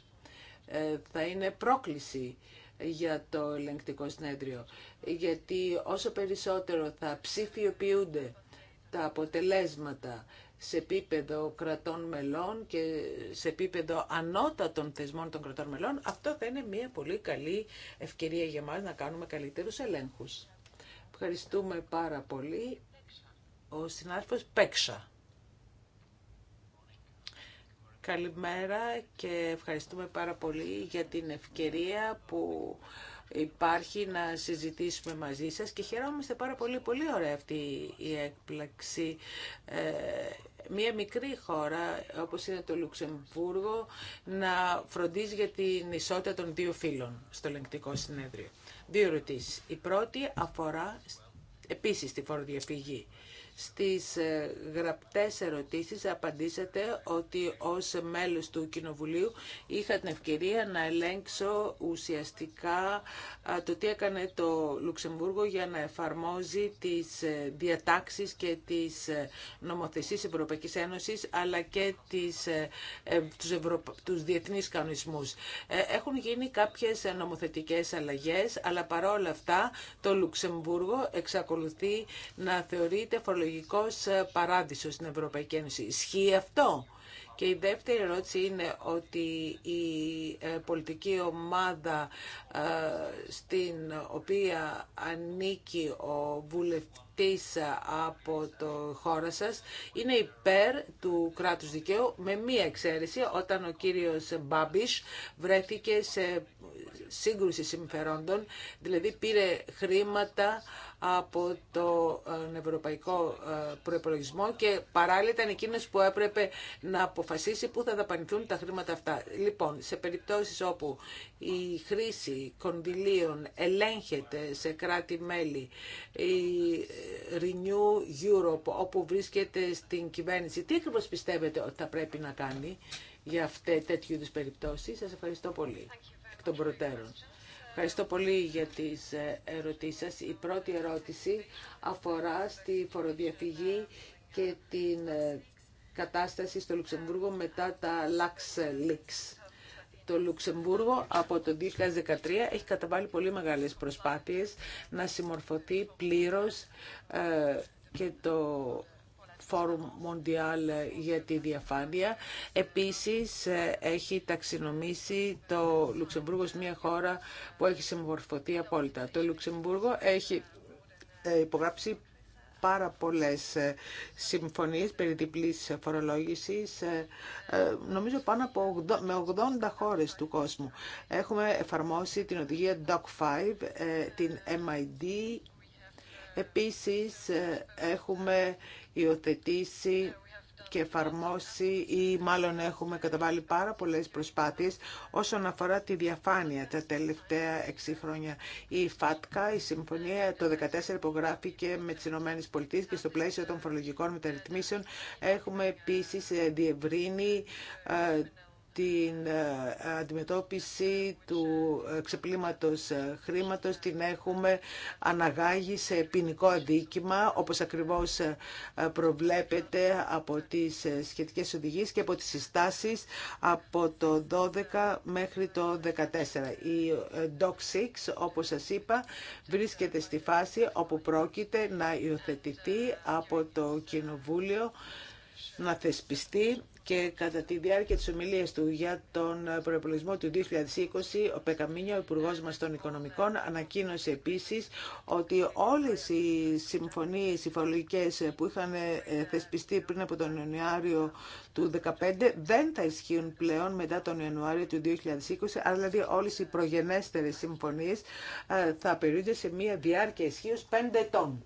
ε, θα είναι πρόκληση για το ελεγκτικό συνέδριο. Γιατί όσο περισσότερο θα ψηφιοποιούνται τα αποτελέσματα σε επίπεδο κρατών μελών και σε επίπεδο ανώτατων θεσμών των κρατών μελών, αυτό θα είναι μια πολύ καλή ευκαιρία για μας να κάνουμε καλύτερους ελέγχους. Ευχαριστούμε πάρα πολύ. Ο συνάδελφος Πέξα. Καλημέρα και ευχαριστούμε πάρα πολύ για την ευκαιρία που υπάρχει να συζητήσουμε μαζί σας και χαιρόμαστε πάρα πολύ, πολύ ωραία αυτή η έκπλαξη. Ε, μία μικρή χώρα, όπως είναι το Λουξεμβούργο, να φροντίζει για την ισότητα των δύο φίλων στο ελεγκτικό συνέδριο. Δύο ερωτήσεις. Η πρώτη αφορά επίσης τη φοροδιαφυγή. Στις ε, γραπτές ερωτήσεις απαντήσατε ότι ως μέλος του Κοινοβουλίου είχα την ευκαιρία να ελέγξω ουσιαστικά το τι έκανε το Λουξεμβούργο για να εφαρμόζει τις ε, διατάξεις και τις ε, νομοθεσίες Ευρωπαϊκής Ένωσης αλλά και τις, τους, ευρω... τους διεθνείς κανονισμούς. Έχουν γίνει κάποιες νομοθετικές αλλαγές αλλά παρόλα αυτά το Λουξεμβούργο εξακολουθεί να θεωρείται φορολογικό φορολογικός ε, παράδεισος στην Ευρωπαϊκή Ένωση. Ισχύει αυτό. Και η δεύτερη ερώτηση είναι ότι η ε, πολιτική ομάδα ε, στην οποία ανήκει ο βουλευτής από το χώρα σας είναι υπέρ του κράτους δικαίου με μία εξαίρεση όταν ο κύριος Μπάμπης βρέθηκε σε σύγκρουση συμφερόντων δηλαδή πήρε χρήματα από το ε, ευρωπαϊκό ε, προπολογισμό και παράλληλα ήταν εκείνος που έπρεπε να αποφασίσει πού θα δαπανηθούν τα χρήματα αυτά. Λοιπόν, σε περιπτώσεις όπου η χρήση κονδυλίων ελέγχεται σε κράτη-μέλη η Renew Europe όπου βρίσκεται στην κυβέρνηση. Τι ακριβώ πιστεύετε ότι θα πρέπει να κάνει για αυτέ τέτοιου είδου περιπτώσεις. Σας ευχαριστώ πολύ εκ των προτέρων. Ευχαριστώ πολύ για τις ε, ερωτήσεις σας. Η πρώτη ερώτηση αφορά στη φοροδιαφυγή και την ε, κατάσταση στο Λουξεμβούργο μετά τα LuxLeaks. Το Λουξεμβούργο από το 2013 έχει καταβάλει πολύ μεγάλες προσπάθειες να συμμορφωθεί πλήρως ε, και το Φόρουμ Μοντιάλ για τη Διαφάνεια. Επίσης, ε, έχει ταξινομήσει το Λουξεμβούργο σε μια χώρα που έχει συμμορφωθεί απόλυτα. Το Λουξεμβούργο έχει ε, υπογράψει πάρα πολλές ε, συμφωνίες περί διπλής φορολόγησης, ε, ε, νομίζω πάνω από 80, με 80 χώρες του κόσμου. Έχουμε εφαρμόσει την οδηγία DOC5, την MID. Επίσης, έχουμε υιοθετήσει και εφαρμόσει ή μάλλον έχουμε καταβάλει πάρα πολλές προσπάθειες όσον αφορά τη διαφάνεια τα τελευταία 6 χρόνια. Η ΦΑΤΚΑ, η συμφωνία το 2014 υπογράφηκε με τις Ηνωμένες Πολιτείες και στο πλαίσιο των φορολογικών μεταρρυθμίσεων έχουμε επίσης ε, διευρύνει ε, την ε, αντιμετώπιση του ε, ξεπλήματος ε, χρήματος την έχουμε αναγάγει σε ποινικό αδίκημα, όπως ακριβώς προβλέπεται από τις σχετικές οδηγίες και από τις συστάσεις από το 12 μέχρι το 14. Η DOC 6, όπως σας είπα, βρίσκεται στη φάση όπου πρόκειται να υιοθετηθεί από το Κοινοβούλιο να θεσπιστεί και κατά τη διάρκεια της ομιλίας του για τον προεπολογισμό του 2020, ο Πεκαμίνιο, ο υπουργό μας των Οικονομικών, ανακοίνωσε επίσης ότι όλες οι συμφωνίες υφαλογικές που είχαν ε, θεσπιστεί πριν από τον Ιανουάριο του 2015 δεν θα ισχύουν πλέον μετά τον Ιανουάριο του 2020, αλλά δηλαδή όλες οι προγενέστερες συμφωνίες ε, θα περιορίζονται σε μια διάρκεια ισχύω 5 ετών.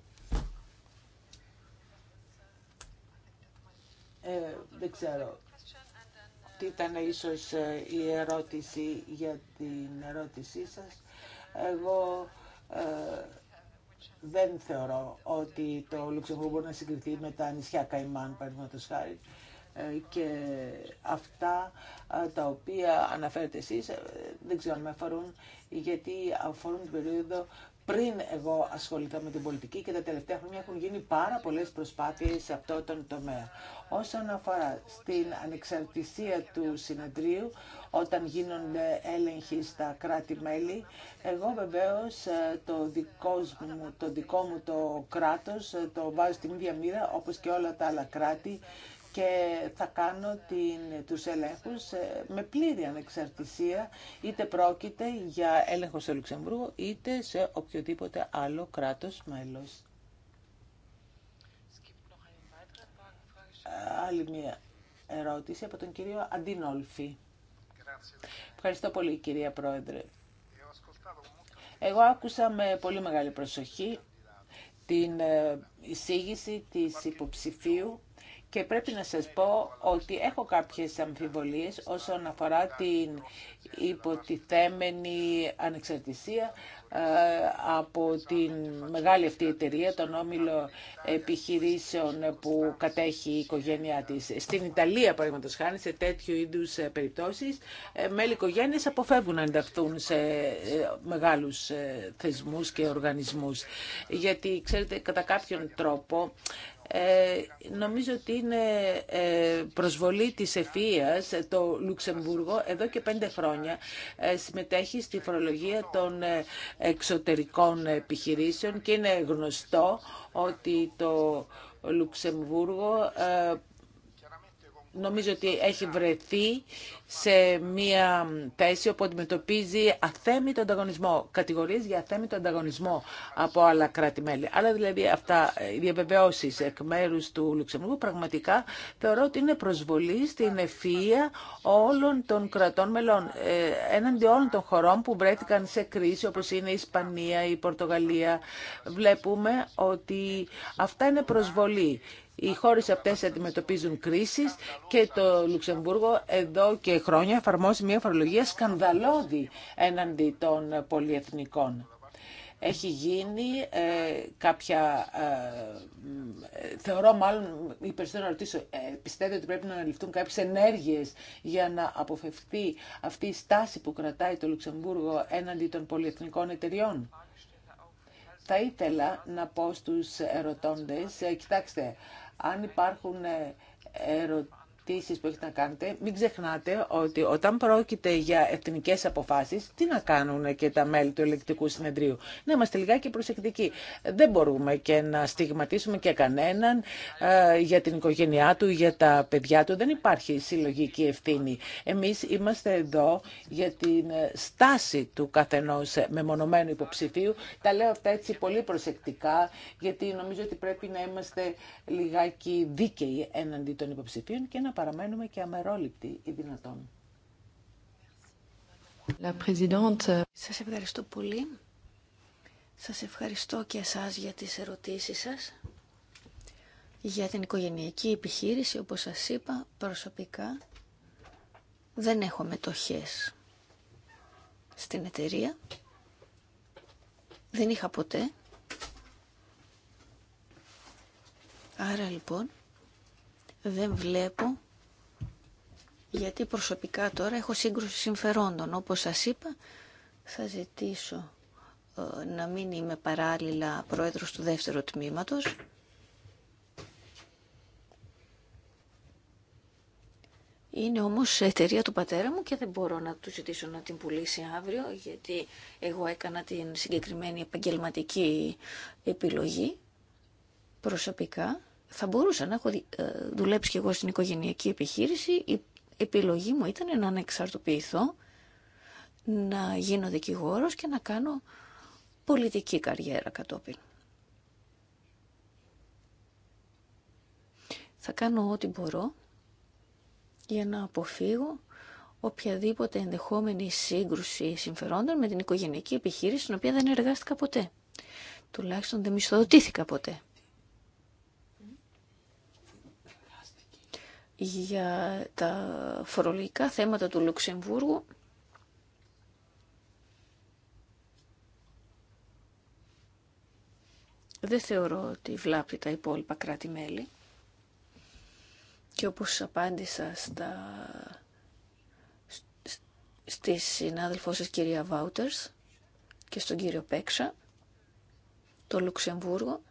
Ε, δεν ξέρω. τι ήταν ίσως ε, η ερώτηση για την ερώτησή σας. Εγώ ε, δεν θεωρώ ότι το Λουξεμβούργο μπορεί να συγκριθεί με τα νησιά Καϊμάν, παραδείγματος χάρη. Και αυτά τα οποία αναφέρετε εσείς δεν ξέρω αν με αφορούν, γιατί αφορούν την περίοδο πριν εγώ ασχοληθώ με την πολιτική και τα τελευταία χρόνια έχουν γίνει πάρα πολλές προσπάθειες σε αυτό τον τομέα. Όσον αφορά στην ανεξαρτησία του συνεδρίου όταν γίνονται έλεγχοι στα κράτη-μέλη, εγώ βεβαίως ε, το δικό, μου, το δικό μου το κράτος ε, το βάζω στην ίδια μοίρα όπως και όλα τα άλλα κράτη και θα κάνω την, τους ελέγχους ε, με πλήρη ανεξαρτησία είτε πρόκειται για έλεγχο σε Λουξεμβρούγο είτε σε οποιοδήποτε άλλο κράτος μέλος. Άλλη μια ερώτηση από τον κύριο Αντινόλφη. Ευχαριστώ πολύ κυρία Πρόεδρε. Εγώ άκουσα με πολύ μεγάλη προσοχή την ε, εισήγηση της υποψηφίου και πρέπει να σας πω ότι έχω κάποιες αμφιβολίες όσον αφορά την υποτιθέμενη ανεξαρτησία ε, από την μεγάλη αυτή εταιρεία, τον όμιλο επιχειρήσεων που κατέχει η οικογένειά της. Στην Ιταλία, παραδείγματο χάρη, σε τέτοιου είδους ε, περιπτώσεις, ε, μέλη οικογένεια αποφεύγουν να ενταχθούν σε μεγάλους θεσμούς και οργανισμούς. Γιατί, ξέρετε, κατά κάποιον τρόπο ε, νομίζω ότι είναι ε, προσβολή της ευφύειας. Το Λουξεμβούργο εδώ και πέντε χρόνια ε, συμμετέχει στη φορολογία των εξωτερικών επιχειρήσεων και είναι γνωστό ότι το Λουξεμβούργο νομίζω ότι έχει βρεθεί σε μια θέση όπου αντιμετωπίζει αθέμητο ανταγωνισμό, κατηγορίες για αθέμητο ανταγωνισμό από άλλα κράτη-μέλη. Αλλά δηλαδή αυτά ε, οι διαβεβαιώσει εκ μέρου του Λουξεμβούργου πραγματικά θεωρώ ότι είναι προσβολή στην ευφυΐα όλων των κρατών μελών, ε, έναντι όλων των χωρών που βρέθηκαν σε κρίση όπως είναι η Ισπανία, η Πορτογαλία. Βλέπουμε ότι αυτά είναι προσβολή οι χώρες αυτές αντιμετωπίζουν κρίσεις και το Λουξεμβούργο εδώ και χρόνια εφαρμόζει μια φορολογία σκανδαλώδη έναντι των πολυεθνικών. Έχει γίνει ε, κάποια, ε, θεωρώ μάλλον, ή περισσότερο να ρωτήσω, ε, πιστεύετε ότι πρέπει να αναλυφθούν κάποιες ενέργειες για να αποφευθεί αυτή η στάση που κρατάει το Λουξεμβούργο έναντι των πολυεθνικών εταιριών. Θα ήθελα να πω στους ερωτώντες, ε, κοιτάξτε, αν υπάρχουν ε, ερωτήσεις, που έχετε να κάνετε, μην ξεχνάτε ότι όταν πρόκειται για εθνικές αποφάσεις, τι να κάνουν και τα μέλη του ελεκτικού συνεδρίου. Να είμαστε λιγάκι προσεκτικοί. Δεν μπορούμε και να στιγματίσουμε και κανέναν ε, για την οικογένειά του, για τα παιδιά του. Δεν υπάρχει συλλογική ευθύνη. Εμείς είμαστε εδώ για την στάση του καθενός μεμονωμένου υποψηφίου. Τα λέω αυτά έτσι πολύ προσεκτικά, γιατί νομίζω ότι πρέπει να είμαστε λιγάκι δίκαιοι έναντι των υποψηφίων και να παραμένουμε και αμερόληπτοι ή δυνατόν. Euh, σας ευχαριστώ πολύ. Σας ευχαριστώ και εσάς για τις ερωτήσεις σας. Για την οικογενειακή επιχείρηση, όπως σας είπα, προσωπικά δεν έχω μετοχές στην εταιρεία. Δεν είχα ποτέ. Άρα λοιπόν δεν βλέπω γιατί προσωπικά τώρα έχω σύγκρουση συμφερόντων. Όπως σας είπα, θα ζητήσω ε, να μην είμαι παράλληλα πρόεδρος του δεύτερου τμήματος. Είναι όμως εταιρεία του πατέρα μου και δεν μπορώ να του ζητήσω να την πουλήσει αύριο γιατί εγώ έκανα την συγκεκριμένη επαγγελματική επιλογή προσωπικά. Θα μπορούσα να έχω ε, δουλέψει και εγώ στην οικογενειακή επιχείρηση επιλογή μου ήταν να ανεξαρτοποιηθώ, να γίνω δικηγόρος και να κάνω πολιτική καριέρα κατόπιν. Θα κάνω ό,τι μπορώ για να αποφύγω οποιαδήποτε ενδεχόμενη σύγκρουση συμφερόντων με την οικογενειακή επιχείρηση στην οποία δεν εργάστηκα ποτέ. Τουλάχιστον δεν μισθοδοτήθηκα ποτέ. για τα φορολογικά θέματα του Λουξεμβούργου. Δεν θεωρώ ότι βλάπτει τα υπόλοιπα κράτη-μέλη. Και όπως απάντησα στα... στη συνάδελφό σας κυρία Βάουτερς και στον κύριο Πέξα, το Λουξεμβούργο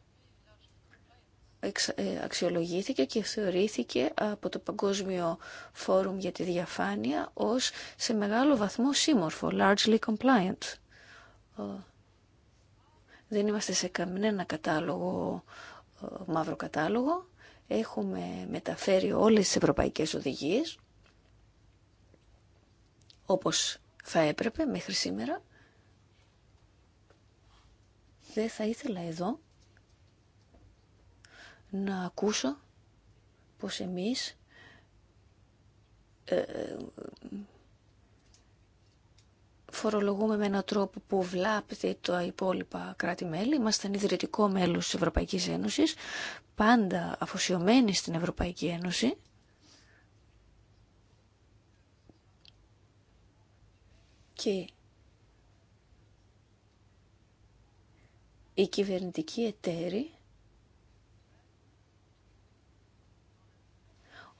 ε, αξιολογήθηκε και θεωρήθηκε από το Παγκόσμιο Φόρουμ για τη Διαφάνεια ως σε μεγάλο βαθμό σύμμορφο, largely compliant. Δεν είμαστε σε κανένα κατάλογο, μαύρο κατάλογο. Έχουμε μεταφέρει όλες τις ευρωπαϊκές οδηγίες, όπως θα έπρεπε μέχρι σήμερα. Δεν θα ήθελα εδώ να ακούσω πως εμείς ε, φορολογούμε με έναν τρόπο που βλάπτει το υπόλοιπα κράτη-μέλη. Είμαστε ιδρυτικό μέλος της Ευρωπαϊκής Ένωσης, πάντα αφοσιωμένοι στην Ευρωπαϊκή Ένωση. Και η κυβερνητική εταίροι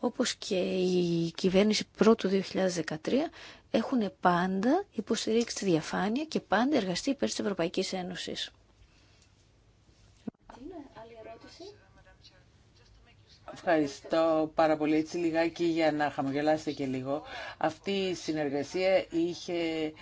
όπως και η κυβέρνηση πρώτου 2013, έχουν πάντα υποστηρίξει τη διαφάνεια και πάντα εργαστεί υπέρ της Ευρωπαϊκής Ένωσης. Ευχαριστώ πάρα πολύ. Έτσι λιγάκι για να χαμογελάσετε και λίγο. Αυτή η συνεργασία είχε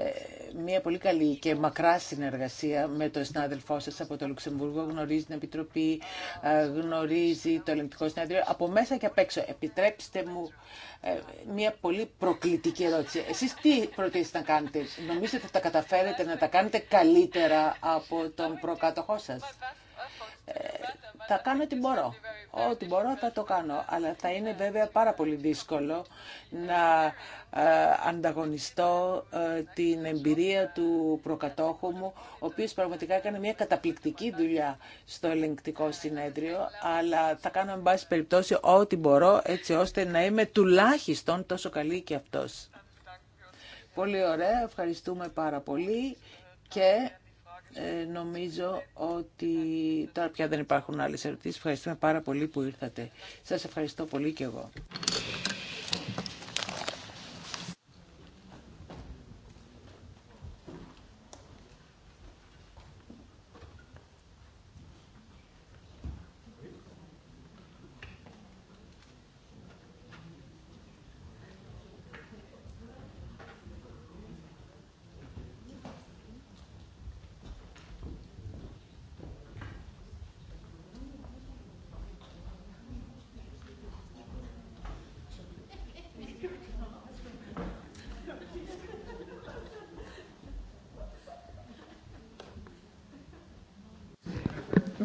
ε, μια πολύ καλή και μακρά συνεργασία με τον συνάδελφό σα από το Λουξεμβούργο. Γνωρίζει την Επιτροπή, ε, γνωρίζει το Ελληνικό Συνέδριο. Από μέσα και απ' έξω, επιτρέψτε μου ε, μια πολύ προκλητική ερώτηση. Εσείς τι προτείνετε να κάνετε, νομίζετε ότι θα καταφέρετε να τα κάνετε καλύτερα από τον προκάτοχό σας. Θα κάνω ό,τι μπορώ. Ό,τι μπορώ θα το κάνω. Αλλά θα είναι βέβαια πάρα πολύ δύσκολο να ε, ανταγωνιστώ ε, την εμπειρία του προκατόχου μου, ο οποίος πραγματικά έκανε μια καταπληκτική δουλειά στο ελεγκτικό συνέδριο, αλλά θα κάνω, με πάση περιπτώσει, ό,τι μπορώ, έτσι ώστε να είμαι τουλάχιστον τόσο καλή και αυτός. Πολύ ωραία, ευχαριστούμε πάρα πολύ και ε, νομίζω ότι τώρα πια δεν υπάρχουν άλλες ερωτήσεις. Ευχαριστούμε πάρα πολύ που ήρθατε. Σας ευχαριστώ πολύ και εγώ.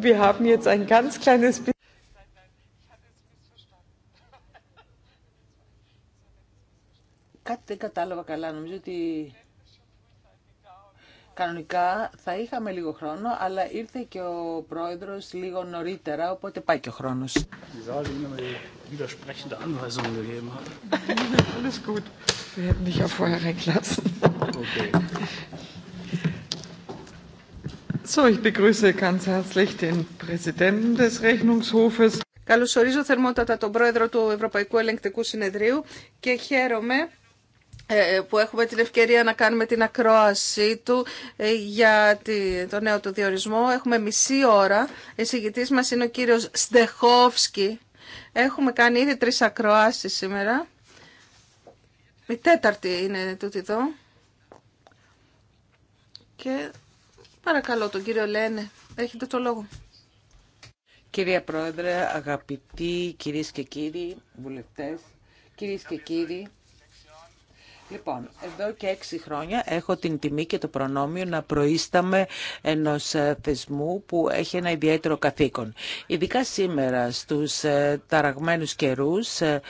wir haben jetzt ein ganz kleines bisschen. Κάτι δεν κατάλαβα καλά. Νομίζω ότι κανονικά θα είχαμε λίγο χρόνο, αλλά ήρθε και ο πρόεδρος λίγο νωρίτερα, οπότε πάει και ο χρόνος. Alles gut. Wir hätten dich ja vorher reingelassen. Okay. So, ich begrüße Καλωσορίζω θερμότατα τον πρόεδρο του Ευρωπαϊκού Ελεγκτικού Συνεδρίου και χαίρομαι ε, που έχουμε την ευκαιρία να κάνουμε την ακρόασή του ε, για το νέο του διορισμό. Έχουμε μισή ώρα. Εισηγητής μας είναι ο κύριος Στεχόφσκι. Έχουμε κάνει ήδη τρεις ακροάσεις σήμερα. Η τέταρτη είναι τούτη εδώ. Και Παρακαλώ τον κύριο Λένε, έχετε το λόγο. Κυρία Πρόεδρε, αγαπητοί κυρίες και κύριοι βουλευτές, κυρίες και κύριοι, Λοιπόν, εδώ και έξι χρόνια έχω την τιμή και το προνόμιο να προείσταμαι ενός ε, θεσμού που έχει ένα ιδιαίτερο καθήκον. Ειδικά σήμερα στους ε, ταραγμένους καιρούς, ε,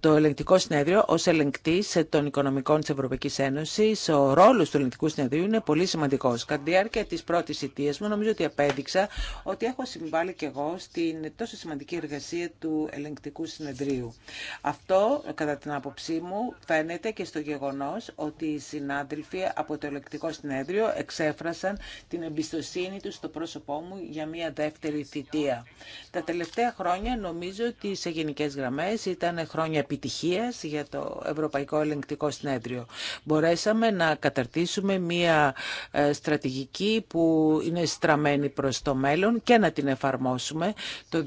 το ελεγκτικό συνέδριο ως ελεγκτής των οικονομικών της Ευρωπαϊκής Ένωσης, ο ρόλος του ελεγκτικού συνεδρίου είναι πολύ σημαντικός. Κατά τη διάρκεια της πρώτης ηττίας μου νομίζω ότι απέδειξα ότι έχω συμβάλει και εγώ στην τόσο σημαντική εργασία του ελεγκτικού συνεδρίου. Αυτό, κατά την άποψή μου, φαίνεται και το γεγονός ότι οι συνάδελφοι από το ελεκτικό συνέδριο εξέφρασαν την εμπιστοσύνη τους στο πρόσωπό μου για μια δεύτερη θητεία. Τα τελευταία χρόνια νομίζω ότι σε γενικές γραμμές ήταν χρόνια επιτυχίας για το Ευρωπαϊκό Ελεκτικό Συνέδριο. Μπορέσαμε να καταρτήσουμε μια ε, στρατηγική που είναι στραμμένη προς το μέλλον και να την εφαρμόσουμε. Το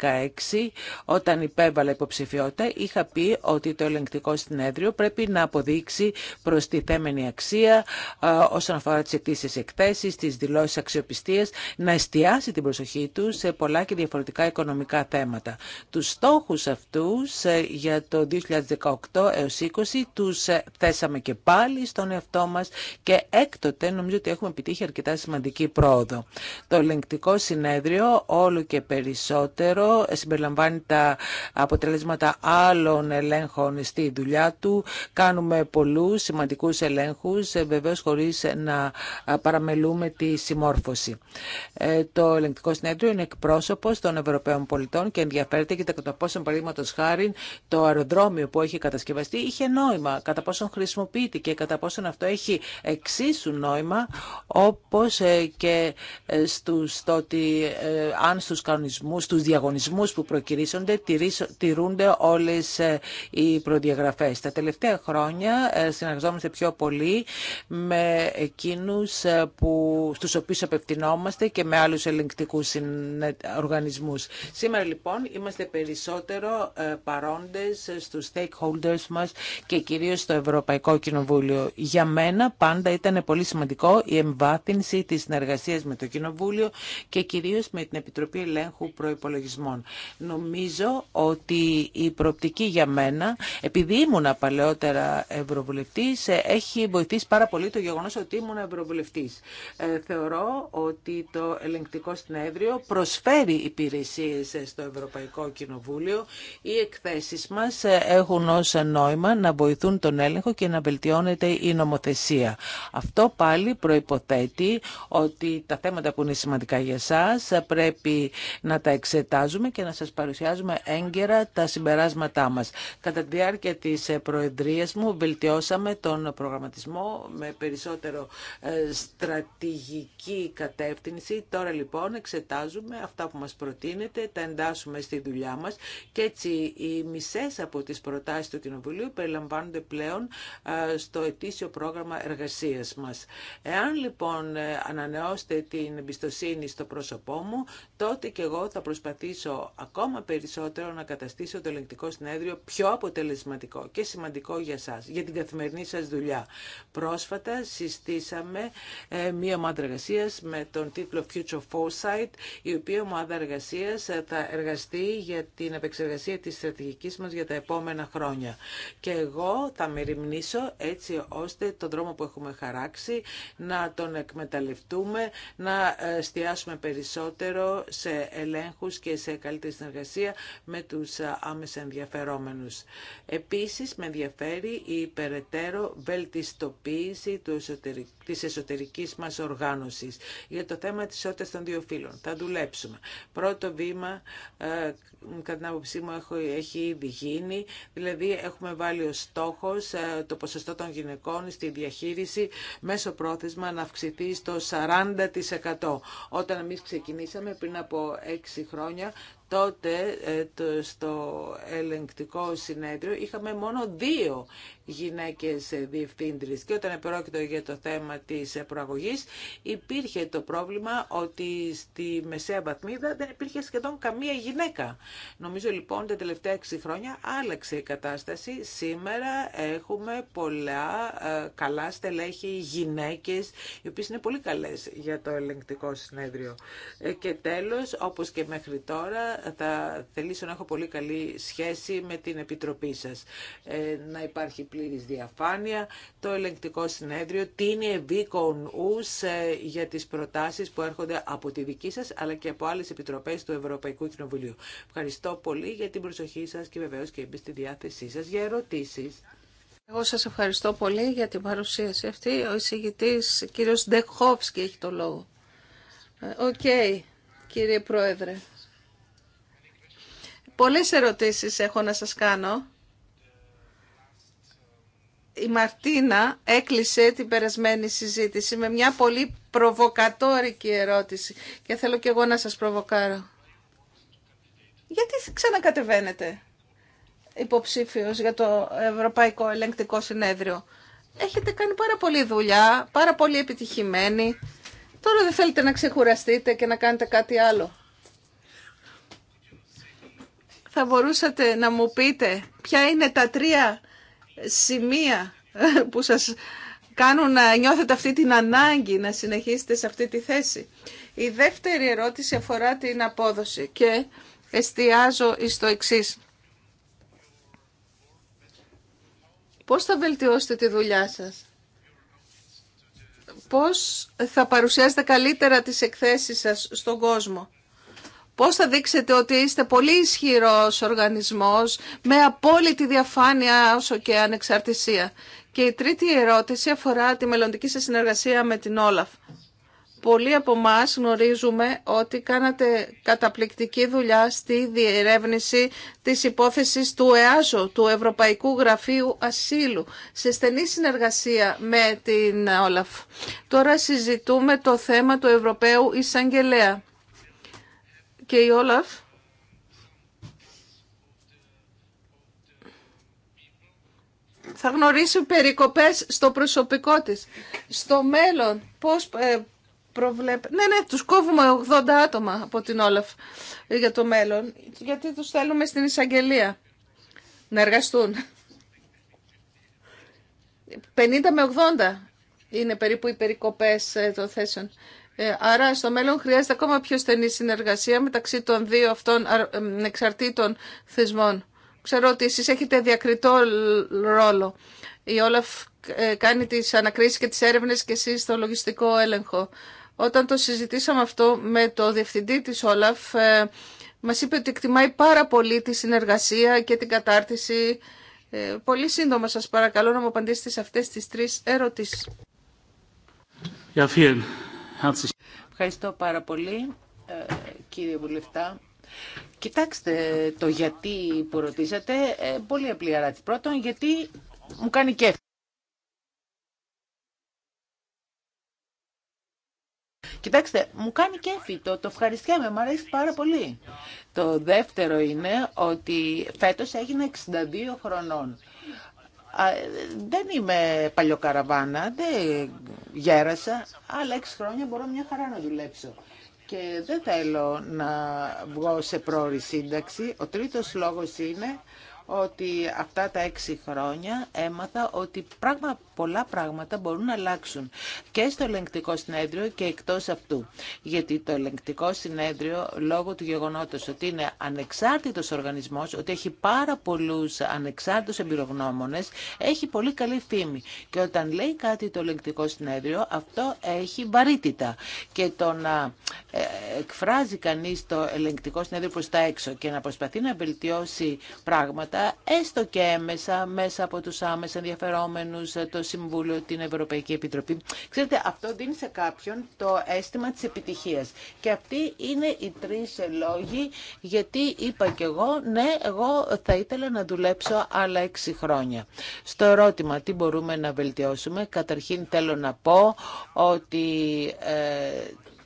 2016 όταν υπέβαλα υποψηφιότητα είχα πει ότι το ελεγκτικό συνέδριο πρέπει να αποδείξει θέμενη αξία όσον αφορά τι αιτήσει εκθέσει, τι δηλώσει αξιοπιστίας, να εστιάσει την προσοχή του σε πολλά και διαφορετικά οικονομικά θέματα. Τους στόχους αυτούς ε, για το 2018 έω 2020 τους ε, θέσαμε και πάλι στον εαυτό μας και έκτοτε νομίζω ότι έχουμε επιτύχει αρκετά σημαντική πρόοδο. Το ελεγκτικό συνέδριο όλο και περισσότερο συμπεριλαμβάνει τα αποτελέσματα άλλων ελέγχων στη δουλειά του, Κάνουμε πολλούς σημαντικούς ελέγχους, ε, βεβαίως χωρίς να παραμελούμε τη συμμόρφωση. Ε, το ελεγκτικό συνέδριο είναι εκπρόσωπος των Ευρωπαίων πολιτών και ενδιαφέρεται και κατά πόσο παραδείγματο χάρη το αεροδρόμιο που έχει κατασκευαστεί είχε νόημα, κατά πόσον χρησιμοποιείται και κατά πόσον αυτό έχει εξίσου νόημα όπως ε, και στους, το αν στους κανονισμούς, στους διαγωνισμούς που προκυρήσονται τηρούνται όλες οι προδιαγραφές. Τα τελευταία χρόνια ε, συνεργαζόμαστε πιο πολύ με εκείνους ε, που, στους οποίους απευθυνόμαστε και με άλλους ελεγκτικούς οργανισμούς. Σήμερα λοιπόν είμαστε περισσότερο ε, παρόντες στους stakeholders μας και κυρίως στο Ευρωπαϊκό Κοινοβούλιο. Για μένα πάντα ήταν πολύ σημαντικό η εμβάθυνση της συνεργασίας με το Κοινοβούλιο και κυρίως με την Επιτροπή Ελέγχου Προϋπολογισμών. Νομίζω ότι η προοπτική για μένα, επειδή ήμουν παλαιότερα νωρίτερα ε, Έχει βοηθήσει πάρα πολύ το γεγονό ότι ήμουν ευρωβουλευτής. Ε, θεωρώ ότι το ελεγκτικό συνέδριο προσφέρει υπηρεσίε ε, στο Ευρωπαϊκό Κοινοβούλιο. Οι εκθέσει μας έχουν ω νόημα να βοηθούν τον έλεγχο και να βελτιώνεται η νομοθεσία. Αυτό πάλι προποθέτει ότι τα θέματα που είναι σημαντικά για εσά πρέπει να τα εξετάζουμε και να σας παρουσιάζουμε έγκαιρα τα συμπεράσματά μα. Κατά τη διάρκεια σχεδιασμού. Βελτιώσαμε τον προγραμματισμό με περισσότερο ε, στρατηγική κατεύθυνση. Τώρα λοιπόν εξετάζουμε αυτά που μας προτείνεται, τα εντάσσουμε στη δουλειά μας και έτσι οι μισές από τις προτάσεις του Κοινοβουλίου περιλαμβάνονται πλέον ε, στο ετήσιο πρόγραμμα εργασίας μας. Εάν λοιπόν ε, ανανεώσετε την εμπιστοσύνη στο πρόσωπό μου, τότε και εγώ θα προσπαθήσω ακόμα περισσότερο να καταστήσω το ελεγκτικό συνέδριο πιο αποτελεσματικό και σημαντικό για για για την καθημερινή σας δουλειά. Πρόσφατα συστήσαμε ε, μία ομάδα εργασία με τον τίτλο Future Foresight, η οποία ομάδα εργασία ε, θα εργαστεί για την επεξεργασία της στρατηγικής μας για τα επόμενα χρόνια. Και εγώ θα μεριμνήσω έτσι ώστε τον δρόμο που έχουμε χαράξει να τον εκμεταλλευτούμε, να ε, εστιάσουμε περισσότερο σε ελέγχους και σε καλύτερη συνεργασία με τους άμεσα ενδιαφερόμενους. Επίσης, με ενδιαφέρει η περαιτέρω βελτιστοποίηση του εσωτερική της εσωτερικής μας οργάνωσης για το θέμα της ισότητας των δύο φύλων. Θα δουλέψουμε. Πρώτο βήμα, ε, κατά την άποψή μου, έχει ήδη γίνει. Δηλαδή, έχουμε βάλει ως στόχος ε, το ποσοστό των γυναικών στη διαχείριση μέσω πρόθεσμα να αυξηθεί στο 40%. Όταν εμεί ξεκινήσαμε πριν από 6 χρόνια, τότε ε, στο ελεγκτικό συνέδριο είχαμε μόνο δύο γυναίκες διευθύντρες και όταν επρόκειτο για το θέμα της προαγωγής υπήρχε το πρόβλημα ότι στη μεσαία βαθμίδα δεν υπήρχε σχεδόν καμία γυναίκα. Νομίζω λοιπόν τα τελευταία 6 χρόνια άλλαξε η κατάσταση. Σήμερα έχουμε πολλά ε, καλά στελέχη γυναίκες οι οποίες είναι πολύ καλές για το ελεγκτικό συνέδριο. Ε, και τέλος, όπως και μέχρι τώρα, θα θελήσω να έχω πολύ καλή σχέση με την Επιτροπή σας. Ε, να υπάρχει πλήρης διαφάνεια. Το ελεγκτικό συνέδριο τίνει ευήκον ους ε, για τις προτάσεις που έρχονται από τη δική σας αλλά και από άλλες επιτροπές του Ευρωπαϊκού Κοινοβουλίου. Ευχαριστώ πολύ για την προσοχή σας και βεβαίως και εμείς στη διάθεσή σας για ερωτήσεις. Εγώ σας ευχαριστώ πολύ για την παρουσίαση αυτή. Ο εισηγητής κύριος Ντεχόφσκι έχει το λόγο. Ε, οκ, okay, κύριε Πρόεδρε. Πολλές ερωτήσεις έχω να σας κάνω η Μαρτίνα έκλεισε την περασμένη συζήτηση με μια πολύ προβοκατόρικη ερώτηση και θέλω και εγώ να σας προβοκάρω. Γιατί ξανακατεβαίνετε υποψήφιος για το Ευρωπαϊκό Ελεγκτικό Συνέδριο. Έχετε κάνει πάρα πολλή δουλειά, πάρα πολύ επιτυχημένη. Τώρα δεν θέλετε να ξεχουραστείτε και να κάνετε κάτι άλλο. Θα μπορούσατε να μου πείτε ποια είναι τα τρία σημεία που σας κάνουν να νιώθετε αυτή την ανάγκη να συνεχίσετε σε αυτή τη θέση. Η δεύτερη ερώτηση αφορά την απόδοση και εστιάζω το εξής. Πώς θα βελτιώσετε τη δουλειά σας. Πώς θα παρουσιάσετε καλύτερα τις εκθέσεις σας στον κόσμο. Πώς θα δείξετε ότι είστε πολύ ισχυρός οργανισμός με απόλυτη διαφάνεια όσο και ανεξαρτησία. Και η τρίτη ερώτηση αφορά τη μελλοντική σας συνεργασία με την Όλαφ. Πολλοί από εμά γνωρίζουμε ότι κάνατε καταπληκτική δουλειά στη διερεύνηση της υπόθεσης του ΕΑΖΟ, του Ευρωπαϊκού Γραφείου Ασύλου, σε στενή συνεργασία με την Όλαφ. Τώρα συζητούμε το θέμα του Ευρωπαίου Εισαγγελέα και η Όλαφ θα γνωρίσει περικοπές στο προσωπικό της. Στο μέλλον, πώς ε, προβλέπει; Ναι, ναι, τους κόβουμε 80 άτομα από την Όλαφ ε, για το μέλλον, γιατί τους θέλουμε στην εισαγγελία να εργαστούν. 50 με 80 είναι περίπου οι περικοπές ε, των θέσεων. Ε, άρα στο μέλλον χρειάζεται ακόμα πιο στενή συνεργασία μεταξύ των δύο αυτών ε, εξαρτήτων θεσμών. Ξέρω ότι εσείς έχετε διακριτό ρόλο. Η Όλαφ ε, κάνει τις ανακρίσεις και τις έρευνες και εσείς το λογιστικό έλεγχο. Όταν το συζητήσαμε αυτό με το διευθυντή της Όλαφ, μας είπε ότι εκτιμάει πάρα πολύ τη συνεργασία και την κατάρτιση. Πολύ σύντομα σας παρακαλώ να μου απαντήσετε σε αυτές τις τρεις ερωτήσεις. Ja, Ευχαριστώ πάρα πολύ, ε, κύριε Βουλευτά. Κοιτάξτε το γιατί που ρωτήσατε, ε, πολύ απλή αράτηση. Πρώτον, γιατί μου κάνει κέφι. Κοιτάξτε, μου κάνει κέφι, το, το ευχαριστιέμαι, μου αρέσει πάρα πολύ. Το δεύτερο είναι ότι φέτος έγινε 62 χρονών δεν είμαι παλιοκαραβάνα, δεν γέρασα, αλλά έξι χρόνια μπορώ μια χαρά να δουλέψω. Και δεν θέλω να βγω σε πρόορη σύνταξη. Ο τρίτος λόγος είναι ότι αυτά τα έξι χρόνια έμαθα ότι πράγμα, πολλά πράγματα μπορούν να αλλάξουν και στο ελεγκτικό συνέδριο και εκτός αυτού. Γιατί το ελεγκτικό συνέδριο, λόγω του γεγονότος ότι είναι ανεξάρτητος οργανισμός, ότι έχει πάρα πολλούς ανεξάρτητους εμπειρογνώμονες, έχει πολύ καλή φήμη. Και όταν λέει κάτι το ελεγκτικό συνέδριο, αυτό έχει βαρύτητα. Και το να ε, εκφράζει κανείς το ελεγκτικό συνέδριο προς τα έξω και να προσπαθεί να βελτιώσει πράγματα, έστω και έμεσα, μέσα από τους άμεσα ενδιαφερόμενους, ε, το Συμβούλιο, την Ευρωπαϊκή Επιτροπή. Ξέρετε, αυτό δίνει σε κάποιον το αίσθημα της επιτυχίας. Και αυτοί είναι οι τρεις λόγοι, γιατί είπα και εγώ, ναι, εγώ θα ήθελα να δουλέψω άλλα έξι χρόνια. Στο ερώτημα τι μπορούμε να βελτιώσουμε, καταρχήν θέλω να πω ότι ε,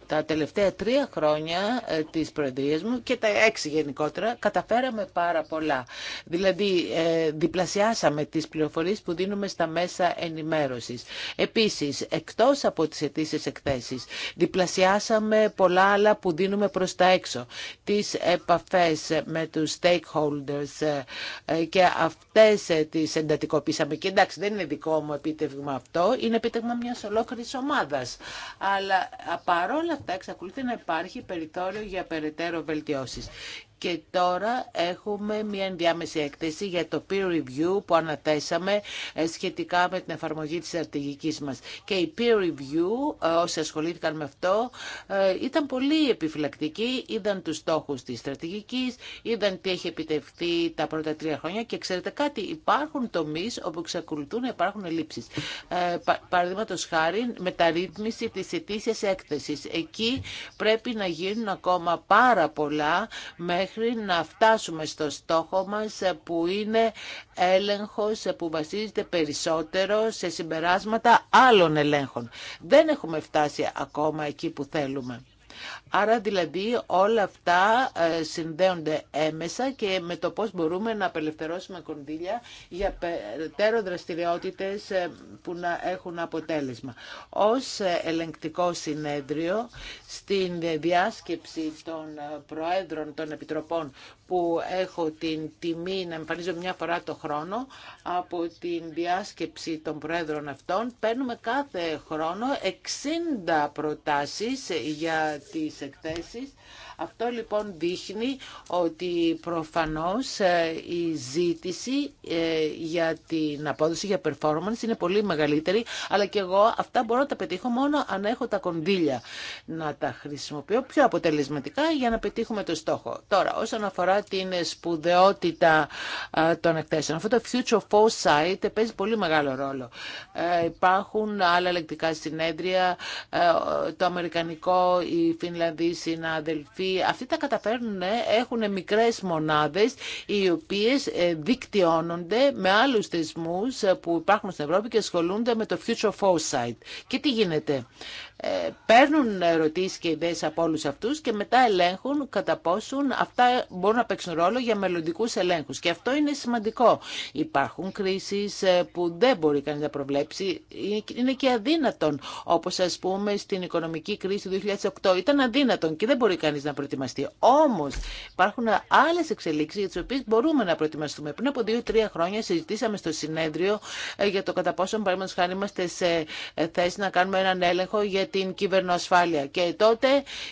τα τελευταία τρία χρόνια ε, της Προεδρίας μου και τα έξι γενικότερα καταφέραμε πάρα πολλά. Δηλαδή ε, διπλασιάσαμε τις πληροφορίες που δίνουμε στα μέσα ενημέρωσης. Επίσης, εκτός από τις αιτήσεις εκθέσεις, διπλασιάσαμε πολλά άλλα που δίνουμε προς τα έξω. Τις επαφές με τους stakeholders ε, και αυτές τις εντατικοποίησαμε. Και εντάξει, δεν είναι δικό μου επίτευγμα αυτό, είναι επίτευγμα μιας ολόκληρης ομάδας. Αλλά παρόλα αυτά εξακολουθεί να υπάρχει περιθώριο για περαιτέρω βελτιώσεις και τώρα έχουμε μια ενδιάμεση έκθεση για το peer review που ανατέσαμε ε, σχετικά με την εφαρμογή της στρατηγικής μας. Και η peer review, ε, όσοι ασχολήθηκαν με αυτό, ε, ήταν πολύ επιφυλακτική, είδαν τους στόχους της στρατηγικής, είδαν τι έχει επιτευχθεί τα πρώτα τρία χρόνια και ξέρετε κάτι, υπάρχουν τομείς όπου εξακολουθούν να υπάρχουν ελλείψεις. Παραδείγματο χάρη, μεταρρύθμιση της ετήσιας έκθεσης. Εκεί πρέπει να γίνουν ακόμα πάρα πολλά μέχρι να φτάσουμε στο στόχο μας που είναι έλεγχος που βασίζεται περισσότερο σε συμπεράσματα άλλων ελέγχων. Δεν έχουμε φτάσει ακόμα εκεί που θέλουμε. Άρα δηλαδή όλα αυτά ε, συνδέονται έμεσα και με το πώς μπορούμε να απελευθερώσουμε κονδύλια για περαιτέρω δραστηριότητες ε, που να έχουν αποτέλεσμα. Ως ε, ελεγκτικό συνέδριο στην διάσκεψη των Προέδρων των Επιτροπών που έχω την τιμή να εμφανίζω μια φορά το χρόνο από την διάσκεψη των Προέδρων αυτών παίρνουμε κάθε χρόνο 60 προτάσεις για τις εκθέσεις αυτό λοιπόν δείχνει ότι προφανώς ε, η ζήτηση ε, για την απόδοση για performance είναι πολύ μεγαλύτερη, αλλά και εγώ αυτά μπορώ να τα πετύχω μόνο αν έχω τα κονδύλια να τα χρησιμοποιώ πιο αποτελεσματικά για να πετύχουμε το στόχο. Τώρα, όσον αφορά την σπουδαιότητα ε, των εκθέσεων, αυτό το Future Foresight παίζει πολύ μεγάλο ρόλο. Υπάρχουν άλλα ελεκτικά συνέδρια, το Αμερικανικό, οι Φινλανδοί συναδελφοί, ότι αυτοί τα καταφέρνουν, ε, έχουν μικρές μονάδες οι οποίες ε, δικτυώνονται με άλλους θεσμούς ε, που υπάρχουν στην Ευρώπη και ασχολούνται με το Future Foresight. Και τι γίνεται. Ε, παίρνουν ερωτήσεις και ιδέες από όλους αυτούς και μετά ελέγχουν κατά πόσον αυτά μπορούν να παίξουν ρόλο για μελλοντικούς ελέγχους. Και αυτό είναι σημαντικό. Υπάρχουν κρίσεις ε, που δεν μπορεί κανείς να προβλέψει. Είναι και αδύνατον. Όπως ας πούμε στην οικονομική κρίση του 2008 ήταν αδύνατον και δεν μπορεί κανείς να προετοιμαστεί. Όμως υπάρχουν άλλες εξελίξεις για τις οποίες μπορούμε να προετοιμαστούμε. Πριν από δύο-τρία χρόνια συζητήσαμε στο συνέδριο ε, για το κατά πόσον παραδείγματος χάρη είμαστε σε θέση να κάνουμε έναν έλεγχο την κυβερνοασφάλεια. Και τότε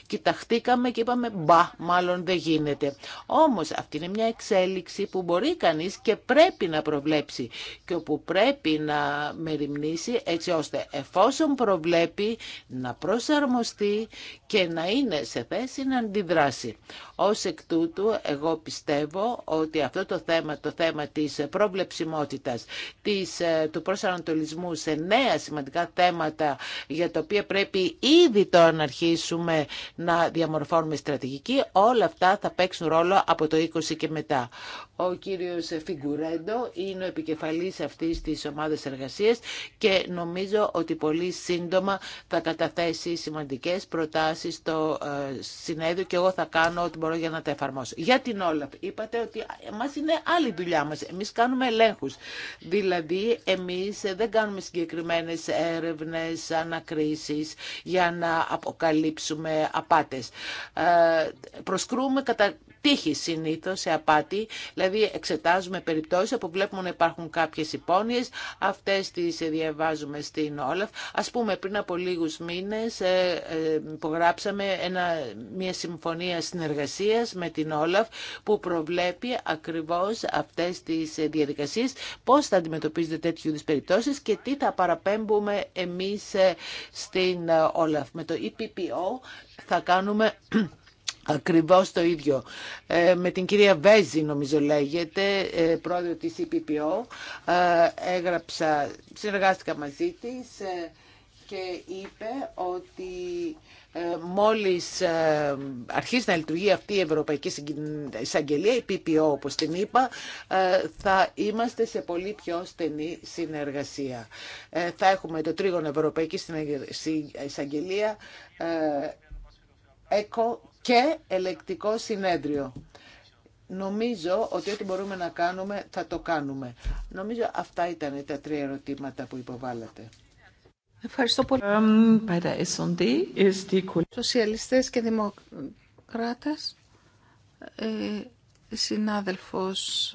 κοιταχτήκαμε και είπαμε μπα, μάλλον δεν γίνεται. Όμως αυτή είναι μια εξέλιξη που μπορεί κανείς και πρέπει να προβλέψει και όπου πρέπει να μεριμνήσει έτσι ώστε εφόσον προβλέπει να προσαρμοστεί και να είναι σε θέση να αντιδράσει. Ως εκ τούτου εγώ πιστεύω ότι αυτό το θέμα, το θέμα της προβλεψιμότητας, ε, του προσανατολισμού σε νέα σημαντικά θέματα για τα οποία πρέπει πρέπει ήδη το να αρχίσουμε να διαμορφώνουμε στρατηγική. Όλα αυτά θα παίξουν ρόλο από το 20 και μετά. Ο κύριος Φιγκουρέντο είναι ο επικεφαλής αυτής της ομάδας εργασίας και νομίζω ότι πολύ σύντομα θα καταθέσει σημαντικές προτάσεις στο ε, συνέδριο και εγώ θα κάνω ό,τι μπορώ για να τα εφαρμόσω. Για την Όλαφ, είπατε ότι μας είναι άλλη δουλειά μας. Εμείς κάνουμε ελέγχους. Δηλαδή, εμείς δεν κάνουμε συγκεκριμένες έρευνες, ανακρίσεις για να αποκαλύψουμε απάτες. Ε, προσκρούμε κατά τύχει συνήθω σε απάτη, δηλαδή εξετάζουμε περιπτώσεις όπου βλέπουμε να υπάρχουν κάποιες υπόνοιε. αυτές τις διαβάζουμε στην Όλαφ. Ας πούμε πριν από λίγους μήνες ε, ε, υπογράψαμε ένα, μια συμφωνία συνεργασία με την Όλαφ που προβλέπει ακριβώς αυτές τις διαδικασίε πώ θα αντιμετωπίζονται τέτοιου είδου περιπτώσεις και τι θα παραπέμπουμε εμείς ε, στην Όλαφ. Με το EPPO θα κάνουμε Ακριβώς το ίδιο. Ε, με την κυρία Βέζη, νομίζω λέγεται, ε, πρόεδρο της ΕΠΠΟ, ε, έγραψα, συνεργάστηκα μαζί της και είπε ότι μόλις αρχίσει να λειτουργεί αυτή η Ευρωπαϊκή Εισαγγελία, η ΕΠΠΟ, όπως την είπα, θα είμαστε σε πολύ πιο στενή συνεργασία. Θα έχουμε το τρίγωνο Ευρωπαϊκή Εισαγγελία, ΕΚΟ και ελεκτικό συνέδριο. Νομίζω ότι ό,τι μπορούμε να κάνουμε θα το κάνουμε. Νομίζω αυτά ήταν τα τρία ερωτήματα που υποβάλλατε. Ευχαριστώ πολύ. Σοσιαλιστές και δημοκράτες, ε, συνάδελφος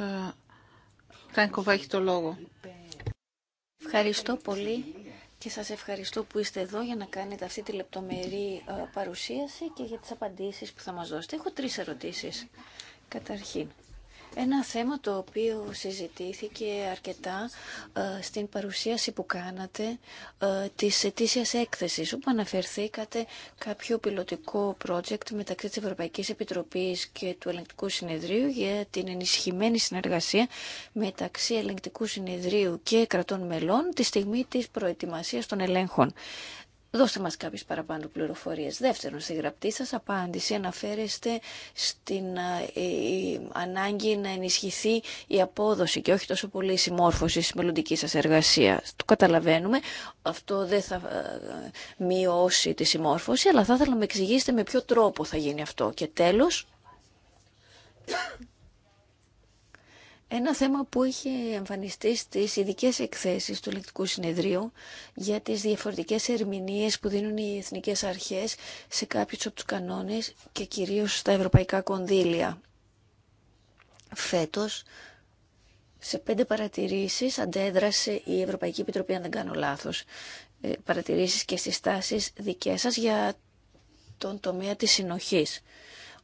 ε, το λόγο. Ευχαριστώ πολύ και σας ευχαριστώ που είστε εδώ για να κάνετε αυτή τη λεπτομερή ε, παρουσίαση και για τις απαντήσεις που θα μας δώσετε. Έχω τρεις ερωτήσεις. Καταρχήν, ένα θέμα το οποίο συζητήθηκε αρκετά ε, στην παρουσίαση που κάνατε ε, της ετήσιας έκθεσης, όπου αναφερθήκατε κάποιο πιλωτικό project μεταξύ της Ευρωπαϊκής Επιτροπής και του Ελεγκτικού Συνεδρίου για την ενισχυμένη συνεργασία μεταξύ Ελεγκτικού Συνεδρίου και κρατών μελών τη στιγμή της προετοιμασίας των ελέγχων. Δώστε μας κάποιες παραπάνω πληροφορίες. Δεύτερον, στη γραπτή σας απάντηση αναφέρεστε στην ανάγκη να ενισχυθεί η απόδοση και όχι τόσο πολύ η συμμόρφωση της μελλοντική σας εργασίας. Το καταλαβαίνουμε. Αυτό δεν θα μειώσει τη συμμόρφωση, αλλά θα ήθελα να με εξηγήσετε με ποιο τρόπο θα γίνει αυτό. Και τέλος, ένα θέμα που είχε εμφανιστεί στις ειδικέ εκθέσεις του Λεκτικού Συνεδρίου για τις διαφορετικές ερμηνείες που δίνουν οι εθνικές αρχές σε κάποιους από τους κανόνες και κυρίως στα ευρωπαϊκά κονδύλια. Φέτος, σε πέντε παρατηρήσεις αντέδρασε η Ευρωπαϊκή Επιτροπή, αν δεν κάνω λάθος, ε, παρατηρήσεις και συστάσεις δικές σας για τον τομέα της συνοχής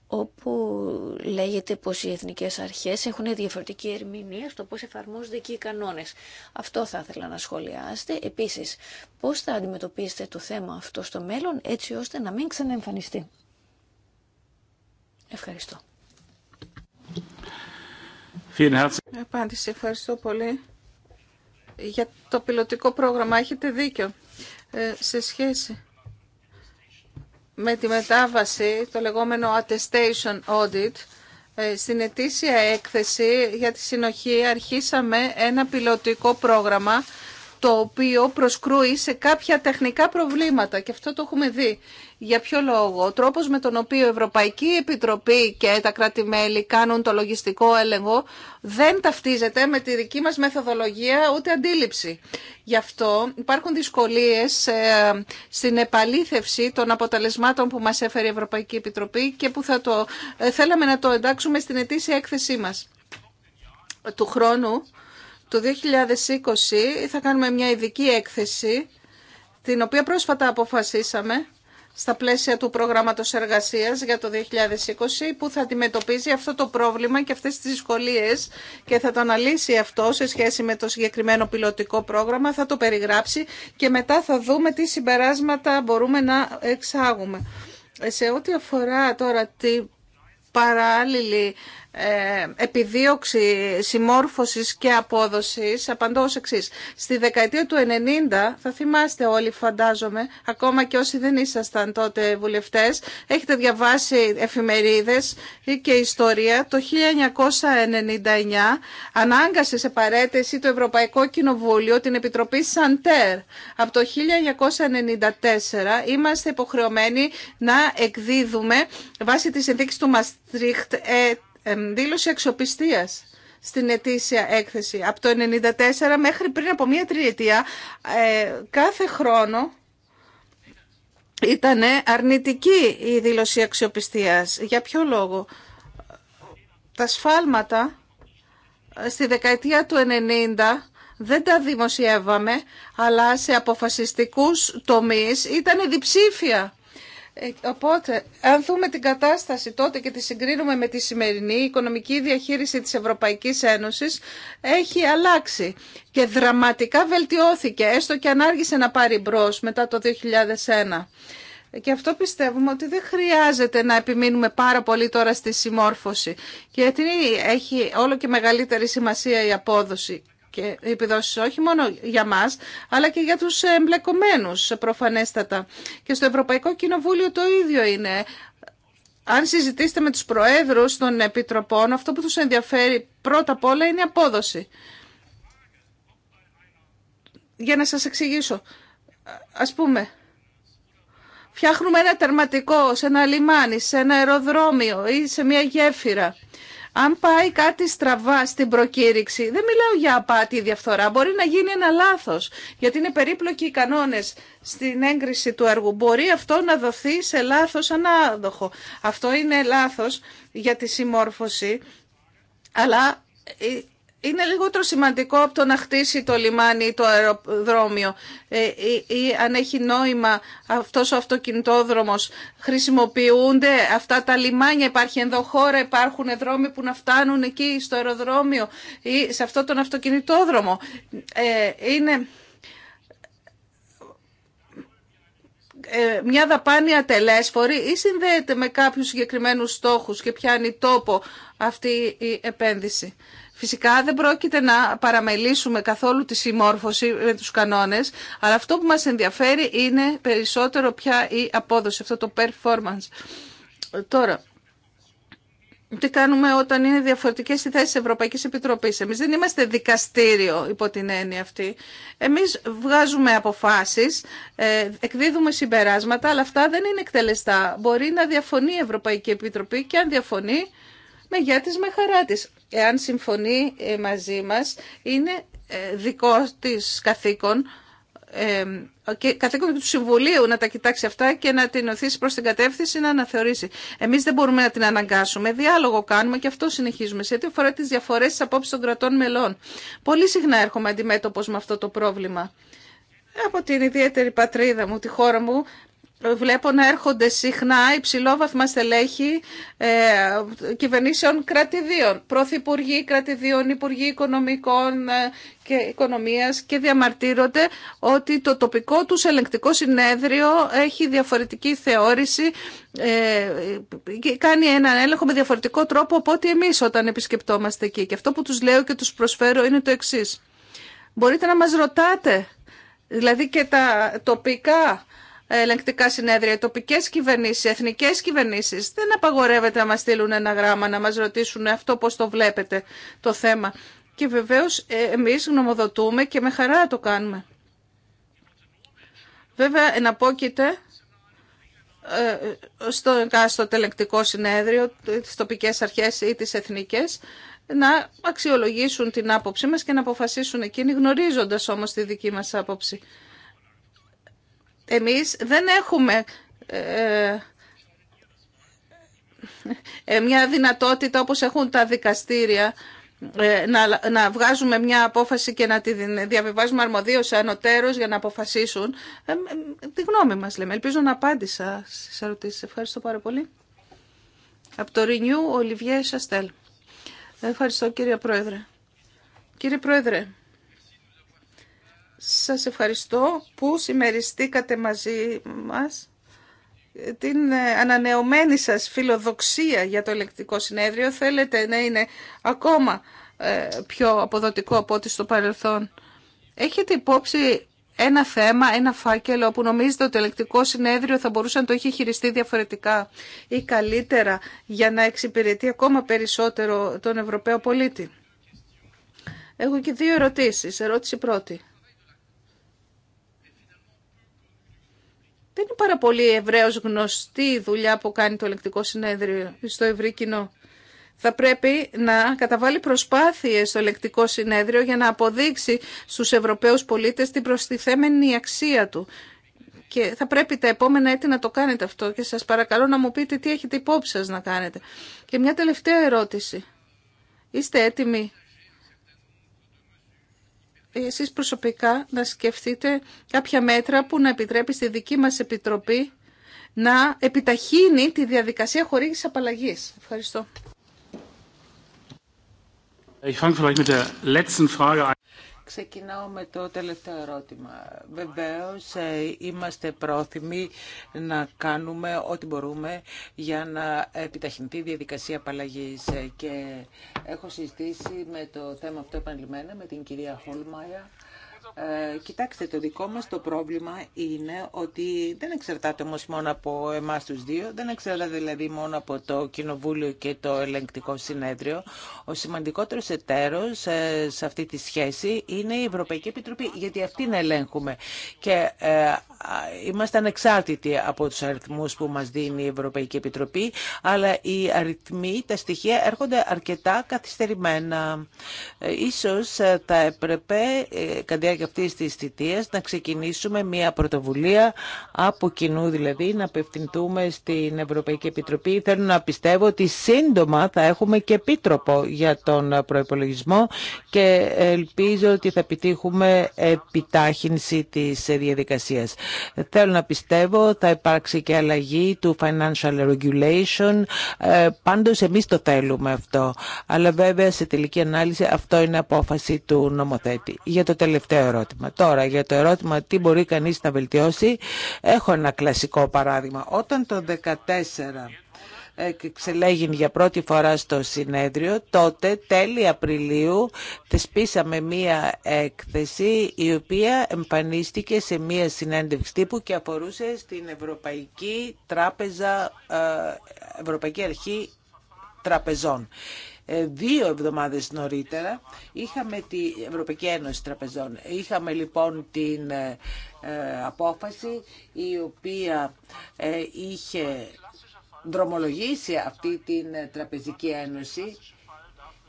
όπου λέγεται πως οι εθνικές αρχές έχουν διαφορετική ερμηνεία στο πώς εφαρμόζονται και οι κανόνες. Αυτό θα ήθελα να σχολιάσετε. Επίσης, πώς θα αντιμετωπίσετε το θέμα αυτό στο μέλλον έτσι ώστε να μην ξαναεμφανιστεί. Ευχαριστώ. Επάντηση, ευχαριστώ πολύ. Για το πιλωτικό πρόγραμμα έχετε δίκιο ε, σε σχέση με τη μετάβαση, το λεγόμενο attestation audit, ε, στην ετήσια έκθεση για τη συνοχή αρχίσαμε ένα πιλωτικό πρόγραμμα το οποίο προσκρούει σε κάποια τεχνικά προβλήματα και αυτό το έχουμε δει. Για ποιο λόγο. Ο τρόπος με τον οποίο η Ευρωπαϊκή Επιτροπή και τα κράτη-μέλη κάνουν το λογιστικό έλεγχο δεν ταυτίζεται με τη δική μας μεθοδολογία ούτε αντίληψη. Γι' αυτό υπάρχουν δυσκολίες ε, στην επαλήθευση των αποτελεσμάτων που μας έφερε η Ευρωπαϊκή Επιτροπή και που θα το, ε, θέλαμε να το εντάξουμε στην ετήσια έκθεσή μας του χρόνου το 2020 θα κάνουμε μια ειδική έκθεση, την οποία πρόσφατα αποφασίσαμε στα πλαίσια του προγράμματος εργασίας για το 2020 που θα αντιμετωπίζει αυτό το πρόβλημα και αυτές τις δυσκολίες και θα το αναλύσει αυτό σε σχέση με το συγκεκριμένο πιλωτικό πρόγραμμα, θα το περιγράψει και μετά θα δούμε τι συμπεράσματα μπορούμε να εξάγουμε. Σε ό,τι αφορά τώρα την παράλληλη ε, επιδίωξη συμμόρφωσης και απόδοσης απαντώ ως εξής. Στη δεκαετία του 90 θα θυμάστε όλοι φαντάζομαι ακόμα και όσοι δεν ήσασταν τότε βουλευτές έχετε διαβάσει εφημερίδες και ιστορία το 1999 ανάγκασε σε παρέτηση το Ευρωπαϊκό Κοινοβούλιο την Επιτροπή Σαντέρ. Από το 1994 είμαστε υποχρεωμένοι να εκδίδουμε βάσει της συνθήκη του Μαστρίχτ ε, δήλωση αξιοπιστίας στην ετήσια έκθεση. Από το 1994 μέχρι πριν από μία τριετία ε, κάθε χρόνο ήταν αρνητική η δήλωση αξιοπιστίας. Για ποιο λόγο. Τα σφάλματα ε, στη δεκαετία του 90 δεν τα δημοσιεύαμε, αλλά σε αποφασιστικούς τομείς ήταν διψήφια ε, οπότε, αν δούμε την κατάσταση τότε και τη συγκρίνουμε με τη σημερινή, η οικονομική διαχείριση της Ευρωπαϊκής Ένωσης έχει αλλάξει και δραματικά βελτιώθηκε, έστω και αν άργησε να πάρει μπρο μετά το 2001. Και αυτό πιστεύουμε ότι δεν χρειάζεται να επιμείνουμε πάρα πολύ τώρα στη συμμόρφωση, γιατί έχει όλο και μεγαλύτερη σημασία η απόδοση και επιδόσεις όχι μόνο για μας, αλλά και για τους εμπλεκομένους προφανέστατα. Και στο Ευρωπαϊκό Κοινοβούλιο το ίδιο είναι. Αν συζητήσετε με τους προέδρους των επιτροπών, αυτό που τους ενδιαφέρει πρώτα απ' όλα είναι η απόδοση. Για να σας εξηγήσω. Ας πούμε, φτιάχνουμε ένα τερματικό σε ένα λιμάνι, σε ένα αεροδρόμιο ή σε μια γέφυρα. Αν πάει κάτι στραβά στην προκήρυξη, δεν μιλάω για απάτη ή διαφθορά, μπορεί να γίνει ένα λάθος, γιατί είναι περίπλοκοι οι κανόνες στην έγκριση του έργου. Μπορεί αυτό να δοθεί σε λάθος ανάδοχο. Αυτό είναι λάθος για τη συμμόρφωση, αλλά είναι λιγότερο σημαντικό από το να χτίσει το λιμάνι ή το αεροδρόμιο ε, ή αν έχει νόημα αυτός ο αυτοκινητόδρομος. Χρησιμοποιούνται αυτά τα λιμάνια, υπάρχει ενδοχώρα, υπάρχουν δρόμοι που να φτάνουν εκεί στο αεροδρόμιο ή σε αυτό τον αυτοκινητόδρομο. Ε, είναι... Ε, μια δαπάνη ατελέσφορη ή συνδέεται με κάποιους συγκεκριμένους στόχους και πιάνει τόπο αυτή η επένδυση. Φυσικά δεν πρόκειται να παραμελήσουμε καθόλου τη συμμόρφωση με τους κανόνες, αλλά αυτό που μας ενδιαφέρει είναι περισσότερο πια η απόδοση, αυτό το performance. Τώρα, τι κάνουμε όταν είναι διαφορετικές οι θέσεις της Ευρωπαϊκής Επιτροπής. Εμείς δεν είμαστε δικαστήριο υπό την έννοια αυτή. Εμείς βγάζουμε αποφάσεις, ε, εκδίδουμε συμπεράσματα, αλλά αυτά δεν είναι εκτελεστά. Μπορεί να διαφωνεί η Ευρωπαϊκή Επιτροπή και αν διαφωνεί, με της με χαρά της εάν συμφωνεί ε, μαζί μας, είναι ε, δικό της καθήκον ε, και καθήκον του Συμβουλίου να τα κοιτάξει αυτά και να την οθήσει προς την κατεύθυνση να αναθεωρήσει. Εμείς δεν μπορούμε να την αναγκάσουμε. Διάλογο κάνουμε και αυτό συνεχίζουμε σε ό,τι αφορά τις διαφορές της απόψης των κρατών μελών. Πολύ συχνά έρχομαι αντιμέτωπος με αυτό το πρόβλημα. Από την ιδιαίτερη πατρίδα μου, τη χώρα μου, βλέπω να έρχονται συχνά υψηλόβαθμα στελέχη ε, κυβερνήσεων κρατηδίων, πρωθυπουργοί κρατηδίων, υπουργοί οικονομικών ε, και οικονομίας και διαμαρτύρονται ότι το τοπικό τους ελεγκτικό συνέδριο έχει διαφορετική θεώρηση ε, και κάνει έναν έλεγχο με διαφορετικό τρόπο από ό,τι εμείς όταν επισκεπτόμαστε εκεί. Και αυτό που τους λέω και τους προσφέρω είναι το εξής. Μπορείτε να μας ρωτάτε, δηλαδή και τα τοπικά ελεγκτικά συνέδρια, οι τοπικέ κυβερνήσει, εθνικέ κυβερνήσει. Δεν απαγορεύεται να μα στείλουν ένα γράμμα, να μα ρωτήσουν αυτό πώ το βλέπετε το θέμα. Και βεβαίω ε, εμεί γνωμοδοτούμε και με χαρά το κάνουμε. Βέβαια, εναπόκειται ε, στο, στο ελεγκτικό συνέδριο, τι τοπικές αρχέ ή τι εθνικές, να αξιολογήσουν την άποψή μας και να αποφασίσουν εκείνοι, γνωρίζοντας όμως τη δική μας άποψη. Εμείς δεν έχουμε ε, ε, μια δυνατότητα όπως έχουν τα δικαστήρια ε, να βγάζουμε μια απόφαση και να τη διαβιβάζουμε αρμοδίως ανωτέρως για να αποφασίσουν. Τη γνώμη μας λέμε. Ελπίζω να απάντησα στις ερωτήσεις. Ευχαριστώ πάρα πολύ. Από το Ρινιού, Ολιβιέ Σαστέλ. Ευχαριστώ κύριε Πρόεδρε. Κύριε Πρόεδρε, σας ευχαριστώ που συμμεριστήκατε μαζί μας την ε, ανανεωμένη σας φιλοδοξία για το ελεκτικό συνέδριο. Θέλετε να είναι ακόμα ε, πιο αποδοτικό από ό,τι στο παρελθόν. Έχετε υπόψη ένα θέμα, ένα φάκελο που νομίζετε ότι το ελεκτικό συνέδριο θα μπορούσε να το έχει χειριστεί διαφορετικά ή καλύτερα για να εξυπηρετεί ακόμα περισσότερο τον Ευρωπαίο πολίτη. Έχω και δύο ερωτήσεις. Ερώτηση πρώτη. Δεν είναι πάρα πολύ ευρέω γνωστή η δουλειά που κάνει το ελεκτικό συνέδριο στο ευρύ κοινό. Θα πρέπει να καταβάλει προσπάθειες στο ελεκτικό συνέδριο για να αποδείξει στους Ευρωπαίους πολίτες την προστιθέμενη αξία του. Και θα πρέπει τα επόμενα έτη να το κάνετε αυτό και σας παρακαλώ να μου πείτε τι έχετε υπόψη σας να κάνετε. Και μια τελευταία ερώτηση. Είστε έτοιμοι εσείς προσωπικά να σκεφτείτε κάποια μέτρα που να επιτρέπει στη δική μας Επιτροπή να επιταχύνει τη διαδικασία χορήγησης απαλλαγή. Ευχαριστώ. Ξεκινάω με το τελευταίο ερώτημα. Βεβαίως ε, είμαστε πρόθυμοι να κάνουμε ό,τι μπορούμε για να επιταχυνθεί η διαδικασία απαλλαγή. Ε, και έχω συζητήσει με το θέμα αυτό επανειλημμένα με την κυρία Χολμάια ε, κοιτάξτε, το δικό μας το πρόβλημα είναι ότι δεν εξαρτάται όμως μόνο από εμάς τους δύο, δεν εξαρτάται δηλαδή μόνο από το Κοινοβούλιο και το Ελεγκτικό Συνέδριο. Ο σημαντικότερος εταίρος ε, σε αυτή τη σχέση είναι η Ευρωπαϊκή Επιτροπή, γιατί αυτήν ελέγχουμε. Και ε, είμαστε ανεξάρτητοι από τους αριθμούς που μας δίνει η Ευρωπαϊκή Επιτροπή, αλλά οι αριθμοί, τα στοιχεία έρχονται αρκετά καθυστερημένα. Ε, ίσως ε, θα έπρεπε ε, κατά διάρκεια αυτής της θητείας να ξεκινήσουμε μια πρωτοβουλία από κοινού δηλαδή, να απευθυνθούμε στην Ευρωπαϊκή Επιτροπή. Θέλω να πιστεύω ότι σύντομα θα έχουμε και επίτροπο για τον προϋπολογισμό και ελπίζω ότι θα επιτύχουμε επιτάχυνση της διαδικασίας. Θέλω να πιστεύω θα υπάρξει και αλλαγή του financial regulation. Ε, πάντως εμείς το θέλουμε αυτό. Αλλά βέβαια σε τελική ανάλυση αυτό είναι απόφαση του νομοθέτη. Για το τελευταίο ερώτημα. Τώρα για το ερώτημα τι μπορεί κανείς να βελτιώσει. Έχω ένα κλασικό παράδειγμα. Όταν το 2014 εξελέγει για πρώτη φορά στο συνέδριο, τότε τέλη Απριλίου θεσπίσαμε μία έκθεση η οποία εμφανίστηκε σε μία συνέντευξη τύπου και αφορούσε στην Ευρωπαϊκή Τράπεζα, ε, Ευρωπαϊκή Αρχή Τραπεζών. Ε, δύο εβδομάδες νωρίτερα είχαμε την Ευρωπαϊκή Ένωση Τραπεζών. Είχαμε λοιπόν την ε, απόφαση η οποία είχε δρομολογήσει αυτή την ε, τραπεζική ένωση.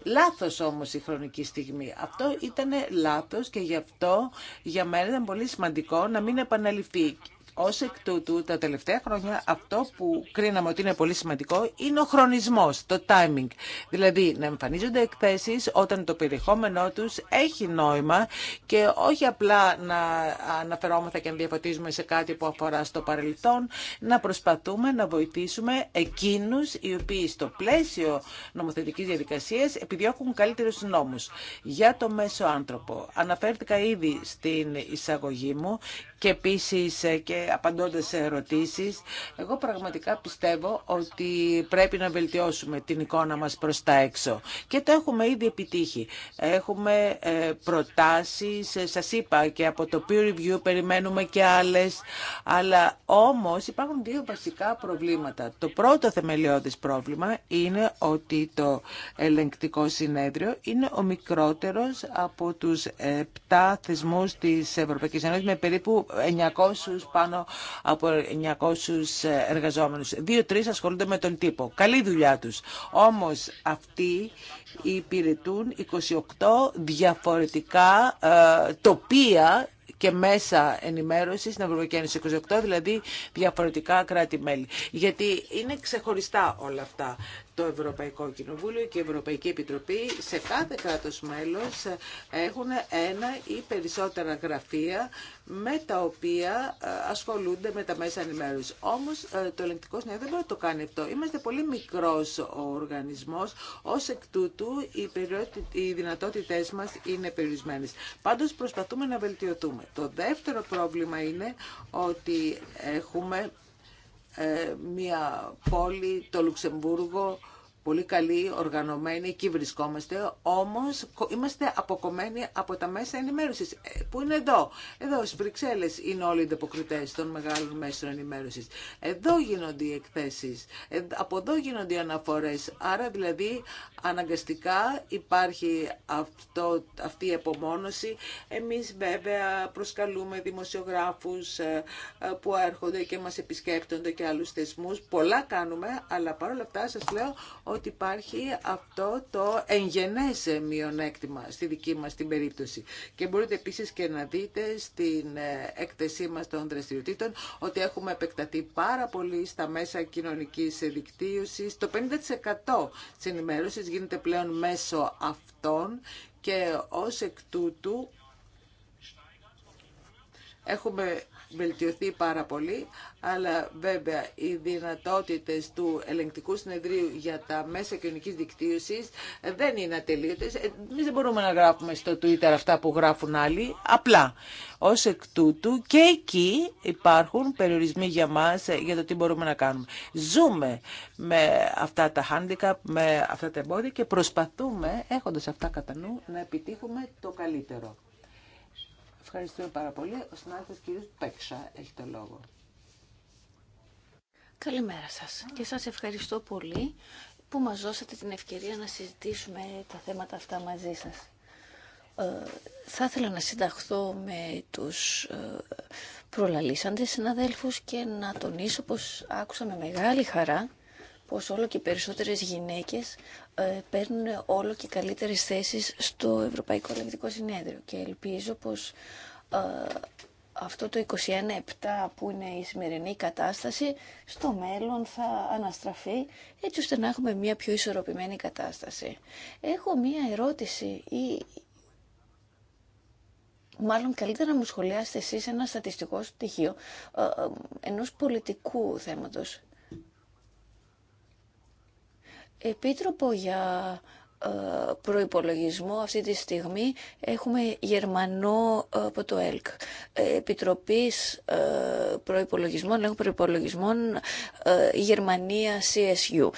Λάθος όμως η χρονική στιγμή. Αυτό ήταν λάθος και γι' αυτό για μένα ήταν πολύ σημαντικό να μην επαναληφθεί. Ως εκ τούτου, τα τελευταία χρόνια αυτό που κρίναμε ότι είναι πολύ σημαντικό είναι ο χρονισμός, το timing. Δηλαδή να εμφανίζονται εκθέσεις όταν το περιεχόμενό τους έχει νόημα και όχι απλά να αναφερόμαστε και να διαφωτίζουμε σε κάτι που αφορά στο παρελθόν, να προσπαθούμε να βοηθήσουμε εκείνους οι οποίοι στο πλαίσιο νομοθετικής διαδικασίας επιδιώκουν καλύτερους νόμους. Για το μέσο άνθρωπο. Αναφέρθηκα ήδη στην εισαγωγή μου και επίσης ε, και απαντώντας σε ερωτήσεις. Εγώ πραγματικά πιστεύω ότι πρέπει να βελτιώσουμε την εικόνα μας προς τα έξω και το έχουμε ήδη επιτύχει. Έχουμε ε, προτάσεις, ε, σας είπα και από το peer review περιμένουμε και άλλες, αλλά όμως υπάρχουν δύο βασικά προβλήματα. Το πρώτο θεμελιώδης πρόβλημα είναι ότι το ελεγκτικό συνέδριο είναι ο μικρότερος από τους 7 θεσμούς της Ευρωπαϊκής Ένωσης με περίπου 900, πάνω από 900 εργαζόμενους. Δύο-τρει ασχολούνται με τον τύπο. Καλή δουλειά τους. Όμως αυτοί υπηρετούν 28 διαφορετικά ε, τοπία και μέσα ενημέρωση στην Ευρωπαϊκή Ένωση 28, δηλαδή διαφορετικά κράτη-μέλη. Γιατί είναι ξεχωριστά όλα αυτά το Ευρωπαϊκό Κοινοβούλιο και η Ευρωπαϊκή Επιτροπή σε κάθε κράτος μέλος έχουν ένα ή περισσότερα γραφεία με τα οποία ε, ασχολούνται με τα μέσα ενημέρωση. Όμως ε, το ελεγκτικό συνέδριο δεν μπορεί να το κάνει αυτό. Είμαστε πολύ μικρός ο οργανισμός. Ως εκ τούτου οι δυνατότητές μας είναι περιορισμένες. Πάντως προσπαθούμε να βελτιωθούμε. Το δεύτερο πρόβλημα είναι ότι έχουμε ε, μια πόλη, το Λουξεμβούργο, πολύ καλοί, οργανωμένοι, εκεί βρισκόμαστε, όμως είμαστε αποκομμένοι από τα μέσα ενημέρωσης, ε, που είναι εδώ. Εδώ στις Βρυξέλλες είναι όλοι οι ανταποκριτές των μεγάλων μέσων ενημέρωσης. Εδώ γίνονται οι εκθέσεις, ε, από εδώ γίνονται οι αναφορές, άρα δηλαδή αναγκαστικά υπάρχει αυτό, αυτή η απομόνωση. Εμείς βέβαια προσκαλούμε δημοσιογράφους ε, που έρχονται και μας επισκέπτονται και άλλους θεσμούς. Πολλά κάνουμε, αλλά παρόλα αυτά σας λέω ότι υπάρχει αυτό το εγγενές μειονέκτημα στη δική μας την περίπτωση. Και μπορείτε επίσης και να δείτε στην ε, έκθεσή μας των δραστηριοτήτων ότι έχουμε επεκταθεί πάρα πολύ στα μέσα κοινωνικής δικτύωσης. Το 50% της ενημέρωσης γίνεται πλέον μέσω αυτών και ως εκ τούτου έχουμε βελτιωθεί πάρα πολύ, αλλά βέβαια οι δυνατότητες του ελεγκτικού συνεδρίου για τα μέσα κοινωνική δικτύωσης δεν είναι ατελείωτες. Ε, Εμεί δεν μπορούμε να γράφουμε στο Twitter αυτά που γράφουν άλλοι, απλά. Ως εκ τούτου και εκεί υπάρχουν περιορισμοί για μας ε, για το τι μπορούμε να κάνουμε. Ζούμε με αυτά τα handicap, με αυτά τα εμπόδια και προσπαθούμε, έχοντας αυτά κατά νου, να επιτύχουμε το καλύτερο. Ευχαριστούμε πάρα πολύ. Ο συνάδελφος κύριος Πέξα έχει το λόγο. Καλημέρα σας και σας ευχαριστώ πολύ που μας δώσατε την ευκαιρία να συζητήσουμε τα θέματα αυτά μαζί σας. Ε, θα ήθελα να συνταχθώ με τους ε, προλαλήσαντες συναδέλφους και να τονίσω πως άκουσα με μεγάλη χαρά πως όλο και περισσότερες γυναίκες ε, παίρνουν όλο και καλύτερες θέσεις στο Ευρωπαϊκό Ελεγκτικό Συνέδριο και ελπίζω πως ε, αυτό το 21-7 που είναι η σημερινή κατάσταση στο μέλλον θα αναστραφεί έτσι ώστε να έχουμε μια πιο ισορροπημένη κατάσταση. Έχω μια ερώτηση ή μάλλον καλύτερα να μου σχολιάσετε εσείς ένα στατιστικό στοιχείο ε, ενός πολιτικού θέματος επίτροπο για ε, προϋπολογισμό αυτή τη στιγμή έχουμε Γερμανό ε, από το ΕΛΚ. Ε, Επιτροπής προϋπολογισμών, έχουν προϋπολογισμών Γερμανία CSU.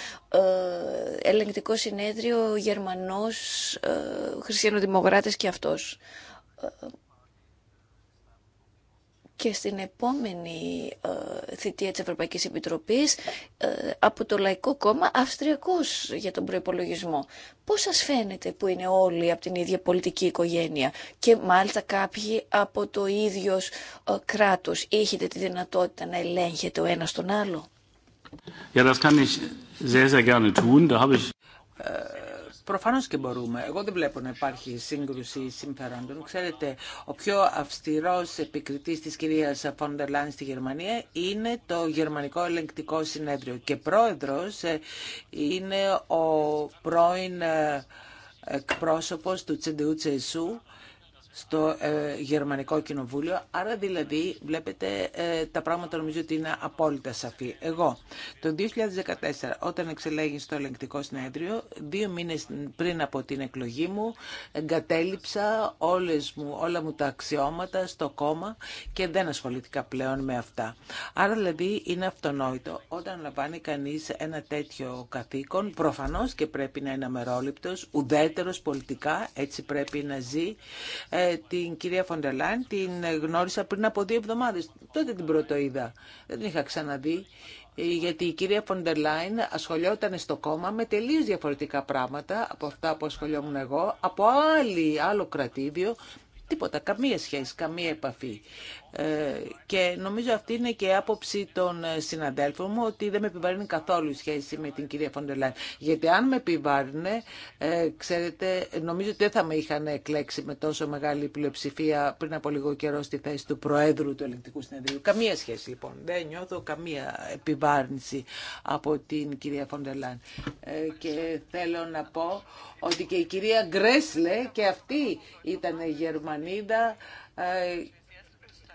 Ελεγκτικό συνέδριο Γερμανός Χριστιανοδημοκράτες και αυτός και στην επόμενη ε, θητεία της Ευρωπαϊκής Επιτροπής ε, από το Λαϊκό Κόμμα Αυστριακός για τον προϋπολογισμό. Πώς σας φαίνεται που είναι όλοι από την ίδια πολιτική οικογένεια και μάλιστα κάποιοι από το ίδιο ε, κράτος. Έχετε τη δυνατότητα να ελέγχετε ο ένας τον άλλο. Προφανώς και μπορούμε. Εγώ δεν βλέπω να υπάρχει σύγκρουση συμφερόντων. Ξέρετε, ο πιο αυστηρός επικριτής της κυρίας Φόντερ Λάιν στη Γερμανία είναι το Γερμανικό Ελεγκτικό Συνέδριο και πρόεδρος ε, είναι ο πρώην ε, εκπρόσωπος του Τσεντεού Τσεσού στο ε, Γερμανικό Κοινοβούλιο. Άρα δηλαδή βλέπετε ε, τα πράγματα νομίζω ότι είναι απόλυτα σαφή. Εγώ το 2014 όταν εξελέγη στο ελεγκτικό συνέδριο, δύο μήνες πριν από την εκλογή μου, εγκατέλειψα όλες μου, όλα μου τα αξιώματα στο κόμμα και δεν ασχολήθηκα πλέον με αυτά. Άρα δηλαδή είναι αυτονόητο. Όταν λαμβάνει κανείς ένα τέτοιο καθήκον, προφανώς και πρέπει να είναι αμερόληπτος, ουδέτερος πολιτικά, έτσι πρέπει να ζει. Ε, την κυρία Λάιν την γνώρισα πριν από δύο εβδομάδες. Τότε την πρώτο είδα. Δεν την είχα ξαναδεί. Γιατί η κυρία Λάιν ασχολιόταν στο κόμμα με τελείως διαφορετικά πράγματα από αυτά που ασχολιόμουν εγώ, από άλλη, άλλο κρατήδιο, Τίποτα, καμία σχέση, καμία επαφή. Ε, και νομίζω αυτή είναι και η άποψη των ε, συναντέλφων μου ότι δεν με επιβαρύνει καθόλου η σχέση με την κυρία Φοντελάν. Γιατί αν με επιβάρυνε, ε, ξέρετε, νομίζω ότι δεν θα με είχαν εκλέξει με τόσο μεγάλη πλειοψηφία πριν από λίγο καιρό στη θέση του Προέδρου του Ελληνικού Συνεδρίου. Καμία σχέση λοιπόν. Δεν νιώθω καμία επιβάρυνση από την κυρία Φοντελάν. Και θέλω να πω ότι και η κυρία Γκρέσλε και αυτή ήταν Γερμανίδα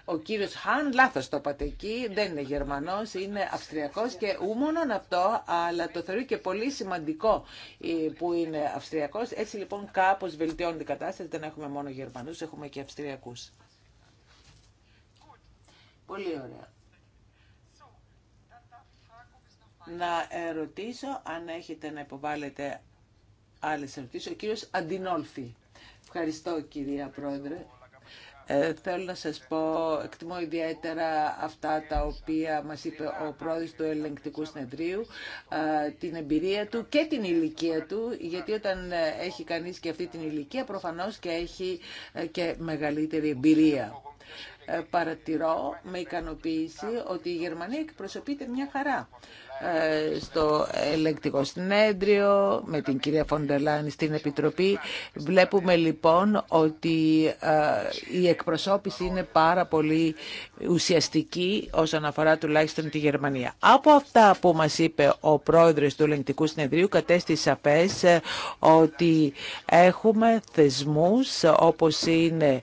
ο κύριος Χαν, λάθος το είπατε εκεί, δεν είναι Γερμανός, είναι Αυστριακός και μόνον αυτό, αλλά το θεωρεί και πολύ σημαντικό ε, που είναι Αυστριακός. Έτσι λοιπόν κάπως βελτιώνει την κατάσταση, δεν έχουμε μόνο Γερμανούς, έχουμε και Αυστριακούς. Πολύ ωραία. Να ερωτήσω αν έχετε να υποβάλλετε άλλες ερωτήσει Ο κύριος Αντινόλφη. Ευχαριστώ κυρία Πρόεδρε. Ε, θέλω να σας πω, εκτιμώ ιδιαίτερα αυτά τα οποία μας είπε ο πρόεδρος του ελεγκτικού συνεδρίου, ε, την εμπειρία του και την ηλικία του, γιατί όταν ε, έχει κανείς και αυτή την ηλικία προφανώς και έχει και μεγαλύτερη εμπειρία. Ε, παρατηρώ με ικανοποίηση ότι η Γερμανία εκπροσωπείται μια χαρά ε, στο ελεγκτικό συνέδριο, με την κυρία Φοντελάνη στην Επιτροπή. Βλέπουμε λοιπόν ότι ε, η εκπροσώπηση είναι πάρα πολύ ουσιαστική όσον αφορά τουλάχιστον τη Γερμανία. Από αυτά που μας είπε ο πρόεδρος του ελεγκτικού συνεδρίου κατέστησε σαφές ότι έχουμε θεσμούς όπως είναι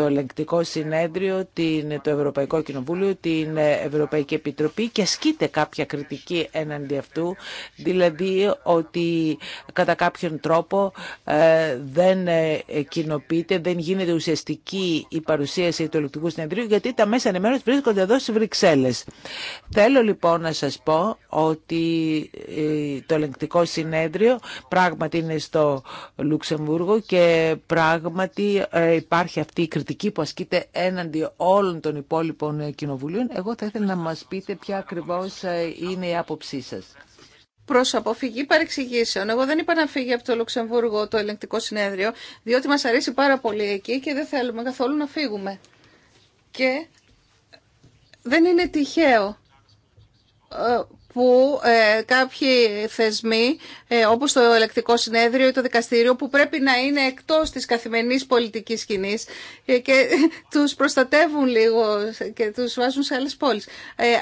το Ελεγκτικό Συνέδριο, την, το Ευρωπαϊκό Κοινοβούλιο, την Ευρωπαϊκή Επιτροπή και ασκείται κάποια κριτική έναντι αυτού, δηλαδή ότι κατά κάποιον τρόπο ε, δεν ε, κοινοποιείται, δεν γίνεται ουσιαστική η παρουσίαση του Ελεγκτικού Συνεδρίου, γιατί τα μέσα ενημέρωση βρίσκονται εδώ στις Βρυξέλλες. Θέλω λοιπόν να σας πω ότι ε, το Ελεγκτικό Συνέδριο πράγματι είναι στο Λουξεμβούργο και πράγματι υπάρχει αυτή η κριτική πολιτική που ασκείται έναντι όλων των υπόλοιπων ε, κοινοβουλίων, εγώ θα ήθελα να μας πείτε ποια ακριβώς ε, είναι η άποψή σας. Προ αποφυγή παρεξηγήσεων. Εγώ δεν είπα να φύγει από το Λουξεμβούργο το ελεγκτικό συνέδριο, διότι μα αρέσει πάρα πολύ εκεί και δεν θέλουμε καθόλου να φύγουμε. Και δεν είναι τυχαίο ε, που ε, κάποιοι θεσμοί, ε, όπως το ελεκτικό συνέδριο ή το δικαστήριο, που πρέπει να είναι εκτός της καθημερινής πολιτικής σκηνής ε, και (laughs) τους προστατεύουν λίγο και τους βάζουν σε άλλες πόλεις.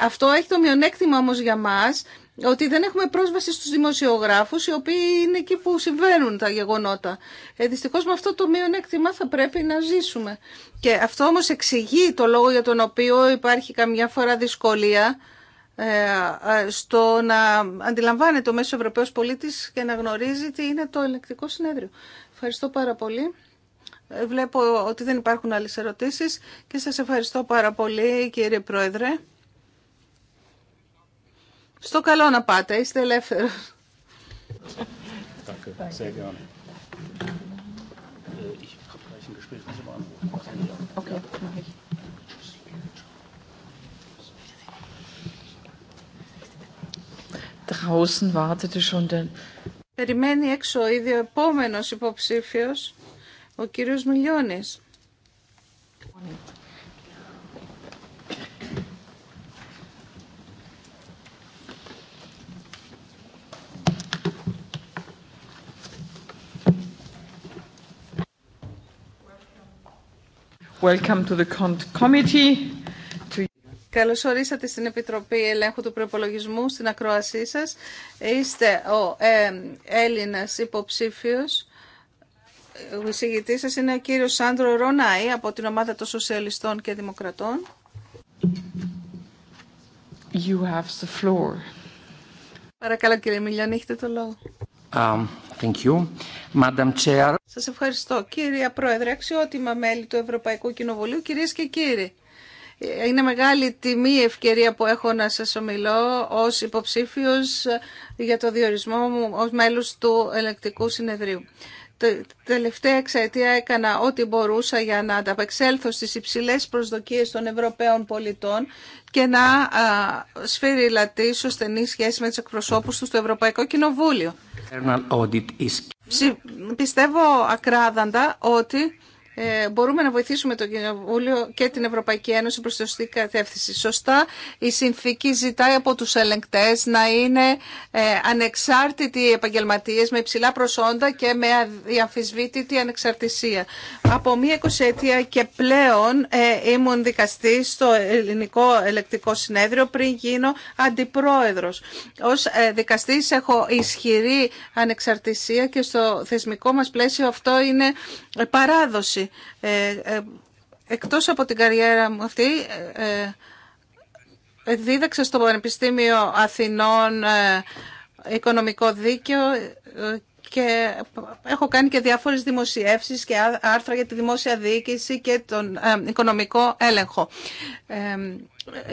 Αυτό έχει το μειονέκτημα όμως για μας, ότι δεν έχουμε πρόσβαση στους δημοσιογράφους, οι οποίοι είναι εκεί που συμβαίνουν τα γεγονότα. Ε, δυστυχώς με αυτό το μειονέκτημα θα πρέπει να ζήσουμε. Και αυτό όμως εξηγεί το λόγο για τον οποίο υπάρχει καμιά φορά δυσκολία ε, ε, στο να αντιλαμβάνεται ο μέσο Ευρωπαίος πολίτης και να γνωρίζει τι είναι το ελεκτικό συνέδριο. Ευχαριστώ πάρα πολύ. Ε, βλέπω ότι δεν υπάρχουν άλλες ερωτήσεις και σας ευχαριστώ πάρα πολύ κύριε Πρόεδρε. Στο καλό να πάτε, είστε ελεύθερο. Okay. Draußen wartete schon der... Περιμένει έξω ο ο επόμενο υποψήφιος, ο κύριος Μιλιώνη. Welcome to the committee. Καλωσορίσατε ορίσατε στην Επιτροπή Ελέγχου του Προπολογισμού, στην ακρόασή σα. Είστε ο ε, Έλληνας υποψήφιος. Ο εισηγητή σα είναι ο κύριο Σάντρο Ρονάη από την ομάδα των Σοσιαλιστών και Δημοκρατών. You have the floor. Παρακαλώ κύριε Μιλιάνη, έχετε το λόγο. Um, thank you. Madam Chair. Σας ευχαριστώ. Κύριε Πρόεδρε, αξιότιμα μέλη του Ευρωπαϊκού Κοινοβουλίου, κυρίες και κύριοι. Είναι μεγάλη τιμή η ευκαιρία που έχω να σας ομιλώ ως υποψήφιος για το διορισμό μου ως μέλος του Ελεκτικού Συνεδρίου. Τελευταία εξαετία έκανα ό,τι μπορούσα για να ανταπεξέλθω στις υψηλές προσδοκίες των Ευρωπαίων πολιτών και να σφυριλατήσω στενή σχέση με τους εκπροσώπους του στο Ευρωπαϊκό Κοινοβούλιο. Is... Πιστεύω ακράδαντα ότι ε, μπορούμε να βοηθήσουμε το Κοινοβούλιο και την Ευρωπαϊκή Ένωση προς τη σωστή κατεύθυνση. Σωστά, η συνθήκη ζητάει από τους ελεγκτές να είναι ε, ανεξάρτητοι επαγγελματίες με υψηλά προσόντα και με αδιαμφισβήτητη ανεξαρτησία. Από μία 20 και πλέον ε, ήμουν δικαστής στο Ελληνικό Ελεκτικό Συνέδριο πριν γίνω αντιπρόεδρος. Ως δικαστής έχω ισχυρή ανεξαρτησία και στο θεσμικό μας πλαίσιο αυτό είναι παράδοση ε, ε, εκτός από την καριέρα μου αυτή, ε, δίδαξα στο Πανεπιστήμιο Αθηνών οικονομικό δίκαιο και έχω κάνει και διάφορες δημοσιεύσεις και άρθρα για τη δημόσια διοίκηση και τον οικονομικό έλεγχο.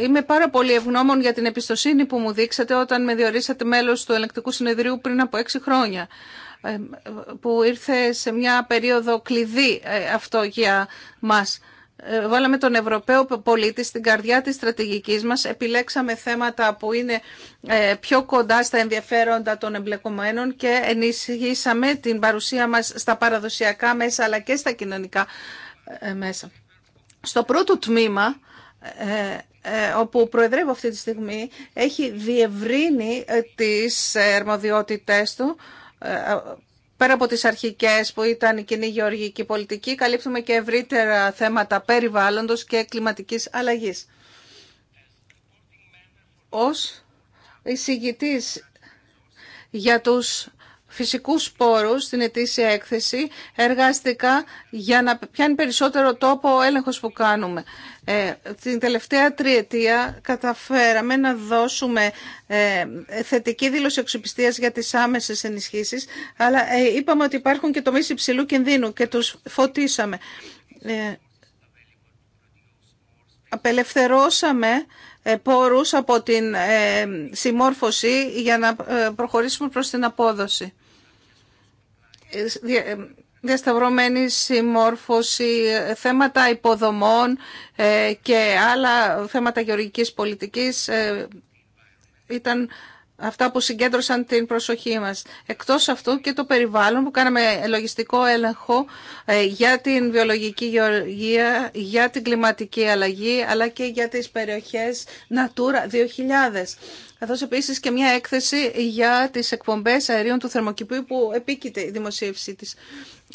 Είμαι πάρα πολύ ευγνώμων για την εμπιστοσύνη που μου δείξατε όταν με διορίσατε μέλος του Ελεκτικού Συνεδρίου πριν από έξι χρόνια που ήρθε σε μια περίοδο κλειδί ε, αυτό για μας. Ε, βάλαμε τον Ευρωπαίο πολίτη στην καρδιά της στρατηγικής μας, επιλέξαμε θέματα που είναι ε, πιο κοντά στα ενδιαφέροντα των εμπλεκομένων και ενισχύσαμε την παρουσία μας στα παραδοσιακά μέσα αλλά και στα κοινωνικά μέσα. Στο πρώτο τμήμα όπου προεδρεύω αυτή τη στιγμή, έχει διευρύνει τις αρμοδιότητές του ε, ε, πέρα από τις αρχικές που ήταν η κοινή γεωργική πολιτική, καλύπτουμε και ευρύτερα θέματα περιβάλλοντος και κλιματικής αλλαγής. Ως εισηγητής για τους φυσικούς πόρου στην ετήσια έκθεση εργάστηκα για να πιάνει περισσότερο τόπο ο έλεγχος που κάνουμε. Ε, την τελευταία τριετία καταφέραμε να δώσουμε ε, θετική δήλωση αξιοπιστία για τις άμεσες ενισχύσεις, αλλά ε, είπαμε ότι υπάρχουν και τομείς υψηλού κινδύνου και τους φωτίσαμε. Ε, απελευθερώσαμε ε, πόρους από την συμμόρφωση για να προχωρήσουμε προς την απόδοση. Ε, διασταυρωμένη συμμόρφωση, ε, θέματα υποδομών ε, και άλλα θέματα γεωργικής πολιτικής ήταν αυτά που συγκέντρωσαν την προσοχή μας. Εκτός αυτού και το περιβάλλον που κάναμε λογιστικό έλεγχο ε, για την βιολογική γεωργία, για την κλιματική αλλαγή, αλλά και για τις περιοχές Natura 2000. Καθώς επίσης και μια έκθεση για τις εκπομπές αερίων του θερμοκηπίου που επίκειται η δημοσίευση της.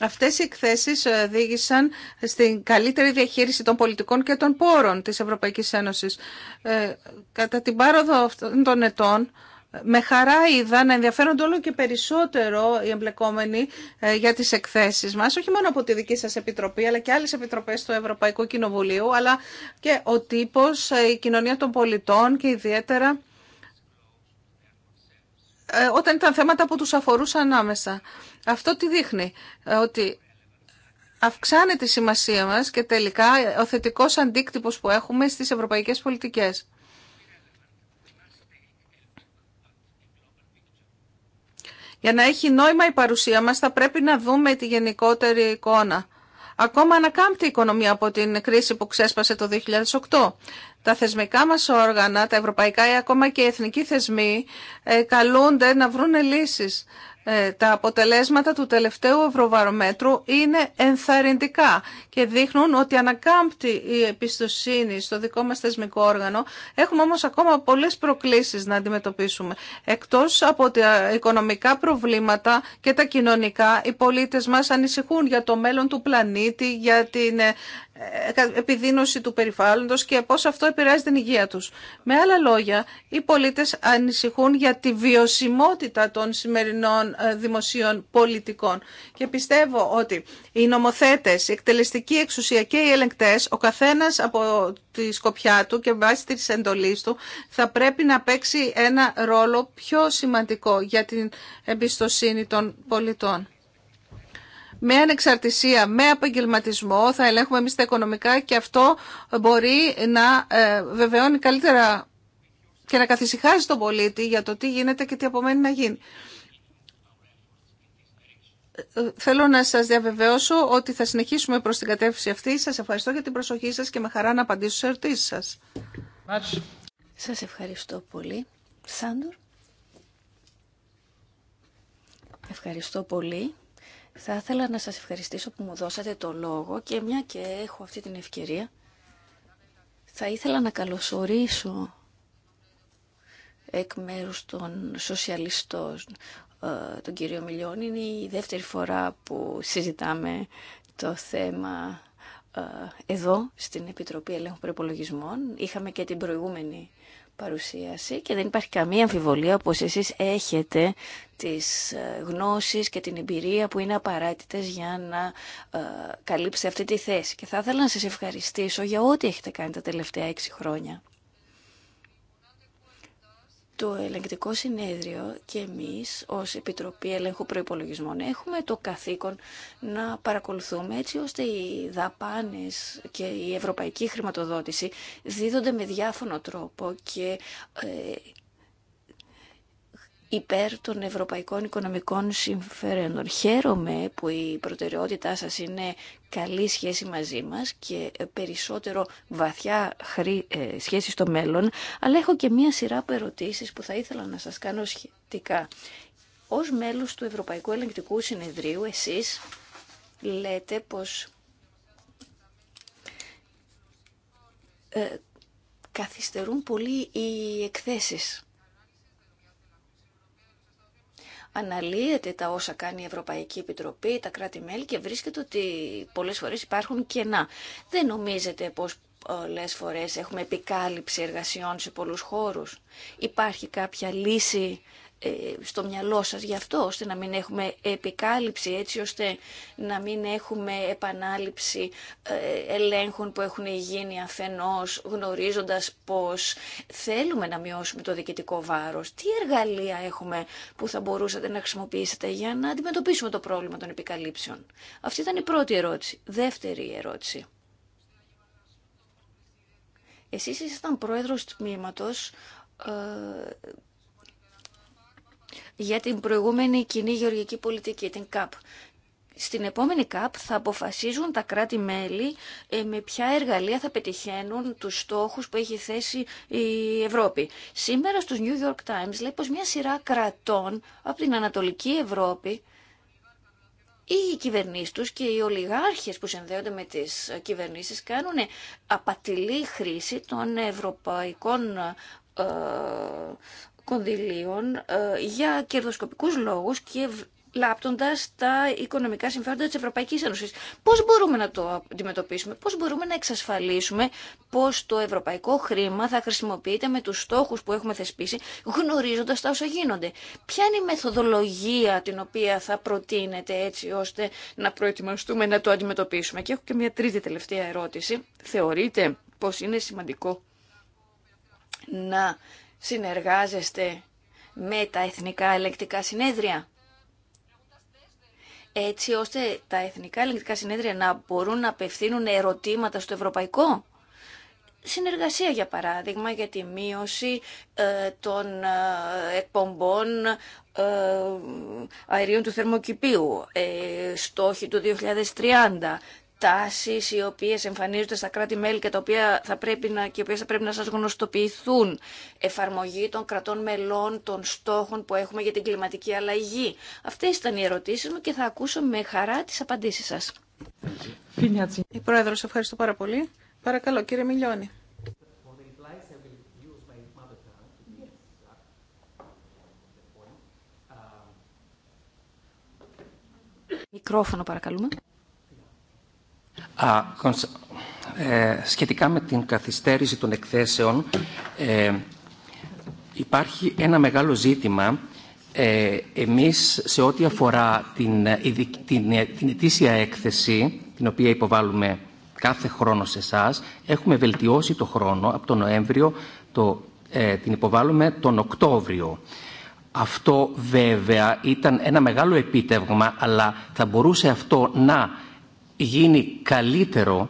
Αυτές οι εκθέσεις οδήγησαν στην καλύτερη διαχείριση των πολιτικών και των πόρων της Ευρωπαϊκής Ένωσης. Ε, κατά την πάροδο αυτών των ετών, με χαρά είδα να ενδιαφέρονται όλο και περισσότερο οι εμπλεκόμενοι ε, για τις εκθέσεις μας, όχι μόνο από τη δική σας επιτροπή, αλλά και άλλες επιτροπές του Ευρωπαϊκού Κοινοβουλίου, αλλά και ο τύπος, ε, η κοινωνία των πολιτών και ιδιαίτερα ε, όταν ήταν θέματα που τους αφορούσαν άμεσα. Αυτό τι δείχνει, ότι αυξάνεται η σημασία μας και τελικά ο θετικός αντίκτυπος που έχουμε στις ευρωπαϊκές πολιτικές. Για να έχει νόημα η παρουσία μας θα πρέπει να δούμε τη γενικότερη εικόνα. Ακόμα ανακάμπτει η οικονομία από την κρίση που ξέσπασε το 2008. Τα θεσμικά μας όργανα, τα ευρωπαϊκά ή ακόμα και οι εθνικοί θεσμοί ε, καλούνται να βρουν λύσεις. Ε, τα αποτελέσματα του τελευταίου ευρωβαρομέτρου είναι ενθαρρυντικά και δείχνουν ότι ανακάμπτει η εμπιστοσύνη στο δικό μας θεσμικό όργανο. Έχουμε όμως ακόμα πολλές προκλήσεις να αντιμετωπίσουμε. Εκτός από τα οικονομικά προβλήματα και τα κοινωνικά, οι πολίτες μας ανησυχούν για το μέλλον του πλανήτη, για την ε, ε, επιδείνωση του περιβάλλοντος και πώς αυτό επηρεάζει την υγεία τους. Με άλλα λόγια, οι πολίτες ανησυχούν για τη βιωσιμότητα των σημερινών ε, δημοσίων πολιτικών. Και πιστεύω ότι οι νομοθέτες, η εκτελεστική εξουσία και οι ελεγκτές, ο καθένας από τη σκοπιά του και βάσει της εντολής του, θα πρέπει να παίξει ένα ρόλο πιο σημαντικό για την εμπιστοσύνη των πολιτών με ανεξαρτησία, με επαγγελματισμό, θα ελέγχουμε εμείς τα οικονομικά και αυτό μπορεί να ε, βεβαιώνει καλύτερα και να καθησυχάζει τον πολίτη για το τι γίνεται και τι απομένει να γίνει. Θέλω να σας διαβεβαιώσω ότι θα συνεχίσουμε προς την κατεύθυνση αυτή. Σας ευχαριστώ για την προσοχή σας και με χαρά να απαντήσω σε ερωτήσεις σας. Σας ευχαριστώ πολύ. Σάντορ. Ευχαριστώ πολύ. Θα ήθελα να σας ευχαριστήσω που μου δώσατε το λόγο και μια και έχω αυτή την ευκαιρία, θα ήθελα να καλωσορίσω εκ μέρους των σοσιαλιστών ε, τον κύριο Μιλιών. Είναι η δεύτερη φορά που συζητάμε το θέμα ε, εδώ στην Επιτροπή Ελέγχου Προπολογισμών. Είχαμε και την προηγούμενη παρουσίαση και δεν υπάρχει καμία αμφιβολία πως εσείς έχετε τις ε, γνώσεις και την εμπειρία που είναι απαραίτητες για να ε, καλύψετε αυτή τη θέση. Και θα ήθελα να σας ευχαριστήσω για ό,τι έχετε κάνει τα τελευταία έξι χρόνια το ελεγκτικό συνέδριο και εμείς ως Επιτροπή Ελέγχου Προϋπολογισμών έχουμε το καθήκον να παρακολουθούμε έτσι ώστε οι δαπάνες και η ευρωπαϊκή χρηματοδότηση δίδονται με διάφορο τρόπο και ε, υπέρ των ευρωπαϊκών οικονομικών συμφερέντων. Χαίρομαι που η προτεραιότητά σας είναι καλή σχέση μαζί μας και περισσότερο βαθιά ε, σχέση στο μέλλον, αλλά έχω και μία σειρά από ερωτήσεις που θα ήθελα να σας κάνω σχετικά. Ως μέλος του Ευρωπαϊκού Ελεγκτικού Συνεδρίου, εσείς λέτε πως ε, καθυστερούν πολύ οι εκθέσεις αναλύεται τα όσα κάνει η Ευρωπαϊκή Επιτροπή, τα κράτη-μέλη και βρίσκεται ότι πολλές φορές υπάρχουν κενά. Δεν νομίζετε πως πολλές φορές έχουμε επικάλυψη εργασιών σε πολλούς χώρους. Υπάρχει κάποια λύση ε, στο μυαλό σας γι' αυτό, ώστε να μην έχουμε επικάλυψη, έτσι ώστε να μην έχουμε επανάληψη ε, ελέγχων που έχουν γίνει αφενός, γνωρίζοντας πώς θέλουμε να μειώσουμε το διοικητικό βάρος. Τι εργαλεία έχουμε που θα μπορούσατε να χρησιμοποιήσετε για να αντιμετωπίσουμε το πρόβλημα των επικαλύψεων. Αυτή ήταν η πρώτη ερώτηση. Δεύτερη ερώτηση. Εσείς ήσασταν πρόεδρος τμήματος ε, για την προηγούμενη κοινή γεωργική πολιτική, την ΚΑΠ. Στην επόμενη ΚΑΠ θα αποφασίζουν τα κράτη-μέλη ε, με ποια εργαλεία θα πετυχαίνουν τους στόχους που έχει θέσει η Ευρώπη. Σήμερα στους New York Times λέει πως μια σειρά κρατών από την Ανατολική Ευρώπη ή οι κυβερνήσει του και οι ολιγάρχες που συνδέονται με τις κυβερνήσεις κάνουν απατηλή χρήση των ευρωπαϊκών ε, κονδυλίων ε, για κερδοσκοπικούς λόγους και λάπτοντα τα οικονομικά συμφέροντα της Ευρωπαϊκής Ένωσης. Πώς μπορούμε να το αντιμετωπίσουμε, πώς μπορούμε να εξασφαλίσουμε πώς το ευρωπαϊκό χρήμα θα χρησιμοποιείται με τους στόχους που έχουμε θεσπίσει, γνωρίζοντα τα όσα γίνονται. Ποια είναι η μεθοδολογία την οποία θα προτείνετε έτσι ώστε να προετοιμαστούμε να το αντιμετωπίσουμε. Και έχω και μια τρίτη τελευταία ερώτηση. Θεωρείτε πω είναι σημαντικό να συνεργάζεστε με τα εθνικά ελεκτικά συνέδρια έτσι ώστε τα εθνικά ελεκτικά συνέδρια να μπορούν να απευθύνουν ερωτήματα στο ευρωπαϊκό. Συνεργασία, για παράδειγμα, για τη μείωση ε, των ε, εκπομπών ε, αερίων του θερμοκηπίου, στόχοι του 2030, τάσεις οι οποίες εμφανίζονται στα κράτη-μέλη και τα οποία θα πρέπει να, και οι οποίες θα πρέπει να σας γνωστοποιηθούν. Εφαρμογή των κρατών μελών, των στόχων που έχουμε για την κλιματική αλλαγή. Αυτές ήταν οι ερωτήσει μου και θα ακούσω με χαρά τις απαντήσεις σας. Η Πρόεδρος, ευχαριστώ πάρα πολύ. Παρακαλώ, κύριε Μιλιώνη. Μικρόφωνο παρακαλούμε. Ε, σχετικά με την καθυστέρηση των εκθέσεων ε, υπάρχει ένα μεγάλο ζήτημα ε, εμείς σε ό,τι αφορά την, ε, την, την ετήσια έκθεση την οποία υποβάλλουμε κάθε χρόνο σε εσά, έχουμε βελτιώσει το χρόνο από τον Νοέμβριο το, την υποβάλλουμε τον Οκτώβριο. Αυτό βέβαια ήταν ένα μεγάλο επίτευγμα αλλά θα μπορούσε αυτό να γίνει καλύτερο,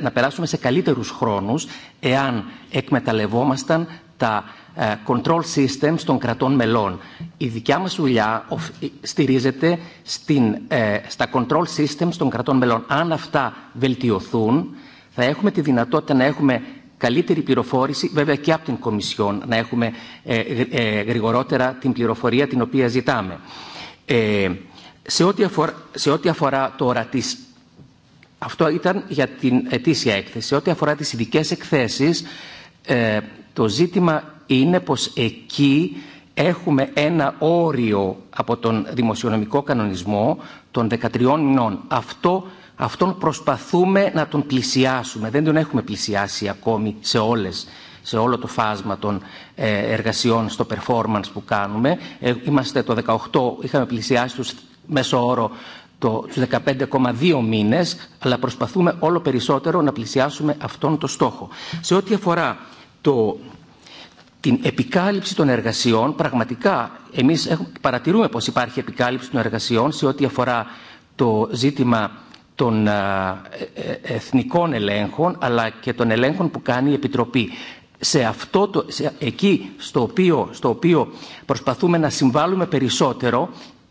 να περάσουμε σε καλύτερους χρόνους εάν εκμεταλλευόμασταν τα ε, control systems των κρατών μελών. Η δικιά μας δουλειά ε, στηρίζεται στην, ε, στα control systems των κρατών μελών. Αν αυτά βελτιωθούν, θα έχουμε τη δυνατότητα να έχουμε καλύτερη πληροφόρηση, βέβαια και από την Κομισιόν, να έχουμε γρηγορότερα την πληροφορία την οποία ζητάμε. σε ό,τι αφορά, αφορά τώρα τις αυτό ήταν για την ετήσια έκθεση. Ό,τι αφορά τις ειδικέ εκθέσεις, ε, το ζήτημα είναι πως εκεί έχουμε ένα όριο από τον δημοσιονομικό κανονισμό των 13 μηνών. Αυτό, αυτόν προσπαθούμε να τον πλησιάσουμε. Δεν τον έχουμε πλησιάσει ακόμη σε όλες σε όλο το φάσμα των ε, εργασιών στο performance που κάνουμε. Ε, είμαστε το 18, είχαμε πλησιάσει τους μέσο όρο το, 15,2 μήνες, αλλά προσπαθούμε όλο περισσότερο να πλησιάσουμε αυτόν τον στόχο. Σε ό,τι αφορά το, την επικάλυψη των εργασιών, πραγματικά εμείς παρατηρούμε πως υπάρχει επικάλυψη των εργασιών σε ό,τι αφορά το ζήτημα των ε, ε, εθνικών ελέγχων, αλλά και των ελέγχων που κάνει η Επιτροπή. Σε αυτό το, εκεί στο στο οποίο προσπαθούμε να συμβάλλουμε περισσότερο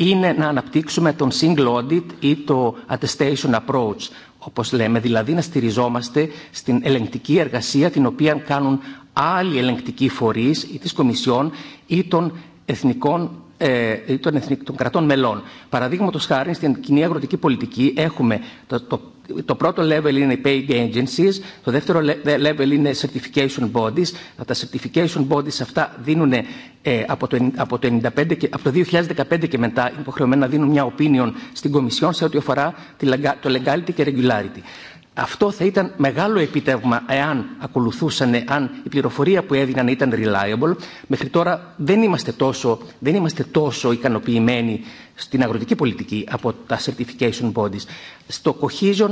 είναι να αναπτύξουμε τον single audit ή το attestation approach, όπως λέμε, δηλαδή να στηριζόμαστε στην ελεγκτική εργασία την οποία κάνουν άλλοι ελεγκτικοί φορείς ή της Κομισιόν ή των εθνικών ε, των κρατών μελών. Παραδείγματο χάρη στην κοινή αγροτική πολιτική έχουμε το, το, πρώτο level είναι οι paying agencies, το δεύτερο level είναι certification bodies. Τα certification bodies αυτά δίνουν ε, από, το, από, το 95 και, από 2015 και μετά υποχρεωμένα να δίνουν μια opinion στην Κομισιόν σε ό,τι αφορά τη, το legality και regularity. Αυτό θα ήταν μεγάλο επιτεύγμα εάν ακολουθούσαν, αν η πληροφορία που έδιναν ήταν reliable. Μέχρι τώρα δεν είμαστε τόσο, δεν είμαστε τόσο ικανοποιημένοι στην αγροτική πολιτική από τα certification bodies. Στο cohesion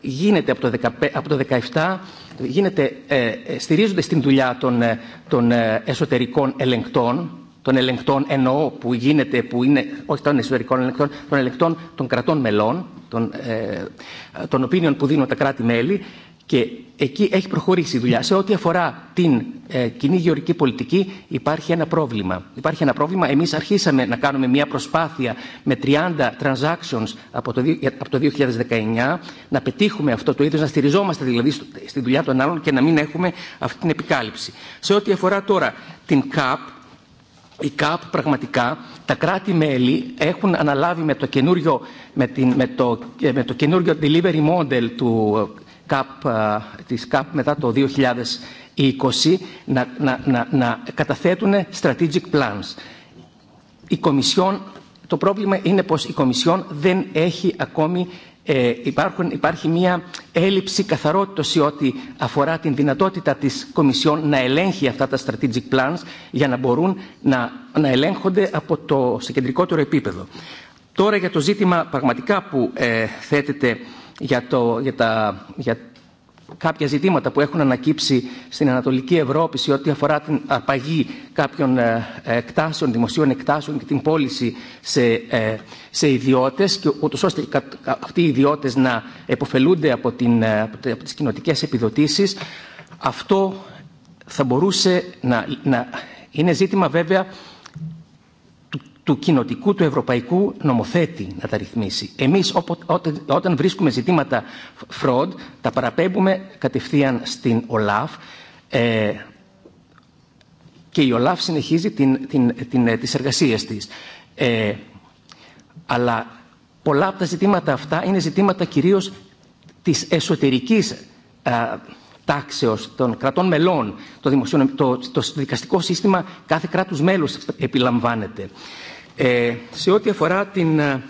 γίνεται από το, 2017, από το γίνεται, ε, ε, στηρίζονται στην δουλειά των, ε, των ε, εσωτερικών ελεγκτών των ελεγκτών, εννοώ που γίνεται, που είναι, όχι των εσωτερικών ελεγκτών, των ελεγκτών των κρατών μελών, των, ε, των οποίων που δίνουν τα κράτη-μέλη και εκεί έχει προχωρήσει η δουλειά. Σε ό,τι αφορά την ε, κοινή γεωρική πολιτική υπάρχει ένα πρόβλημα. Υπάρχει ένα πρόβλημα. Εμείς αρχίσαμε να κάνουμε μια προσπάθεια με 30 transactions από το, από το 2019 να πετύχουμε αυτό το είδο, να στηριζόμαστε δηλαδή στη δουλειά των άλλων και να μην έχουμε αυτή την επικάλυψη. Σε ό,τι αφορά τώρα την ΚΑΠ, η ΚΑΠ πραγματικά τα κράτη-μέλη έχουν αναλάβει με το καινούριο, με, την, με, το, με το καινούριο delivery model του ΚΑΠ, της ΚΑΠ μετά το 2020 να, να, να, να καταθέτουν strategic plans. Η Κομισιόν, το πρόβλημα είναι πως η Κομισιόν δεν έχει ακόμη ε, υπάρχουν, υπάρχει μια έλλειψη καθαρότητα σε ό,τι αφορά την δυνατότητα της Κομισιόν να ελέγχει αυτά τα strategic plans για να μπορούν να, να ελέγχονται από το, σε κεντρικότερο επίπεδο. Τώρα για το ζήτημα πραγματικά που ε, θέτεται για, το, για, τα, για κάποια ζητήματα που έχουν ανακύψει στην Ανατολική Ευρώπη σε ό,τι αφορά την αρπαγή κάποιων ε, εκτάσεων, δημοσίων εκτάσεων και την πώληση σε, ε, σε ιδιώτες και ούτως ώστε αυτοί οι ιδιώτες να επωφελούνται από, την, ε, από τις κοινοτικές επιδοτήσεις. Αυτό θα μπορούσε να, να είναι ζήτημα βέβαια του κοινοτικού, του ευρωπαϊκού νομοθέτη να τα ρυθμίσει. Εμείς όταν βρίσκουμε ζητήματα fraud τα παραπέμπουμε κατευθείαν στην ΟΛΑΦ ε, και η ΟΛΑΦ συνεχίζει την, την, την, ε, τις εργασίες της. Ε, αλλά πολλά από τα ζητήματα αυτά είναι ζητήματα κυρίως της εσωτερικής ε, τάξεως των κρατών μελών. Το, το, το δικαστικό σύστημα κάθε κράτους μέλους επιλαμβάνεται. Ε, σε ό,τι αφορά την ε,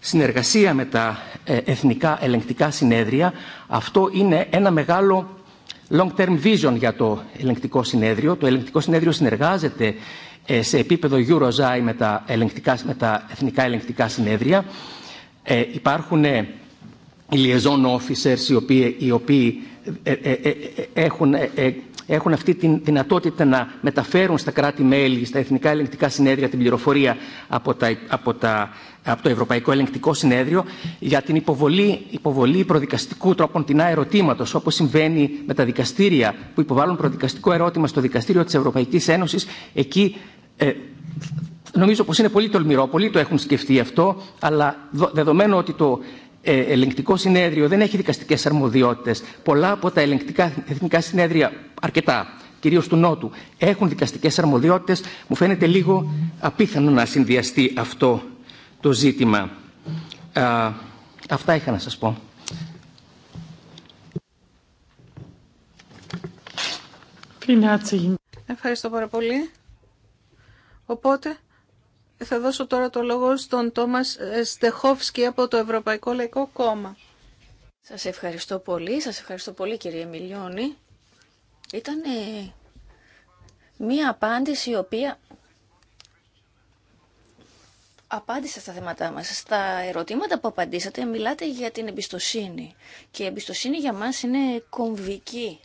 συνεργασία με τα ε, εθνικά ελεγκτικά συνέδρια, αυτό είναι ένα μεγάλο long-term vision για το ελεγκτικό συνέδριο. Το ελεγκτικό συνέδριο συνεργάζεται σε επίπεδο Eurozai με τα, ελεγκτικά, με τα εθνικά ελεγκτικά συνέδρια. υπάρχουν ε, liaison officers οι οποίοι, έχουν έχουν αυτή τη δυνατότητα να μεταφέρουν στα κράτη-μέλη, στα εθνικά ελεγκτικά συνέδρια την πληροφορία από, τα, από, τα, από το Ευρωπαϊκό Ελεγκτικό Συνέδριο για την υποβολή, υποβολή προδικαστικού τρόπων την ερωτήματο, όπω συμβαίνει με τα δικαστήρια που υποβάλλουν προδικαστικό ερώτημα στο Δικαστήριο τη Ευρωπαϊκή Ένωση. Εκεί ε, Νομίζω πως είναι πολύ τολμηρό, πολλοί το έχουν σκεφτεί αυτό, αλλά δεδομένου ότι το ε, ελεγκτικό συνέδριο δεν έχει δικαστικές αρμοδιότητες. Πολλά από τα ελεγκτικά εθνικά συνέδρια, αρκετά, κυρίως του Νότου, έχουν δικαστικές αρμοδιότητες. Μου φαίνεται λίγο απίθανο να συνδυαστεί αυτό το ζήτημα. Α, αυτά είχα να σας πω. Ευχαριστώ πάρα πολύ. Οπότε θα δώσω τώρα το λόγο στον Τόμας Στεχόφσκι από το Ευρωπαϊκό Λαϊκό Κόμμα. Σας ευχαριστώ πολύ. Σας ευχαριστώ πολύ κύριε Μιλιώνη. Ήταν μία απάντηση η οποία απάντησα στα θέματά μας. Στα ερωτήματα που απαντήσατε μιλάτε για την εμπιστοσύνη. Και η εμπιστοσύνη για μας είναι κομβική.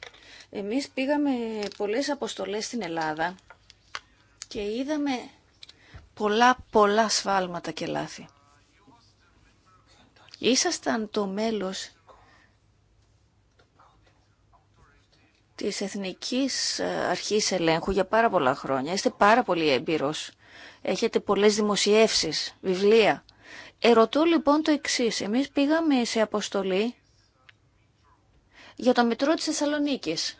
Εμείς πήγαμε πολλές αποστολές στην Ελλάδα και είδαμε πολλά πολλά σφάλματα και λάθη. Ήσασταν το μέλος της Εθνικής ε, Αρχής Ελέγχου για πάρα πολλά χρόνια. Είστε πάρα πολύ έμπειρος. Έχετε πολλές δημοσιεύσεις, βιβλία. Ερωτώ λοιπόν το εξής. Εμείς πήγαμε σε αποστολή για το Μετρό της Θεσσαλονίκης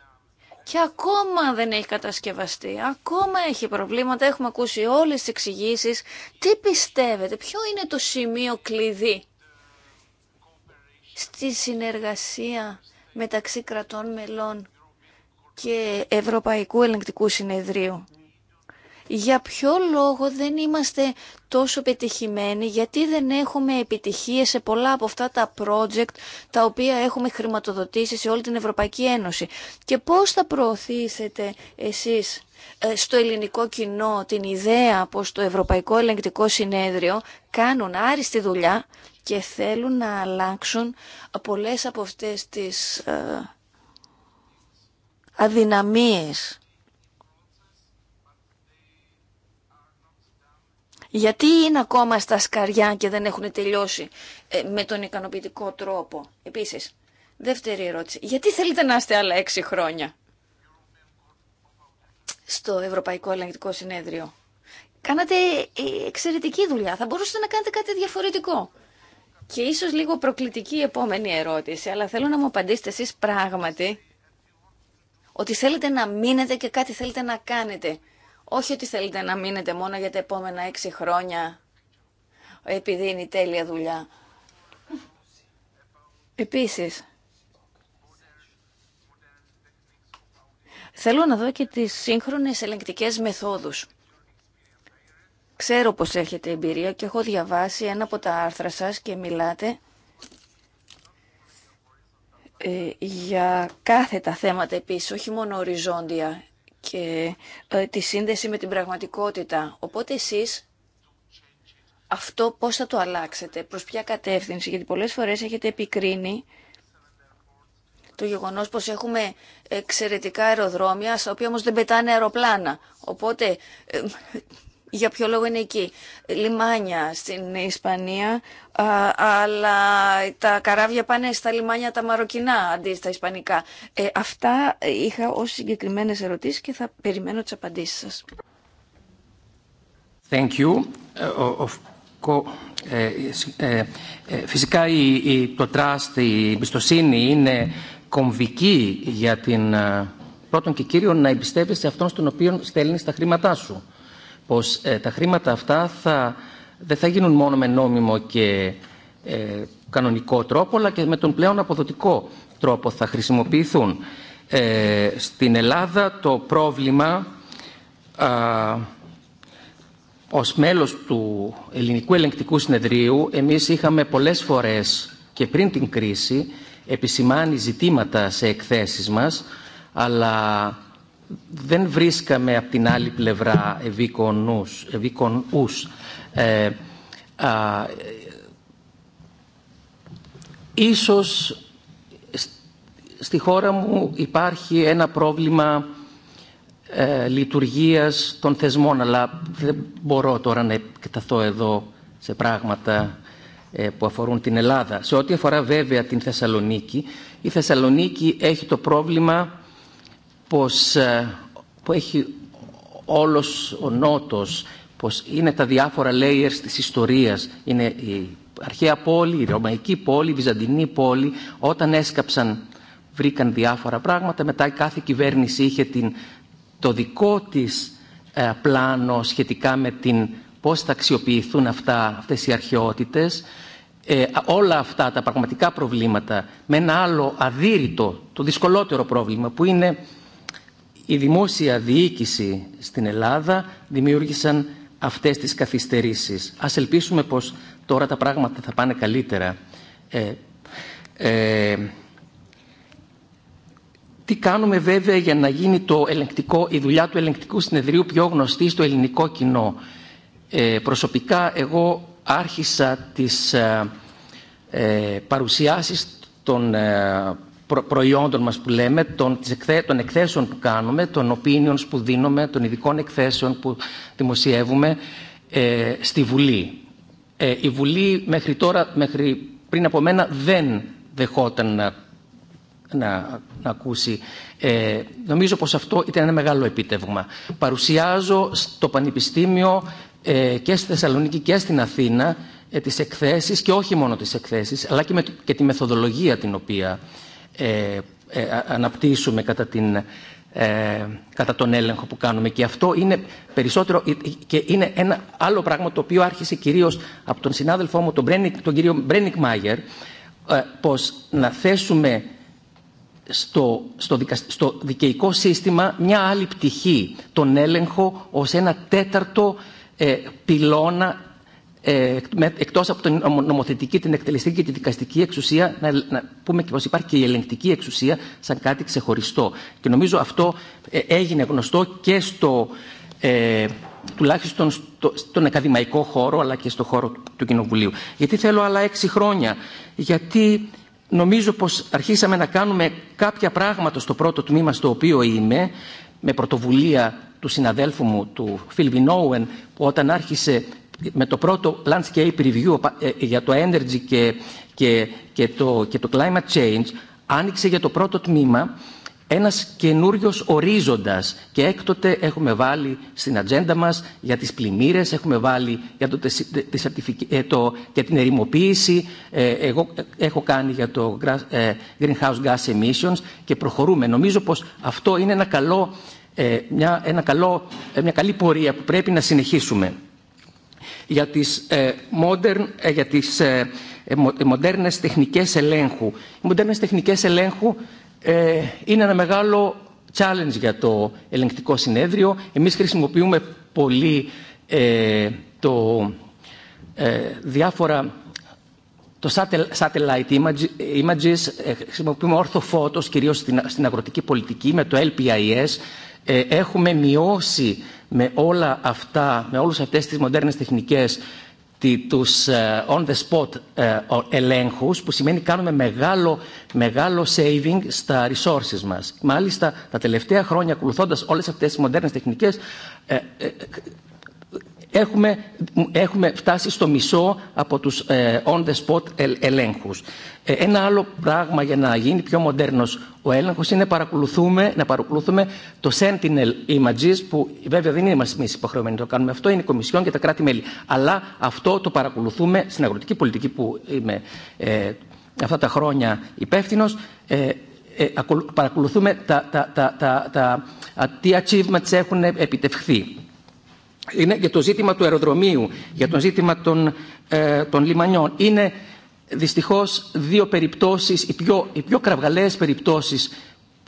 και ακόμα δεν έχει κατασκευαστεί, ακόμα έχει προβλήματα, έχουμε ακούσει όλες τις εξηγήσει. Τι πιστεύετε, ποιο είναι το σημείο κλειδί στη συνεργασία μεταξύ κρατών μελών και Ευρωπαϊκού Ελεγκτικού Συνεδρίου για ποιο λόγο δεν είμαστε τόσο πετυχημένοι, γιατί δεν έχουμε επιτυχίες σε πολλά από αυτά τα project τα οποία έχουμε χρηματοδοτήσει σε όλη την Ευρωπαϊκή Ένωση. Και πώς θα προωθήσετε εσείς ε, στο ελληνικό κοινό την ιδέα πως το Ευρωπαϊκό Ελεγκτικό Συνέδριο κάνουν άριστη δουλειά και θέλουν να αλλάξουν πολλές από αυτές τις ε, αδυναμίες Γιατί είναι ακόμα στα σκαριά και δεν έχουν τελειώσει ε, με τον ικανοποιητικό τρόπο. Επίσης, δεύτερη ερώτηση. Γιατί θέλετε να είστε άλλα έξι χρόνια στο Ευρωπαϊκό Ελεγκτικό Συνέδριο. Κάνατε ε, εξαιρετική δουλειά. Θα μπορούσατε να κάνετε κάτι διαφορετικό. Και ίσως λίγο προκλητική η επόμενη ερώτηση, αλλά θέλω να μου απαντήσετε εσείς πράγματι ότι θέλετε να μείνετε και κάτι θέλετε να κάνετε. Όχι ότι θέλετε να μείνετε μόνο για τα επόμενα έξι χρόνια επειδή είναι η τέλεια δουλειά. Επίσης, θέλω να δω και τις σύγχρονες ελεγκτικές μεθόδους. Ξέρω πως έχετε εμπειρία και έχω διαβάσει ένα από τα άρθρα σας και μιλάτε ε, για κάθε τα θέματα επίσης, όχι μόνο οριζόντια και ε, τη σύνδεση με την πραγματικότητα. Οπότε εσείς αυτό πώς θα το αλλάξετε, προς ποια κατεύθυνση, γιατί πολλές φορές έχετε επικρίνει το γεγονός πως έχουμε εξαιρετικά αεροδρόμια, στα οποία όμως δεν πετάνε αεροπλάνα. Οπότε, ε, για ποιο λόγο είναι εκεί. Λιμάνια στην Ισπανία, αλλά τα καράβια πάνε στα λιμάνια τα μαροκινά αντί στα ισπανικά. Ε, αυτά είχα ως συγκεκριμένες ερωτήσεις και θα περιμένω τις απαντήσεις σας. Thank you. Ε, ε, ε, φυσικά η, το τράστ, η εμπιστοσύνη είναι κομβική για την πρώτον και κύριο να εμπιστεύεσαι αυτόν στον οποίο στέλνεις τα χρήματά σου πως ε, τα χρήματα αυτά θα, δεν θα γίνουν μόνο με νόμιμο και ε, κανονικό τρόπο, αλλά και με τον πλέον αποδοτικό τρόπο θα χρησιμοποιηθούν. Ε, στην Ελλάδα το πρόβλημα α, ως μέλος του Ελληνικού Ελεγκτικού Συνεδρίου εμείς είχαμε πολλές φορές και πριν την κρίση επισημάνει ζητήματα σε εκθέσεις μας αλλά δεν βρίσκαμε από την άλλη πλευρά ευήκονους, ευήκονους ε, Ίσως στη χώρα μου υπάρχει ένα πρόβλημα ε, λειτουργίας των θεσμών, αλλά δεν μπορώ τώρα να εκταθώ εδώ σε πράγματα ε, που αφορούν την Ελλάδα. Σε ό,τι αφορά βέβαια την Θεσσαλονίκη, η Θεσσαλονίκη έχει το πρόβλημα πως, ε, που έχει όλος ο Νότος, πως είναι τα διάφορα layers της ιστορίας. Είναι η αρχαία πόλη, η ρωμαϊκή πόλη, η βυζαντινή πόλη. Όταν έσκαψαν βρήκαν διάφορα πράγματα. Μετά η κάθε κυβέρνηση είχε την, το δικό της ε, πλάνο σχετικά με την πώς θα αξιοποιηθούν αυτά, αυτές οι αρχαιότητες. Ε, όλα αυτά τα πραγματικά προβλήματα με ένα άλλο αδύρυτο, το δυσκολότερο πρόβλημα που είναι η δημόσια διοίκηση στην Ελλάδα δημιούργησαν αυτές τις καθυστερήσεις. Ας ελπίσουμε πως τώρα τα πράγματα θα πάνε καλύτερα. Ε, ε, τι κάνουμε βέβαια για να γίνει το ελεγκτικό, η δουλειά του ελεγκτικού συνεδρίου πιο γνωστή στο ελληνικό κοινό. Ε, προσωπικά εγώ άρχισα τις ε, ε, παρουσιάσεις των ε, προϊόντων μας που λέμε, των, των εκθέσεων που κάνουμε, των opinions που δίνουμε, των ειδικών εκθέσεων που δημοσιεύουμε ε, στη Βουλή. Ε, η Βουλή μέχρι τώρα, μέχρι πριν από μένα, δεν δεχόταν να, να, να ακούσει. Ε, νομίζω πως αυτό ήταν ένα μεγάλο επίτευγμα. Παρουσιάζω στο Πανεπιστήμιο ε, και στη Θεσσαλονίκη και στην Αθήνα ε, τις εκθέσεις και όχι μόνο τις εκθέσεις αλλά και, με, και τη μεθοδολογία την οποία ε, ε, αναπτύσσουμε κατά, την, ε, κατά τον έλεγχο που κάνουμε. Και αυτό είναι περισσότερο και είναι ένα άλλο πράγμα το οποίο άρχισε κυρίως από τον συνάδελφό μου, τον, Μπρένικ, τον κύριο Μπρένικ Μάγερ, πως να θέσουμε στο, στο, στο δικαιικό σύστημα μια άλλη πτυχή, τον έλεγχο ως ένα τέταρτο ε, πυλώνα ε, εκτός από την νομοθετική, την εκτελεστική και την δικαστική εξουσία, να, να πούμε και πως υπάρχει και η ελεγκτική εξουσία σαν κάτι ξεχωριστό. Και νομίζω αυτό ε, έγινε γνωστό και στο, ε, τουλάχιστον στο, στον ακαδημαϊκό χώρο, αλλά και στο χώρο του, του Κοινοβουλίου. Γιατί θέλω άλλα έξι χρόνια. Γιατί νομίζω πως αρχίσαμε να κάνουμε κάποια πράγματα στο πρώτο τμήμα στο οποίο είμαι, με πρωτοβουλία του συναδέλφου μου, του Φιλβινόουεν, που όταν άρχισε με το πρώτο landscape review ε, για το energy και, και, και, το, και το climate change άνοιξε για το πρώτο τμήμα ένας καινούριο ορίζοντας και έκτοτε έχουμε βάλει στην ατζέντα μας για τις πλημμύρες, έχουμε βάλει για το, ε, το, και την ερημοποίηση, ε, εγώ έχω κάνει για το greenhouse gas emissions και προχωρούμε. Νομίζω πως αυτό είναι ένα καλό, μια, ένα καλό, μια καλή πορεία που πρέπει να συνεχίσουμε για τις, modern, ε, ε, για τις ε, μοντέρνες τεχνικές ελέγχου. Οι μοντέρνες τεχνικές ελέγχου είναι ένα μεγάλο challenge για το ελεγκτικό συνέδριο. Εμείς χρησιμοποιούμε πολύ το, διάφορα το satellite images, χρησιμοποιούμε όρθο κυρίως στην, στην αγροτική πολιτική με το LPIS, ε, έχουμε μειώσει με, όλα αυτά, με όλους αυτές τις μοντέρνες τεχνικές τους ε, on the spot ε, ελέγχους που σημαίνει κάνουμε μεγάλο, μεγάλο saving στα resources μας. Μάλιστα τα τελευταία χρόνια ακολουθώντας όλες αυτές τις μοντέρνες τεχνικές έχουμε, έχουμε φτάσει στο μισό από τους ε, on-the-spot ελέγχους. Ε, ένα άλλο πράγμα για να γίνει πιο μοντέρνος ο έλεγχος είναι παρακολουθούμε, να παρακολουθούμε το Sentinel Images που βέβαια δεν είναι εμείς υποχρεωμένοι να το κάνουμε αυτό, είναι η Κομισιόν και τα κράτη-μέλη. Αλλά αυτό το παρακολουθούμε στην αγροτική πολιτική που είμαι ε, αυτά τα χρόνια υπεύθυνο. παρακολουθούμε τα, τα, τα, τα, τι achievements έχουν επιτευχθεί είναι για το ζήτημα του αεροδρομίου, για το ζήτημα ε, των, λιμανιών. Είναι δυστυχώς δύο περιπτώσεις, οι πιο, οι πιο κραυγαλαίες περιπτώσεις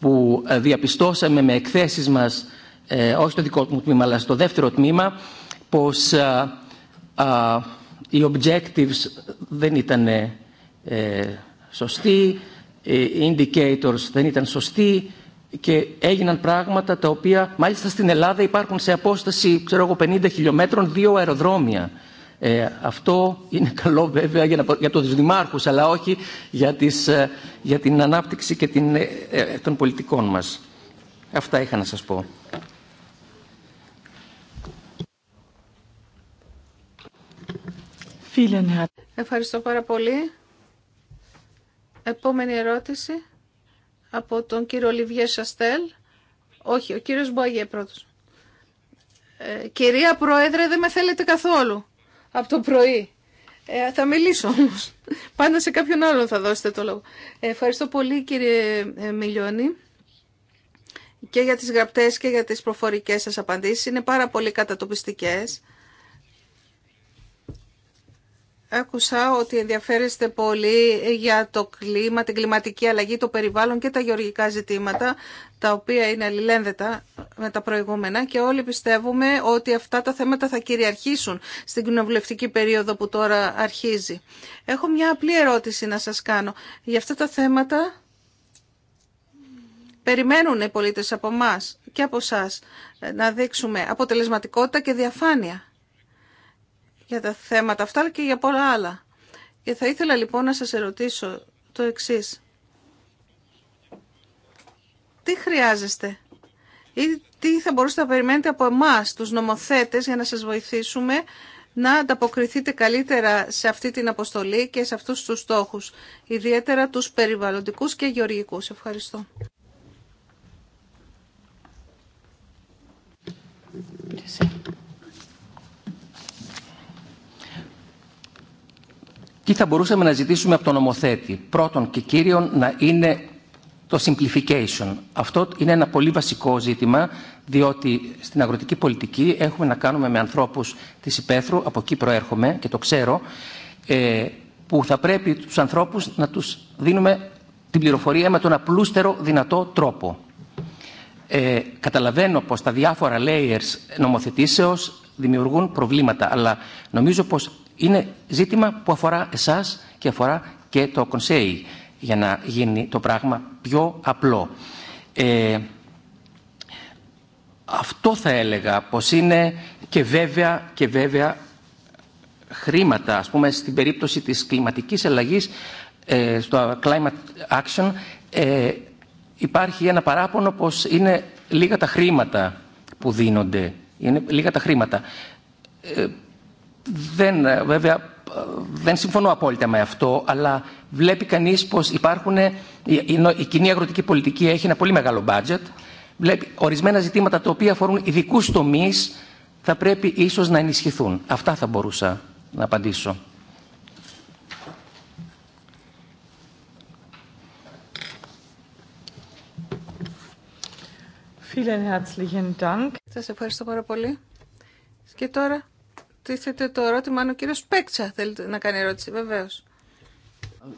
που ε, διαπιστώσαμε με εκθέσεις μας, ε, όχι στο δικό μου τμήμα, αλλά στο δεύτερο τμήμα, πως ε, οι objectives δεν ήταν ε, σωστοί, οι indicators δεν ήταν σωστοί, και έγιναν πράγματα τα οποία μάλιστα στην Ελλάδα υπάρχουν σε απόσταση ξέρω εγώ, 50 χιλιόμετρων δύο αεροδρόμια. Ε, αυτό είναι καλό βέβαια για, για τους δημάρχους αλλά όχι για, τις, ε, για την ανάπτυξη και την, ε, ε, των πολιτικών μας. Αυτά είχα να σας πω. Ευχαριστώ πάρα πολύ. Επόμενη ερώτηση από τον κύριο Λιβιέ Σαστέλ. Όχι, ο κύριος Μποαγιέ πρώτος. Ε, κυρία Πρόεδρε, δεν με θέλετε καθόλου από το πρωί. Ε, θα μιλήσω όμως. Πάντα σε κάποιον άλλον θα δώσετε το λόγο. Ε, ευχαριστώ πολύ κύριε ε, Μιλιώνη και για τις γραπτές και για τις προφορικές σας απαντήσεις. Είναι πάρα πολύ κατατοπιστικές. Άκουσα ότι ενδιαφέρεστε πολύ για το κλίμα, την κλιματική αλλαγή, το περιβάλλον και τα γεωργικά ζητήματα, τα οποία είναι αλληλένδετα με τα προηγούμενα και όλοι πιστεύουμε ότι αυτά τα θέματα θα κυριαρχήσουν στην κοινοβουλευτική περίοδο που τώρα αρχίζει. Έχω μια απλή ερώτηση να σας κάνω. Για αυτά τα θέματα περιμένουν οι πολίτες από εμά και από εσά να δείξουμε αποτελεσματικότητα και διαφάνεια για τα θέματα αυτά και για πολλά άλλα. Και θα ήθελα λοιπόν να σας ερωτήσω το εξής. Τι χρειάζεστε ή τι θα μπορούσατε να περιμένετε από εμάς, τους νομοθέτες, για να σας βοηθήσουμε να ανταποκριθείτε καλύτερα σε αυτή την αποστολή και σε αυτούς τους στόχους, ιδιαίτερα τους περιβαλλοντικούς και γεωργικούς. Ευχαριστώ. Τι θα μπορούσαμε να ζητήσουμε από τον νομοθέτη. Πρώτον και κύριον να είναι το simplification. Αυτό είναι ένα πολύ βασικό ζήτημα, διότι στην αγροτική πολιτική έχουμε να κάνουμε με ανθρώπους της υπαίθρου, από εκεί προέρχομαι και το ξέρω, ε, που θα πρέπει τους ανθρώπους να τους δίνουμε την πληροφορία με τον απλούστερο δυνατό τρόπο. Ε, καταλαβαίνω πως τα διάφορα layers νομοθετήσεως δημιουργούν προβλήματα, αλλά νομίζω πως είναι ζήτημα που αφορά εσάς και αφορά και το Κονσέι για να γίνει το πράγμα πιο απλό. Ε, αυτό θα έλεγα πως είναι και βέβαια, και βέβαια χρήματα. Ας πούμε στην περίπτωση της κλιματικής αλλαγής ε, στο Climate Action ε, υπάρχει ένα παράπονο πως είναι λίγα τα χρήματα που δίνονται. Είναι λίγα τα χρήματα. Ε, δεν, ε, βέβαια, ε, δεν συμφωνώ απόλυτα με αυτό, αλλά βλέπει κανείς πως υπάρχουν... Η κοινή αγροτική πολιτική έχει ένα πολύ μεγάλο μπάτζετ, Βλέπει ορισμένα ζητήματα τα οποία αφορούν ειδικού τομεί θα πρέπει ίσως να ενισχυθούν. Αυτά θα μπορούσα να απαντήσω. Vielen ευχαριστώ πάρα πολύ. Και τώρα τίθεται το ερώτημα αν ο κύριος Πέκτσα θέλει να κάνει ερώτηση, βεβαίως.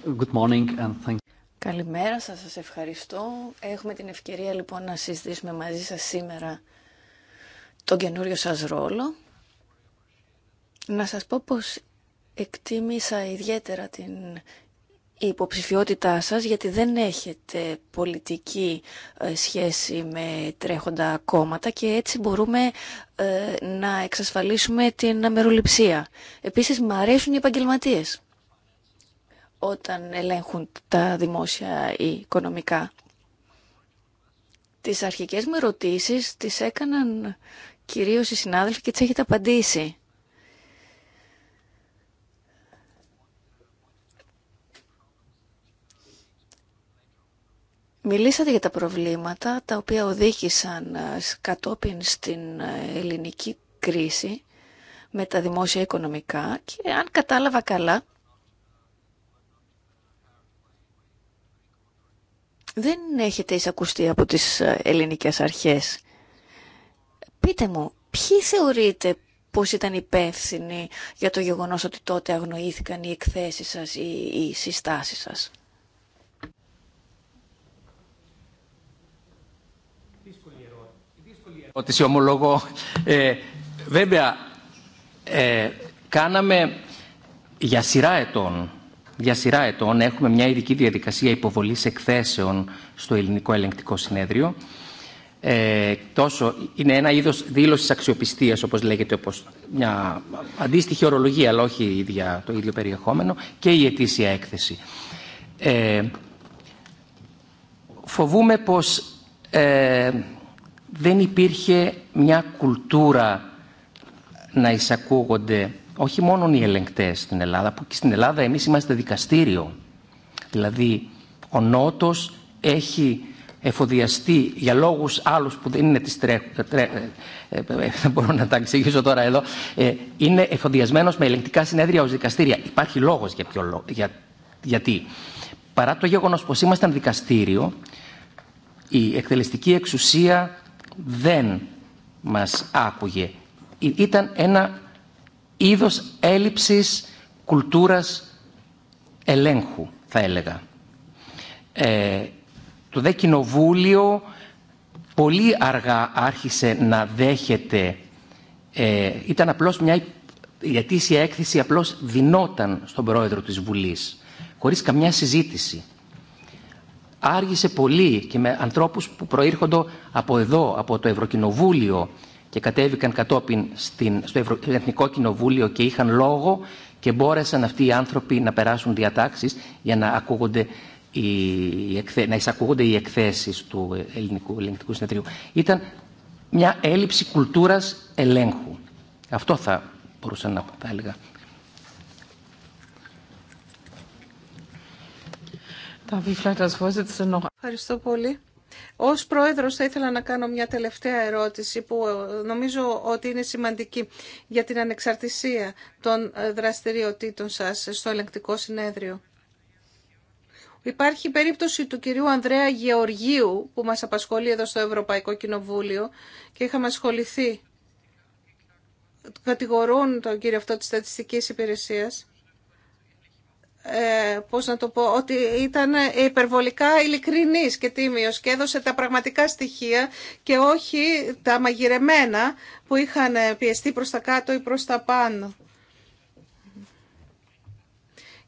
Good morning and thank Καλημέρα σας, σας ευχαριστώ. Έχουμε την ευκαιρία λοιπόν να συζητήσουμε μαζί σας σήμερα τον καινούριο σας ρόλο. Να σας πω πως εκτίμησα ιδιαίτερα την η υποψηφιότητά σας γιατί δεν έχετε πολιτική ε, σχέση με τρέχοντα κόμματα και έτσι μπορούμε ε, να εξασφαλίσουμε την αμεροληψία. Επίσης, μου αρέσουν οι επαγγελματίε όταν ελέγχουν τα δημόσια ή οικονομικά. Τις αρχικές μου ερωτήσεις τις έκαναν κυρίως οι συνάδελφοι και τις έχετε απαντήσει. Μιλήσατε για τα προβλήματα τα οποία οδήγησαν ε, κατόπιν στην ε, ελληνική κρίση με τα δημόσια οικονομικά και αν κατάλαβα καλά δεν έχετε εισακουστεί από τις ε, ελληνικές αρχές. Πείτε μου, ποιοι θεωρείτε πώς ήταν υπεύθυνοι για το γεγονός ότι τότε αγνοήθηκαν οι εκθέσεις σας ή οι συστάσεις σας. σε ομολογώ. Ε, βέβαια, ε, κάναμε για σειρά ετών για σειρά ετών έχουμε μια ειδική διαδικασία υποβολής εκθέσεων στο Ελληνικό Ελεγκτικό Συνέδριο. Ε, τόσο είναι ένα είδος δήλωσης αξιοπιστίας, όπως λέγεται, όπως μια αντίστοιχη ορολογία, αλλά όχι ίδια, το ίδιο περιεχόμενο, και η ετήσια έκθεση. Ε, φοβούμε πως ε, δεν υπήρχε μια κουλτούρα να εισακούγονται όχι μόνο οι ελεγκτές στην Ελλάδα, που και στην Ελλάδα εμείς είμαστε δικαστήριο. Δηλαδή, ο Νότος έχει εφοδιαστεί για λόγους άλλους που δεν είναι της τρέ... Ε, ε, δεν μπορώ να τα εξηγήσω τώρα εδώ, ε, είναι εφοδιασμένος με ελεγκτικά συνέδρια ως δικαστήρια. Υπάρχει λόγος για ποιο λόγο. γιατί. Παρά το γεγονός πως ήμασταν δικαστήριο, η εκτελεστική εξουσία δεν μας άκουγε. Ήταν ένα είδος έλλειψης κουλτούρας ελέγχου, θα έλεγα. Ε, το δε κοινοβούλιο πολύ αργά άρχισε να δέχεται... Ε, ήταν απλώς μια... Η αιτήσια έκθεση απλώς δινόταν στον πρόεδρο της Βουλής, χωρίς καμιά συζήτηση άργησε πολύ και με ανθρώπους που προήρχονται από εδώ, από το Ευρωκοινοβούλιο και κατέβηκαν κατόπιν στην, στο Εθνικό Κοινοβούλιο και είχαν λόγο και μπόρεσαν αυτοί οι άνθρωποι να περάσουν διατάξεις για να, οι... να εισακούγονται οι εκθέσεις του Ελληνικού ελληνικού Συνεδρίου. Ήταν μια έλλειψη κουλτούρας ελέγχου. Αυτό θα μπορούσα να πω, θα έλεγα. Ευχαριστώ πολύ. Ω πρόεδρο θα ήθελα να κάνω μια τελευταία ερώτηση που ε, νομίζω ότι είναι σημαντική για την ανεξαρτησία των ε, δραστηριοτήτων σας στο ελεγκτικό συνέδριο. Υπάρχει περίπτωση του κυρίου Ανδρέα Γεωργίου που μας απασχολεί εδώ στο Ευρωπαϊκό Κοινοβούλιο και είχαμε ασχοληθεί. Κατηγορούν τον κύριο αυτό της στατιστικής υπηρεσίας ε, πώς να το πω, ότι ήταν υπερβολικά ειλικρινής και τίμιος και έδωσε τα πραγματικά στοιχεία και όχι τα μαγειρεμένα που είχαν πιεστεί προς τα κάτω ή προς τα πάνω.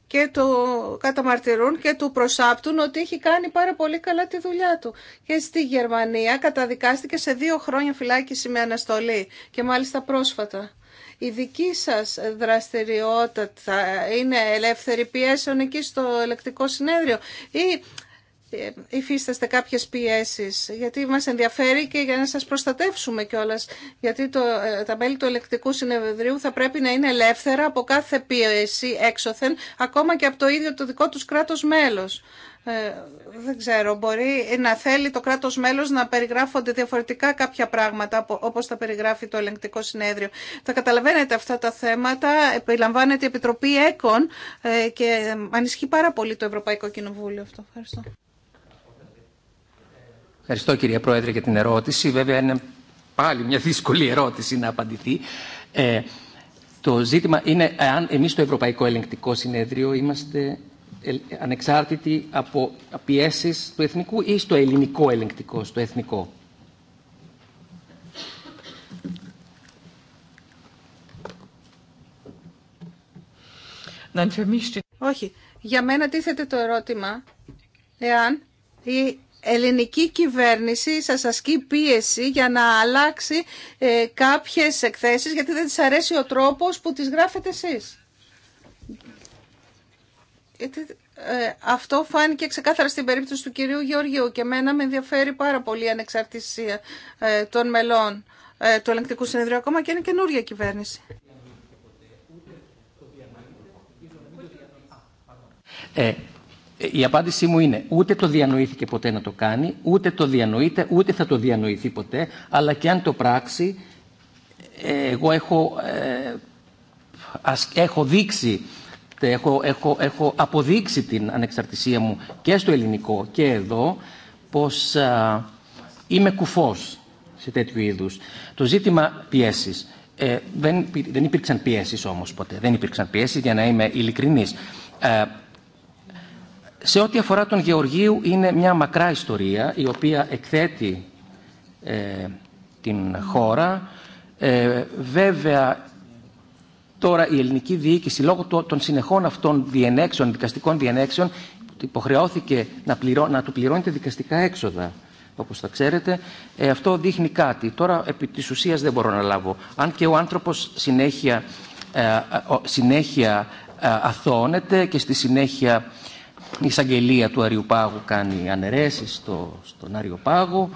Και του καταμαρτυρούν και του προσάπτουν ότι έχει κάνει πάρα πολύ καλά τη δουλειά του. Και στη Γερμανία καταδικάστηκε σε δύο χρόνια φυλάκιση με αναστολή και μάλιστα πρόσφατα η δική σας δραστηριότητα είναι ελεύθερη πιέσεων εκεί στο ελεκτικό συνέδριο ή ε, υφίσταστε κάποιες πιέσεις, γιατί μας ενδιαφέρει και για να σας προστατεύσουμε κιόλας, γιατί το, ε, τα μέλη του ελεκτικού συνεδρίου θα πρέπει να είναι ελεύθερα από κάθε πίεση έξωθεν, ακόμα και από το ίδιο το δικό τους κράτος μέλος. Ε, δεν ξέρω, μπορεί να θέλει το κράτος μέλος να περιγράφονται διαφορετικά κάποια πράγματα όπως θα περιγράφει το ελεγκτικό συνέδριο. Θα καταλαβαίνετε αυτά τα θέματα, επιλαμβάνεται η Επιτροπή ΕΚΟΝ ε, και ανισχύει πάρα πολύ το Ευρωπαϊκό Κοινοβούλιο αυτό. Ευχαριστώ. Ευχαριστώ κύριε Πρόεδρε για την ερώτηση. Βέβαια είναι πάλι μια δύσκολη ερώτηση να απαντηθεί. Ε, το ζήτημα είναι αν εμείς το Ευρωπαϊκό Ελεγκτικό Συνέδριο είμαστε ε, ανεξάρτητοι από πιέσεις του εθνικού ή στο ελληνικό ελεγκτικό, στο εθνικό. Όχι. Για μένα τίθεται το ερώτημα εάν η ελληνική κυβέρνηση σας ασκεί πίεση για να αλλάξει ε, κάποιες εκθέσεις γιατί δεν της αρέσει ο τρόπος που τις γράφετε εσείς. Γιατί, ε, αυτό φάνηκε ξεκάθαρα στην περίπτωση του κυρίου Γεωργίου και μένα με ενδιαφέρει πάρα πολύ η ανεξαρτησία ε, των μελών ε, του ελεγκτικού συνεδρίου ακόμα και είναι καινούργια κυβέρνηση. Ε, ε, η απάντησή μου είναι ούτε το διανοήθηκε ποτέ να το κάνει, ούτε το διανοείται, ούτε θα το διανοηθεί ποτέ, αλλά και αν το πράξει, ε, εγώ έχω, ε, έχω δείξει έχω, έχω, αποδείξει την ανεξαρτησία μου και στο ελληνικό και εδώ πως είμαι κουφός σε τέτοιου είδους. Το ζήτημα πιέσης. δεν, δεν υπήρξαν πιέσεις όμως ποτέ. Δεν υπήρξαν πιέσεις για να είμαι ειλικρινής. Σε ό,τι αφορά τον Γεωργίου είναι μια μακρά ιστορία η οποία εκθέτει ε, την χώρα. Ε, βέβαια τώρα η ελληνική διοίκηση λόγω των συνεχών αυτών διενέξεων, δικαστικών διενέξεων υποχρεώθηκε να, να του πληρώνει δικαστικά έξοδα όπως θα ξέρετε, ε, αυτό δείχνει κάτι. Τώρα, επί της ουσίας δεν μπορώ να λάβω. Αν και ο άνθρωπος συνέχεια, συνέχεια αθώνεται και στη συνέχεια η εισαγγελία του Αριοπάγου κάνει αναιρέσεις στο, στον Αριοπάγο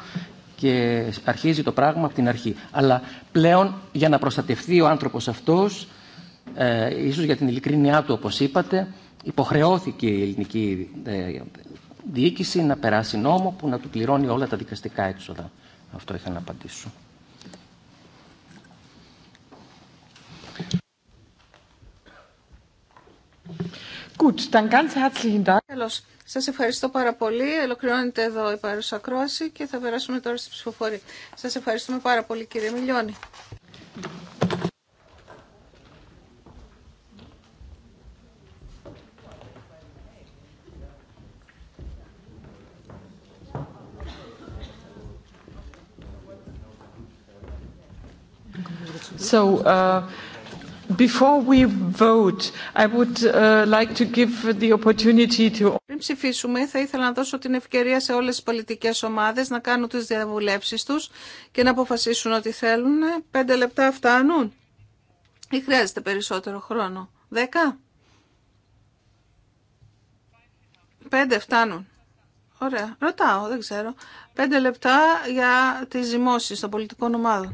και αρχίζει το πράγμα από την αρχή. Αλλά πλέον για να προστατευτεί ο άνθρωπος αυτός, ε, ίσως για την ειλικρίνειά του όπως είπατε, υποχρεώθηκε η ελληνική ε, διοίκηση να περάσει νόμο που να του πληρώνει όλα τα δικαστικά έξοδα. Αυτό είχα να απαντήσω. Καλώς. Σας ευχαριστώ πάρα πολύ. Ελοκληρώνεται εδώ η παρουσία ακρόαση και θα περάσουμε τώρα στη ψηφοφορία. Σας ευχαριστούμε πάρα πολύ κύριε Μιλιώνη. So, uh, Before we vote, I would uh, like to give the opportunity to... Πριν ψηφίσουμε, θα ήθελα να δώσω την ευκαιρία σε όλες τις πολιτικές ομάδες να κάνουν τις διαβουλεύσεις τους και να αποφασίσουν ότι θέλουν. Πέντε λεπτά φτάνουν ή χρειάζεται περισσότερο χρόνο. Δέκα. Πέντε φτάνουν. Ωραία. Ρωτάω, δεν ξέρω. Πέντε λεπτά για τις ζυμώσεις των πολιτικών ομάδων.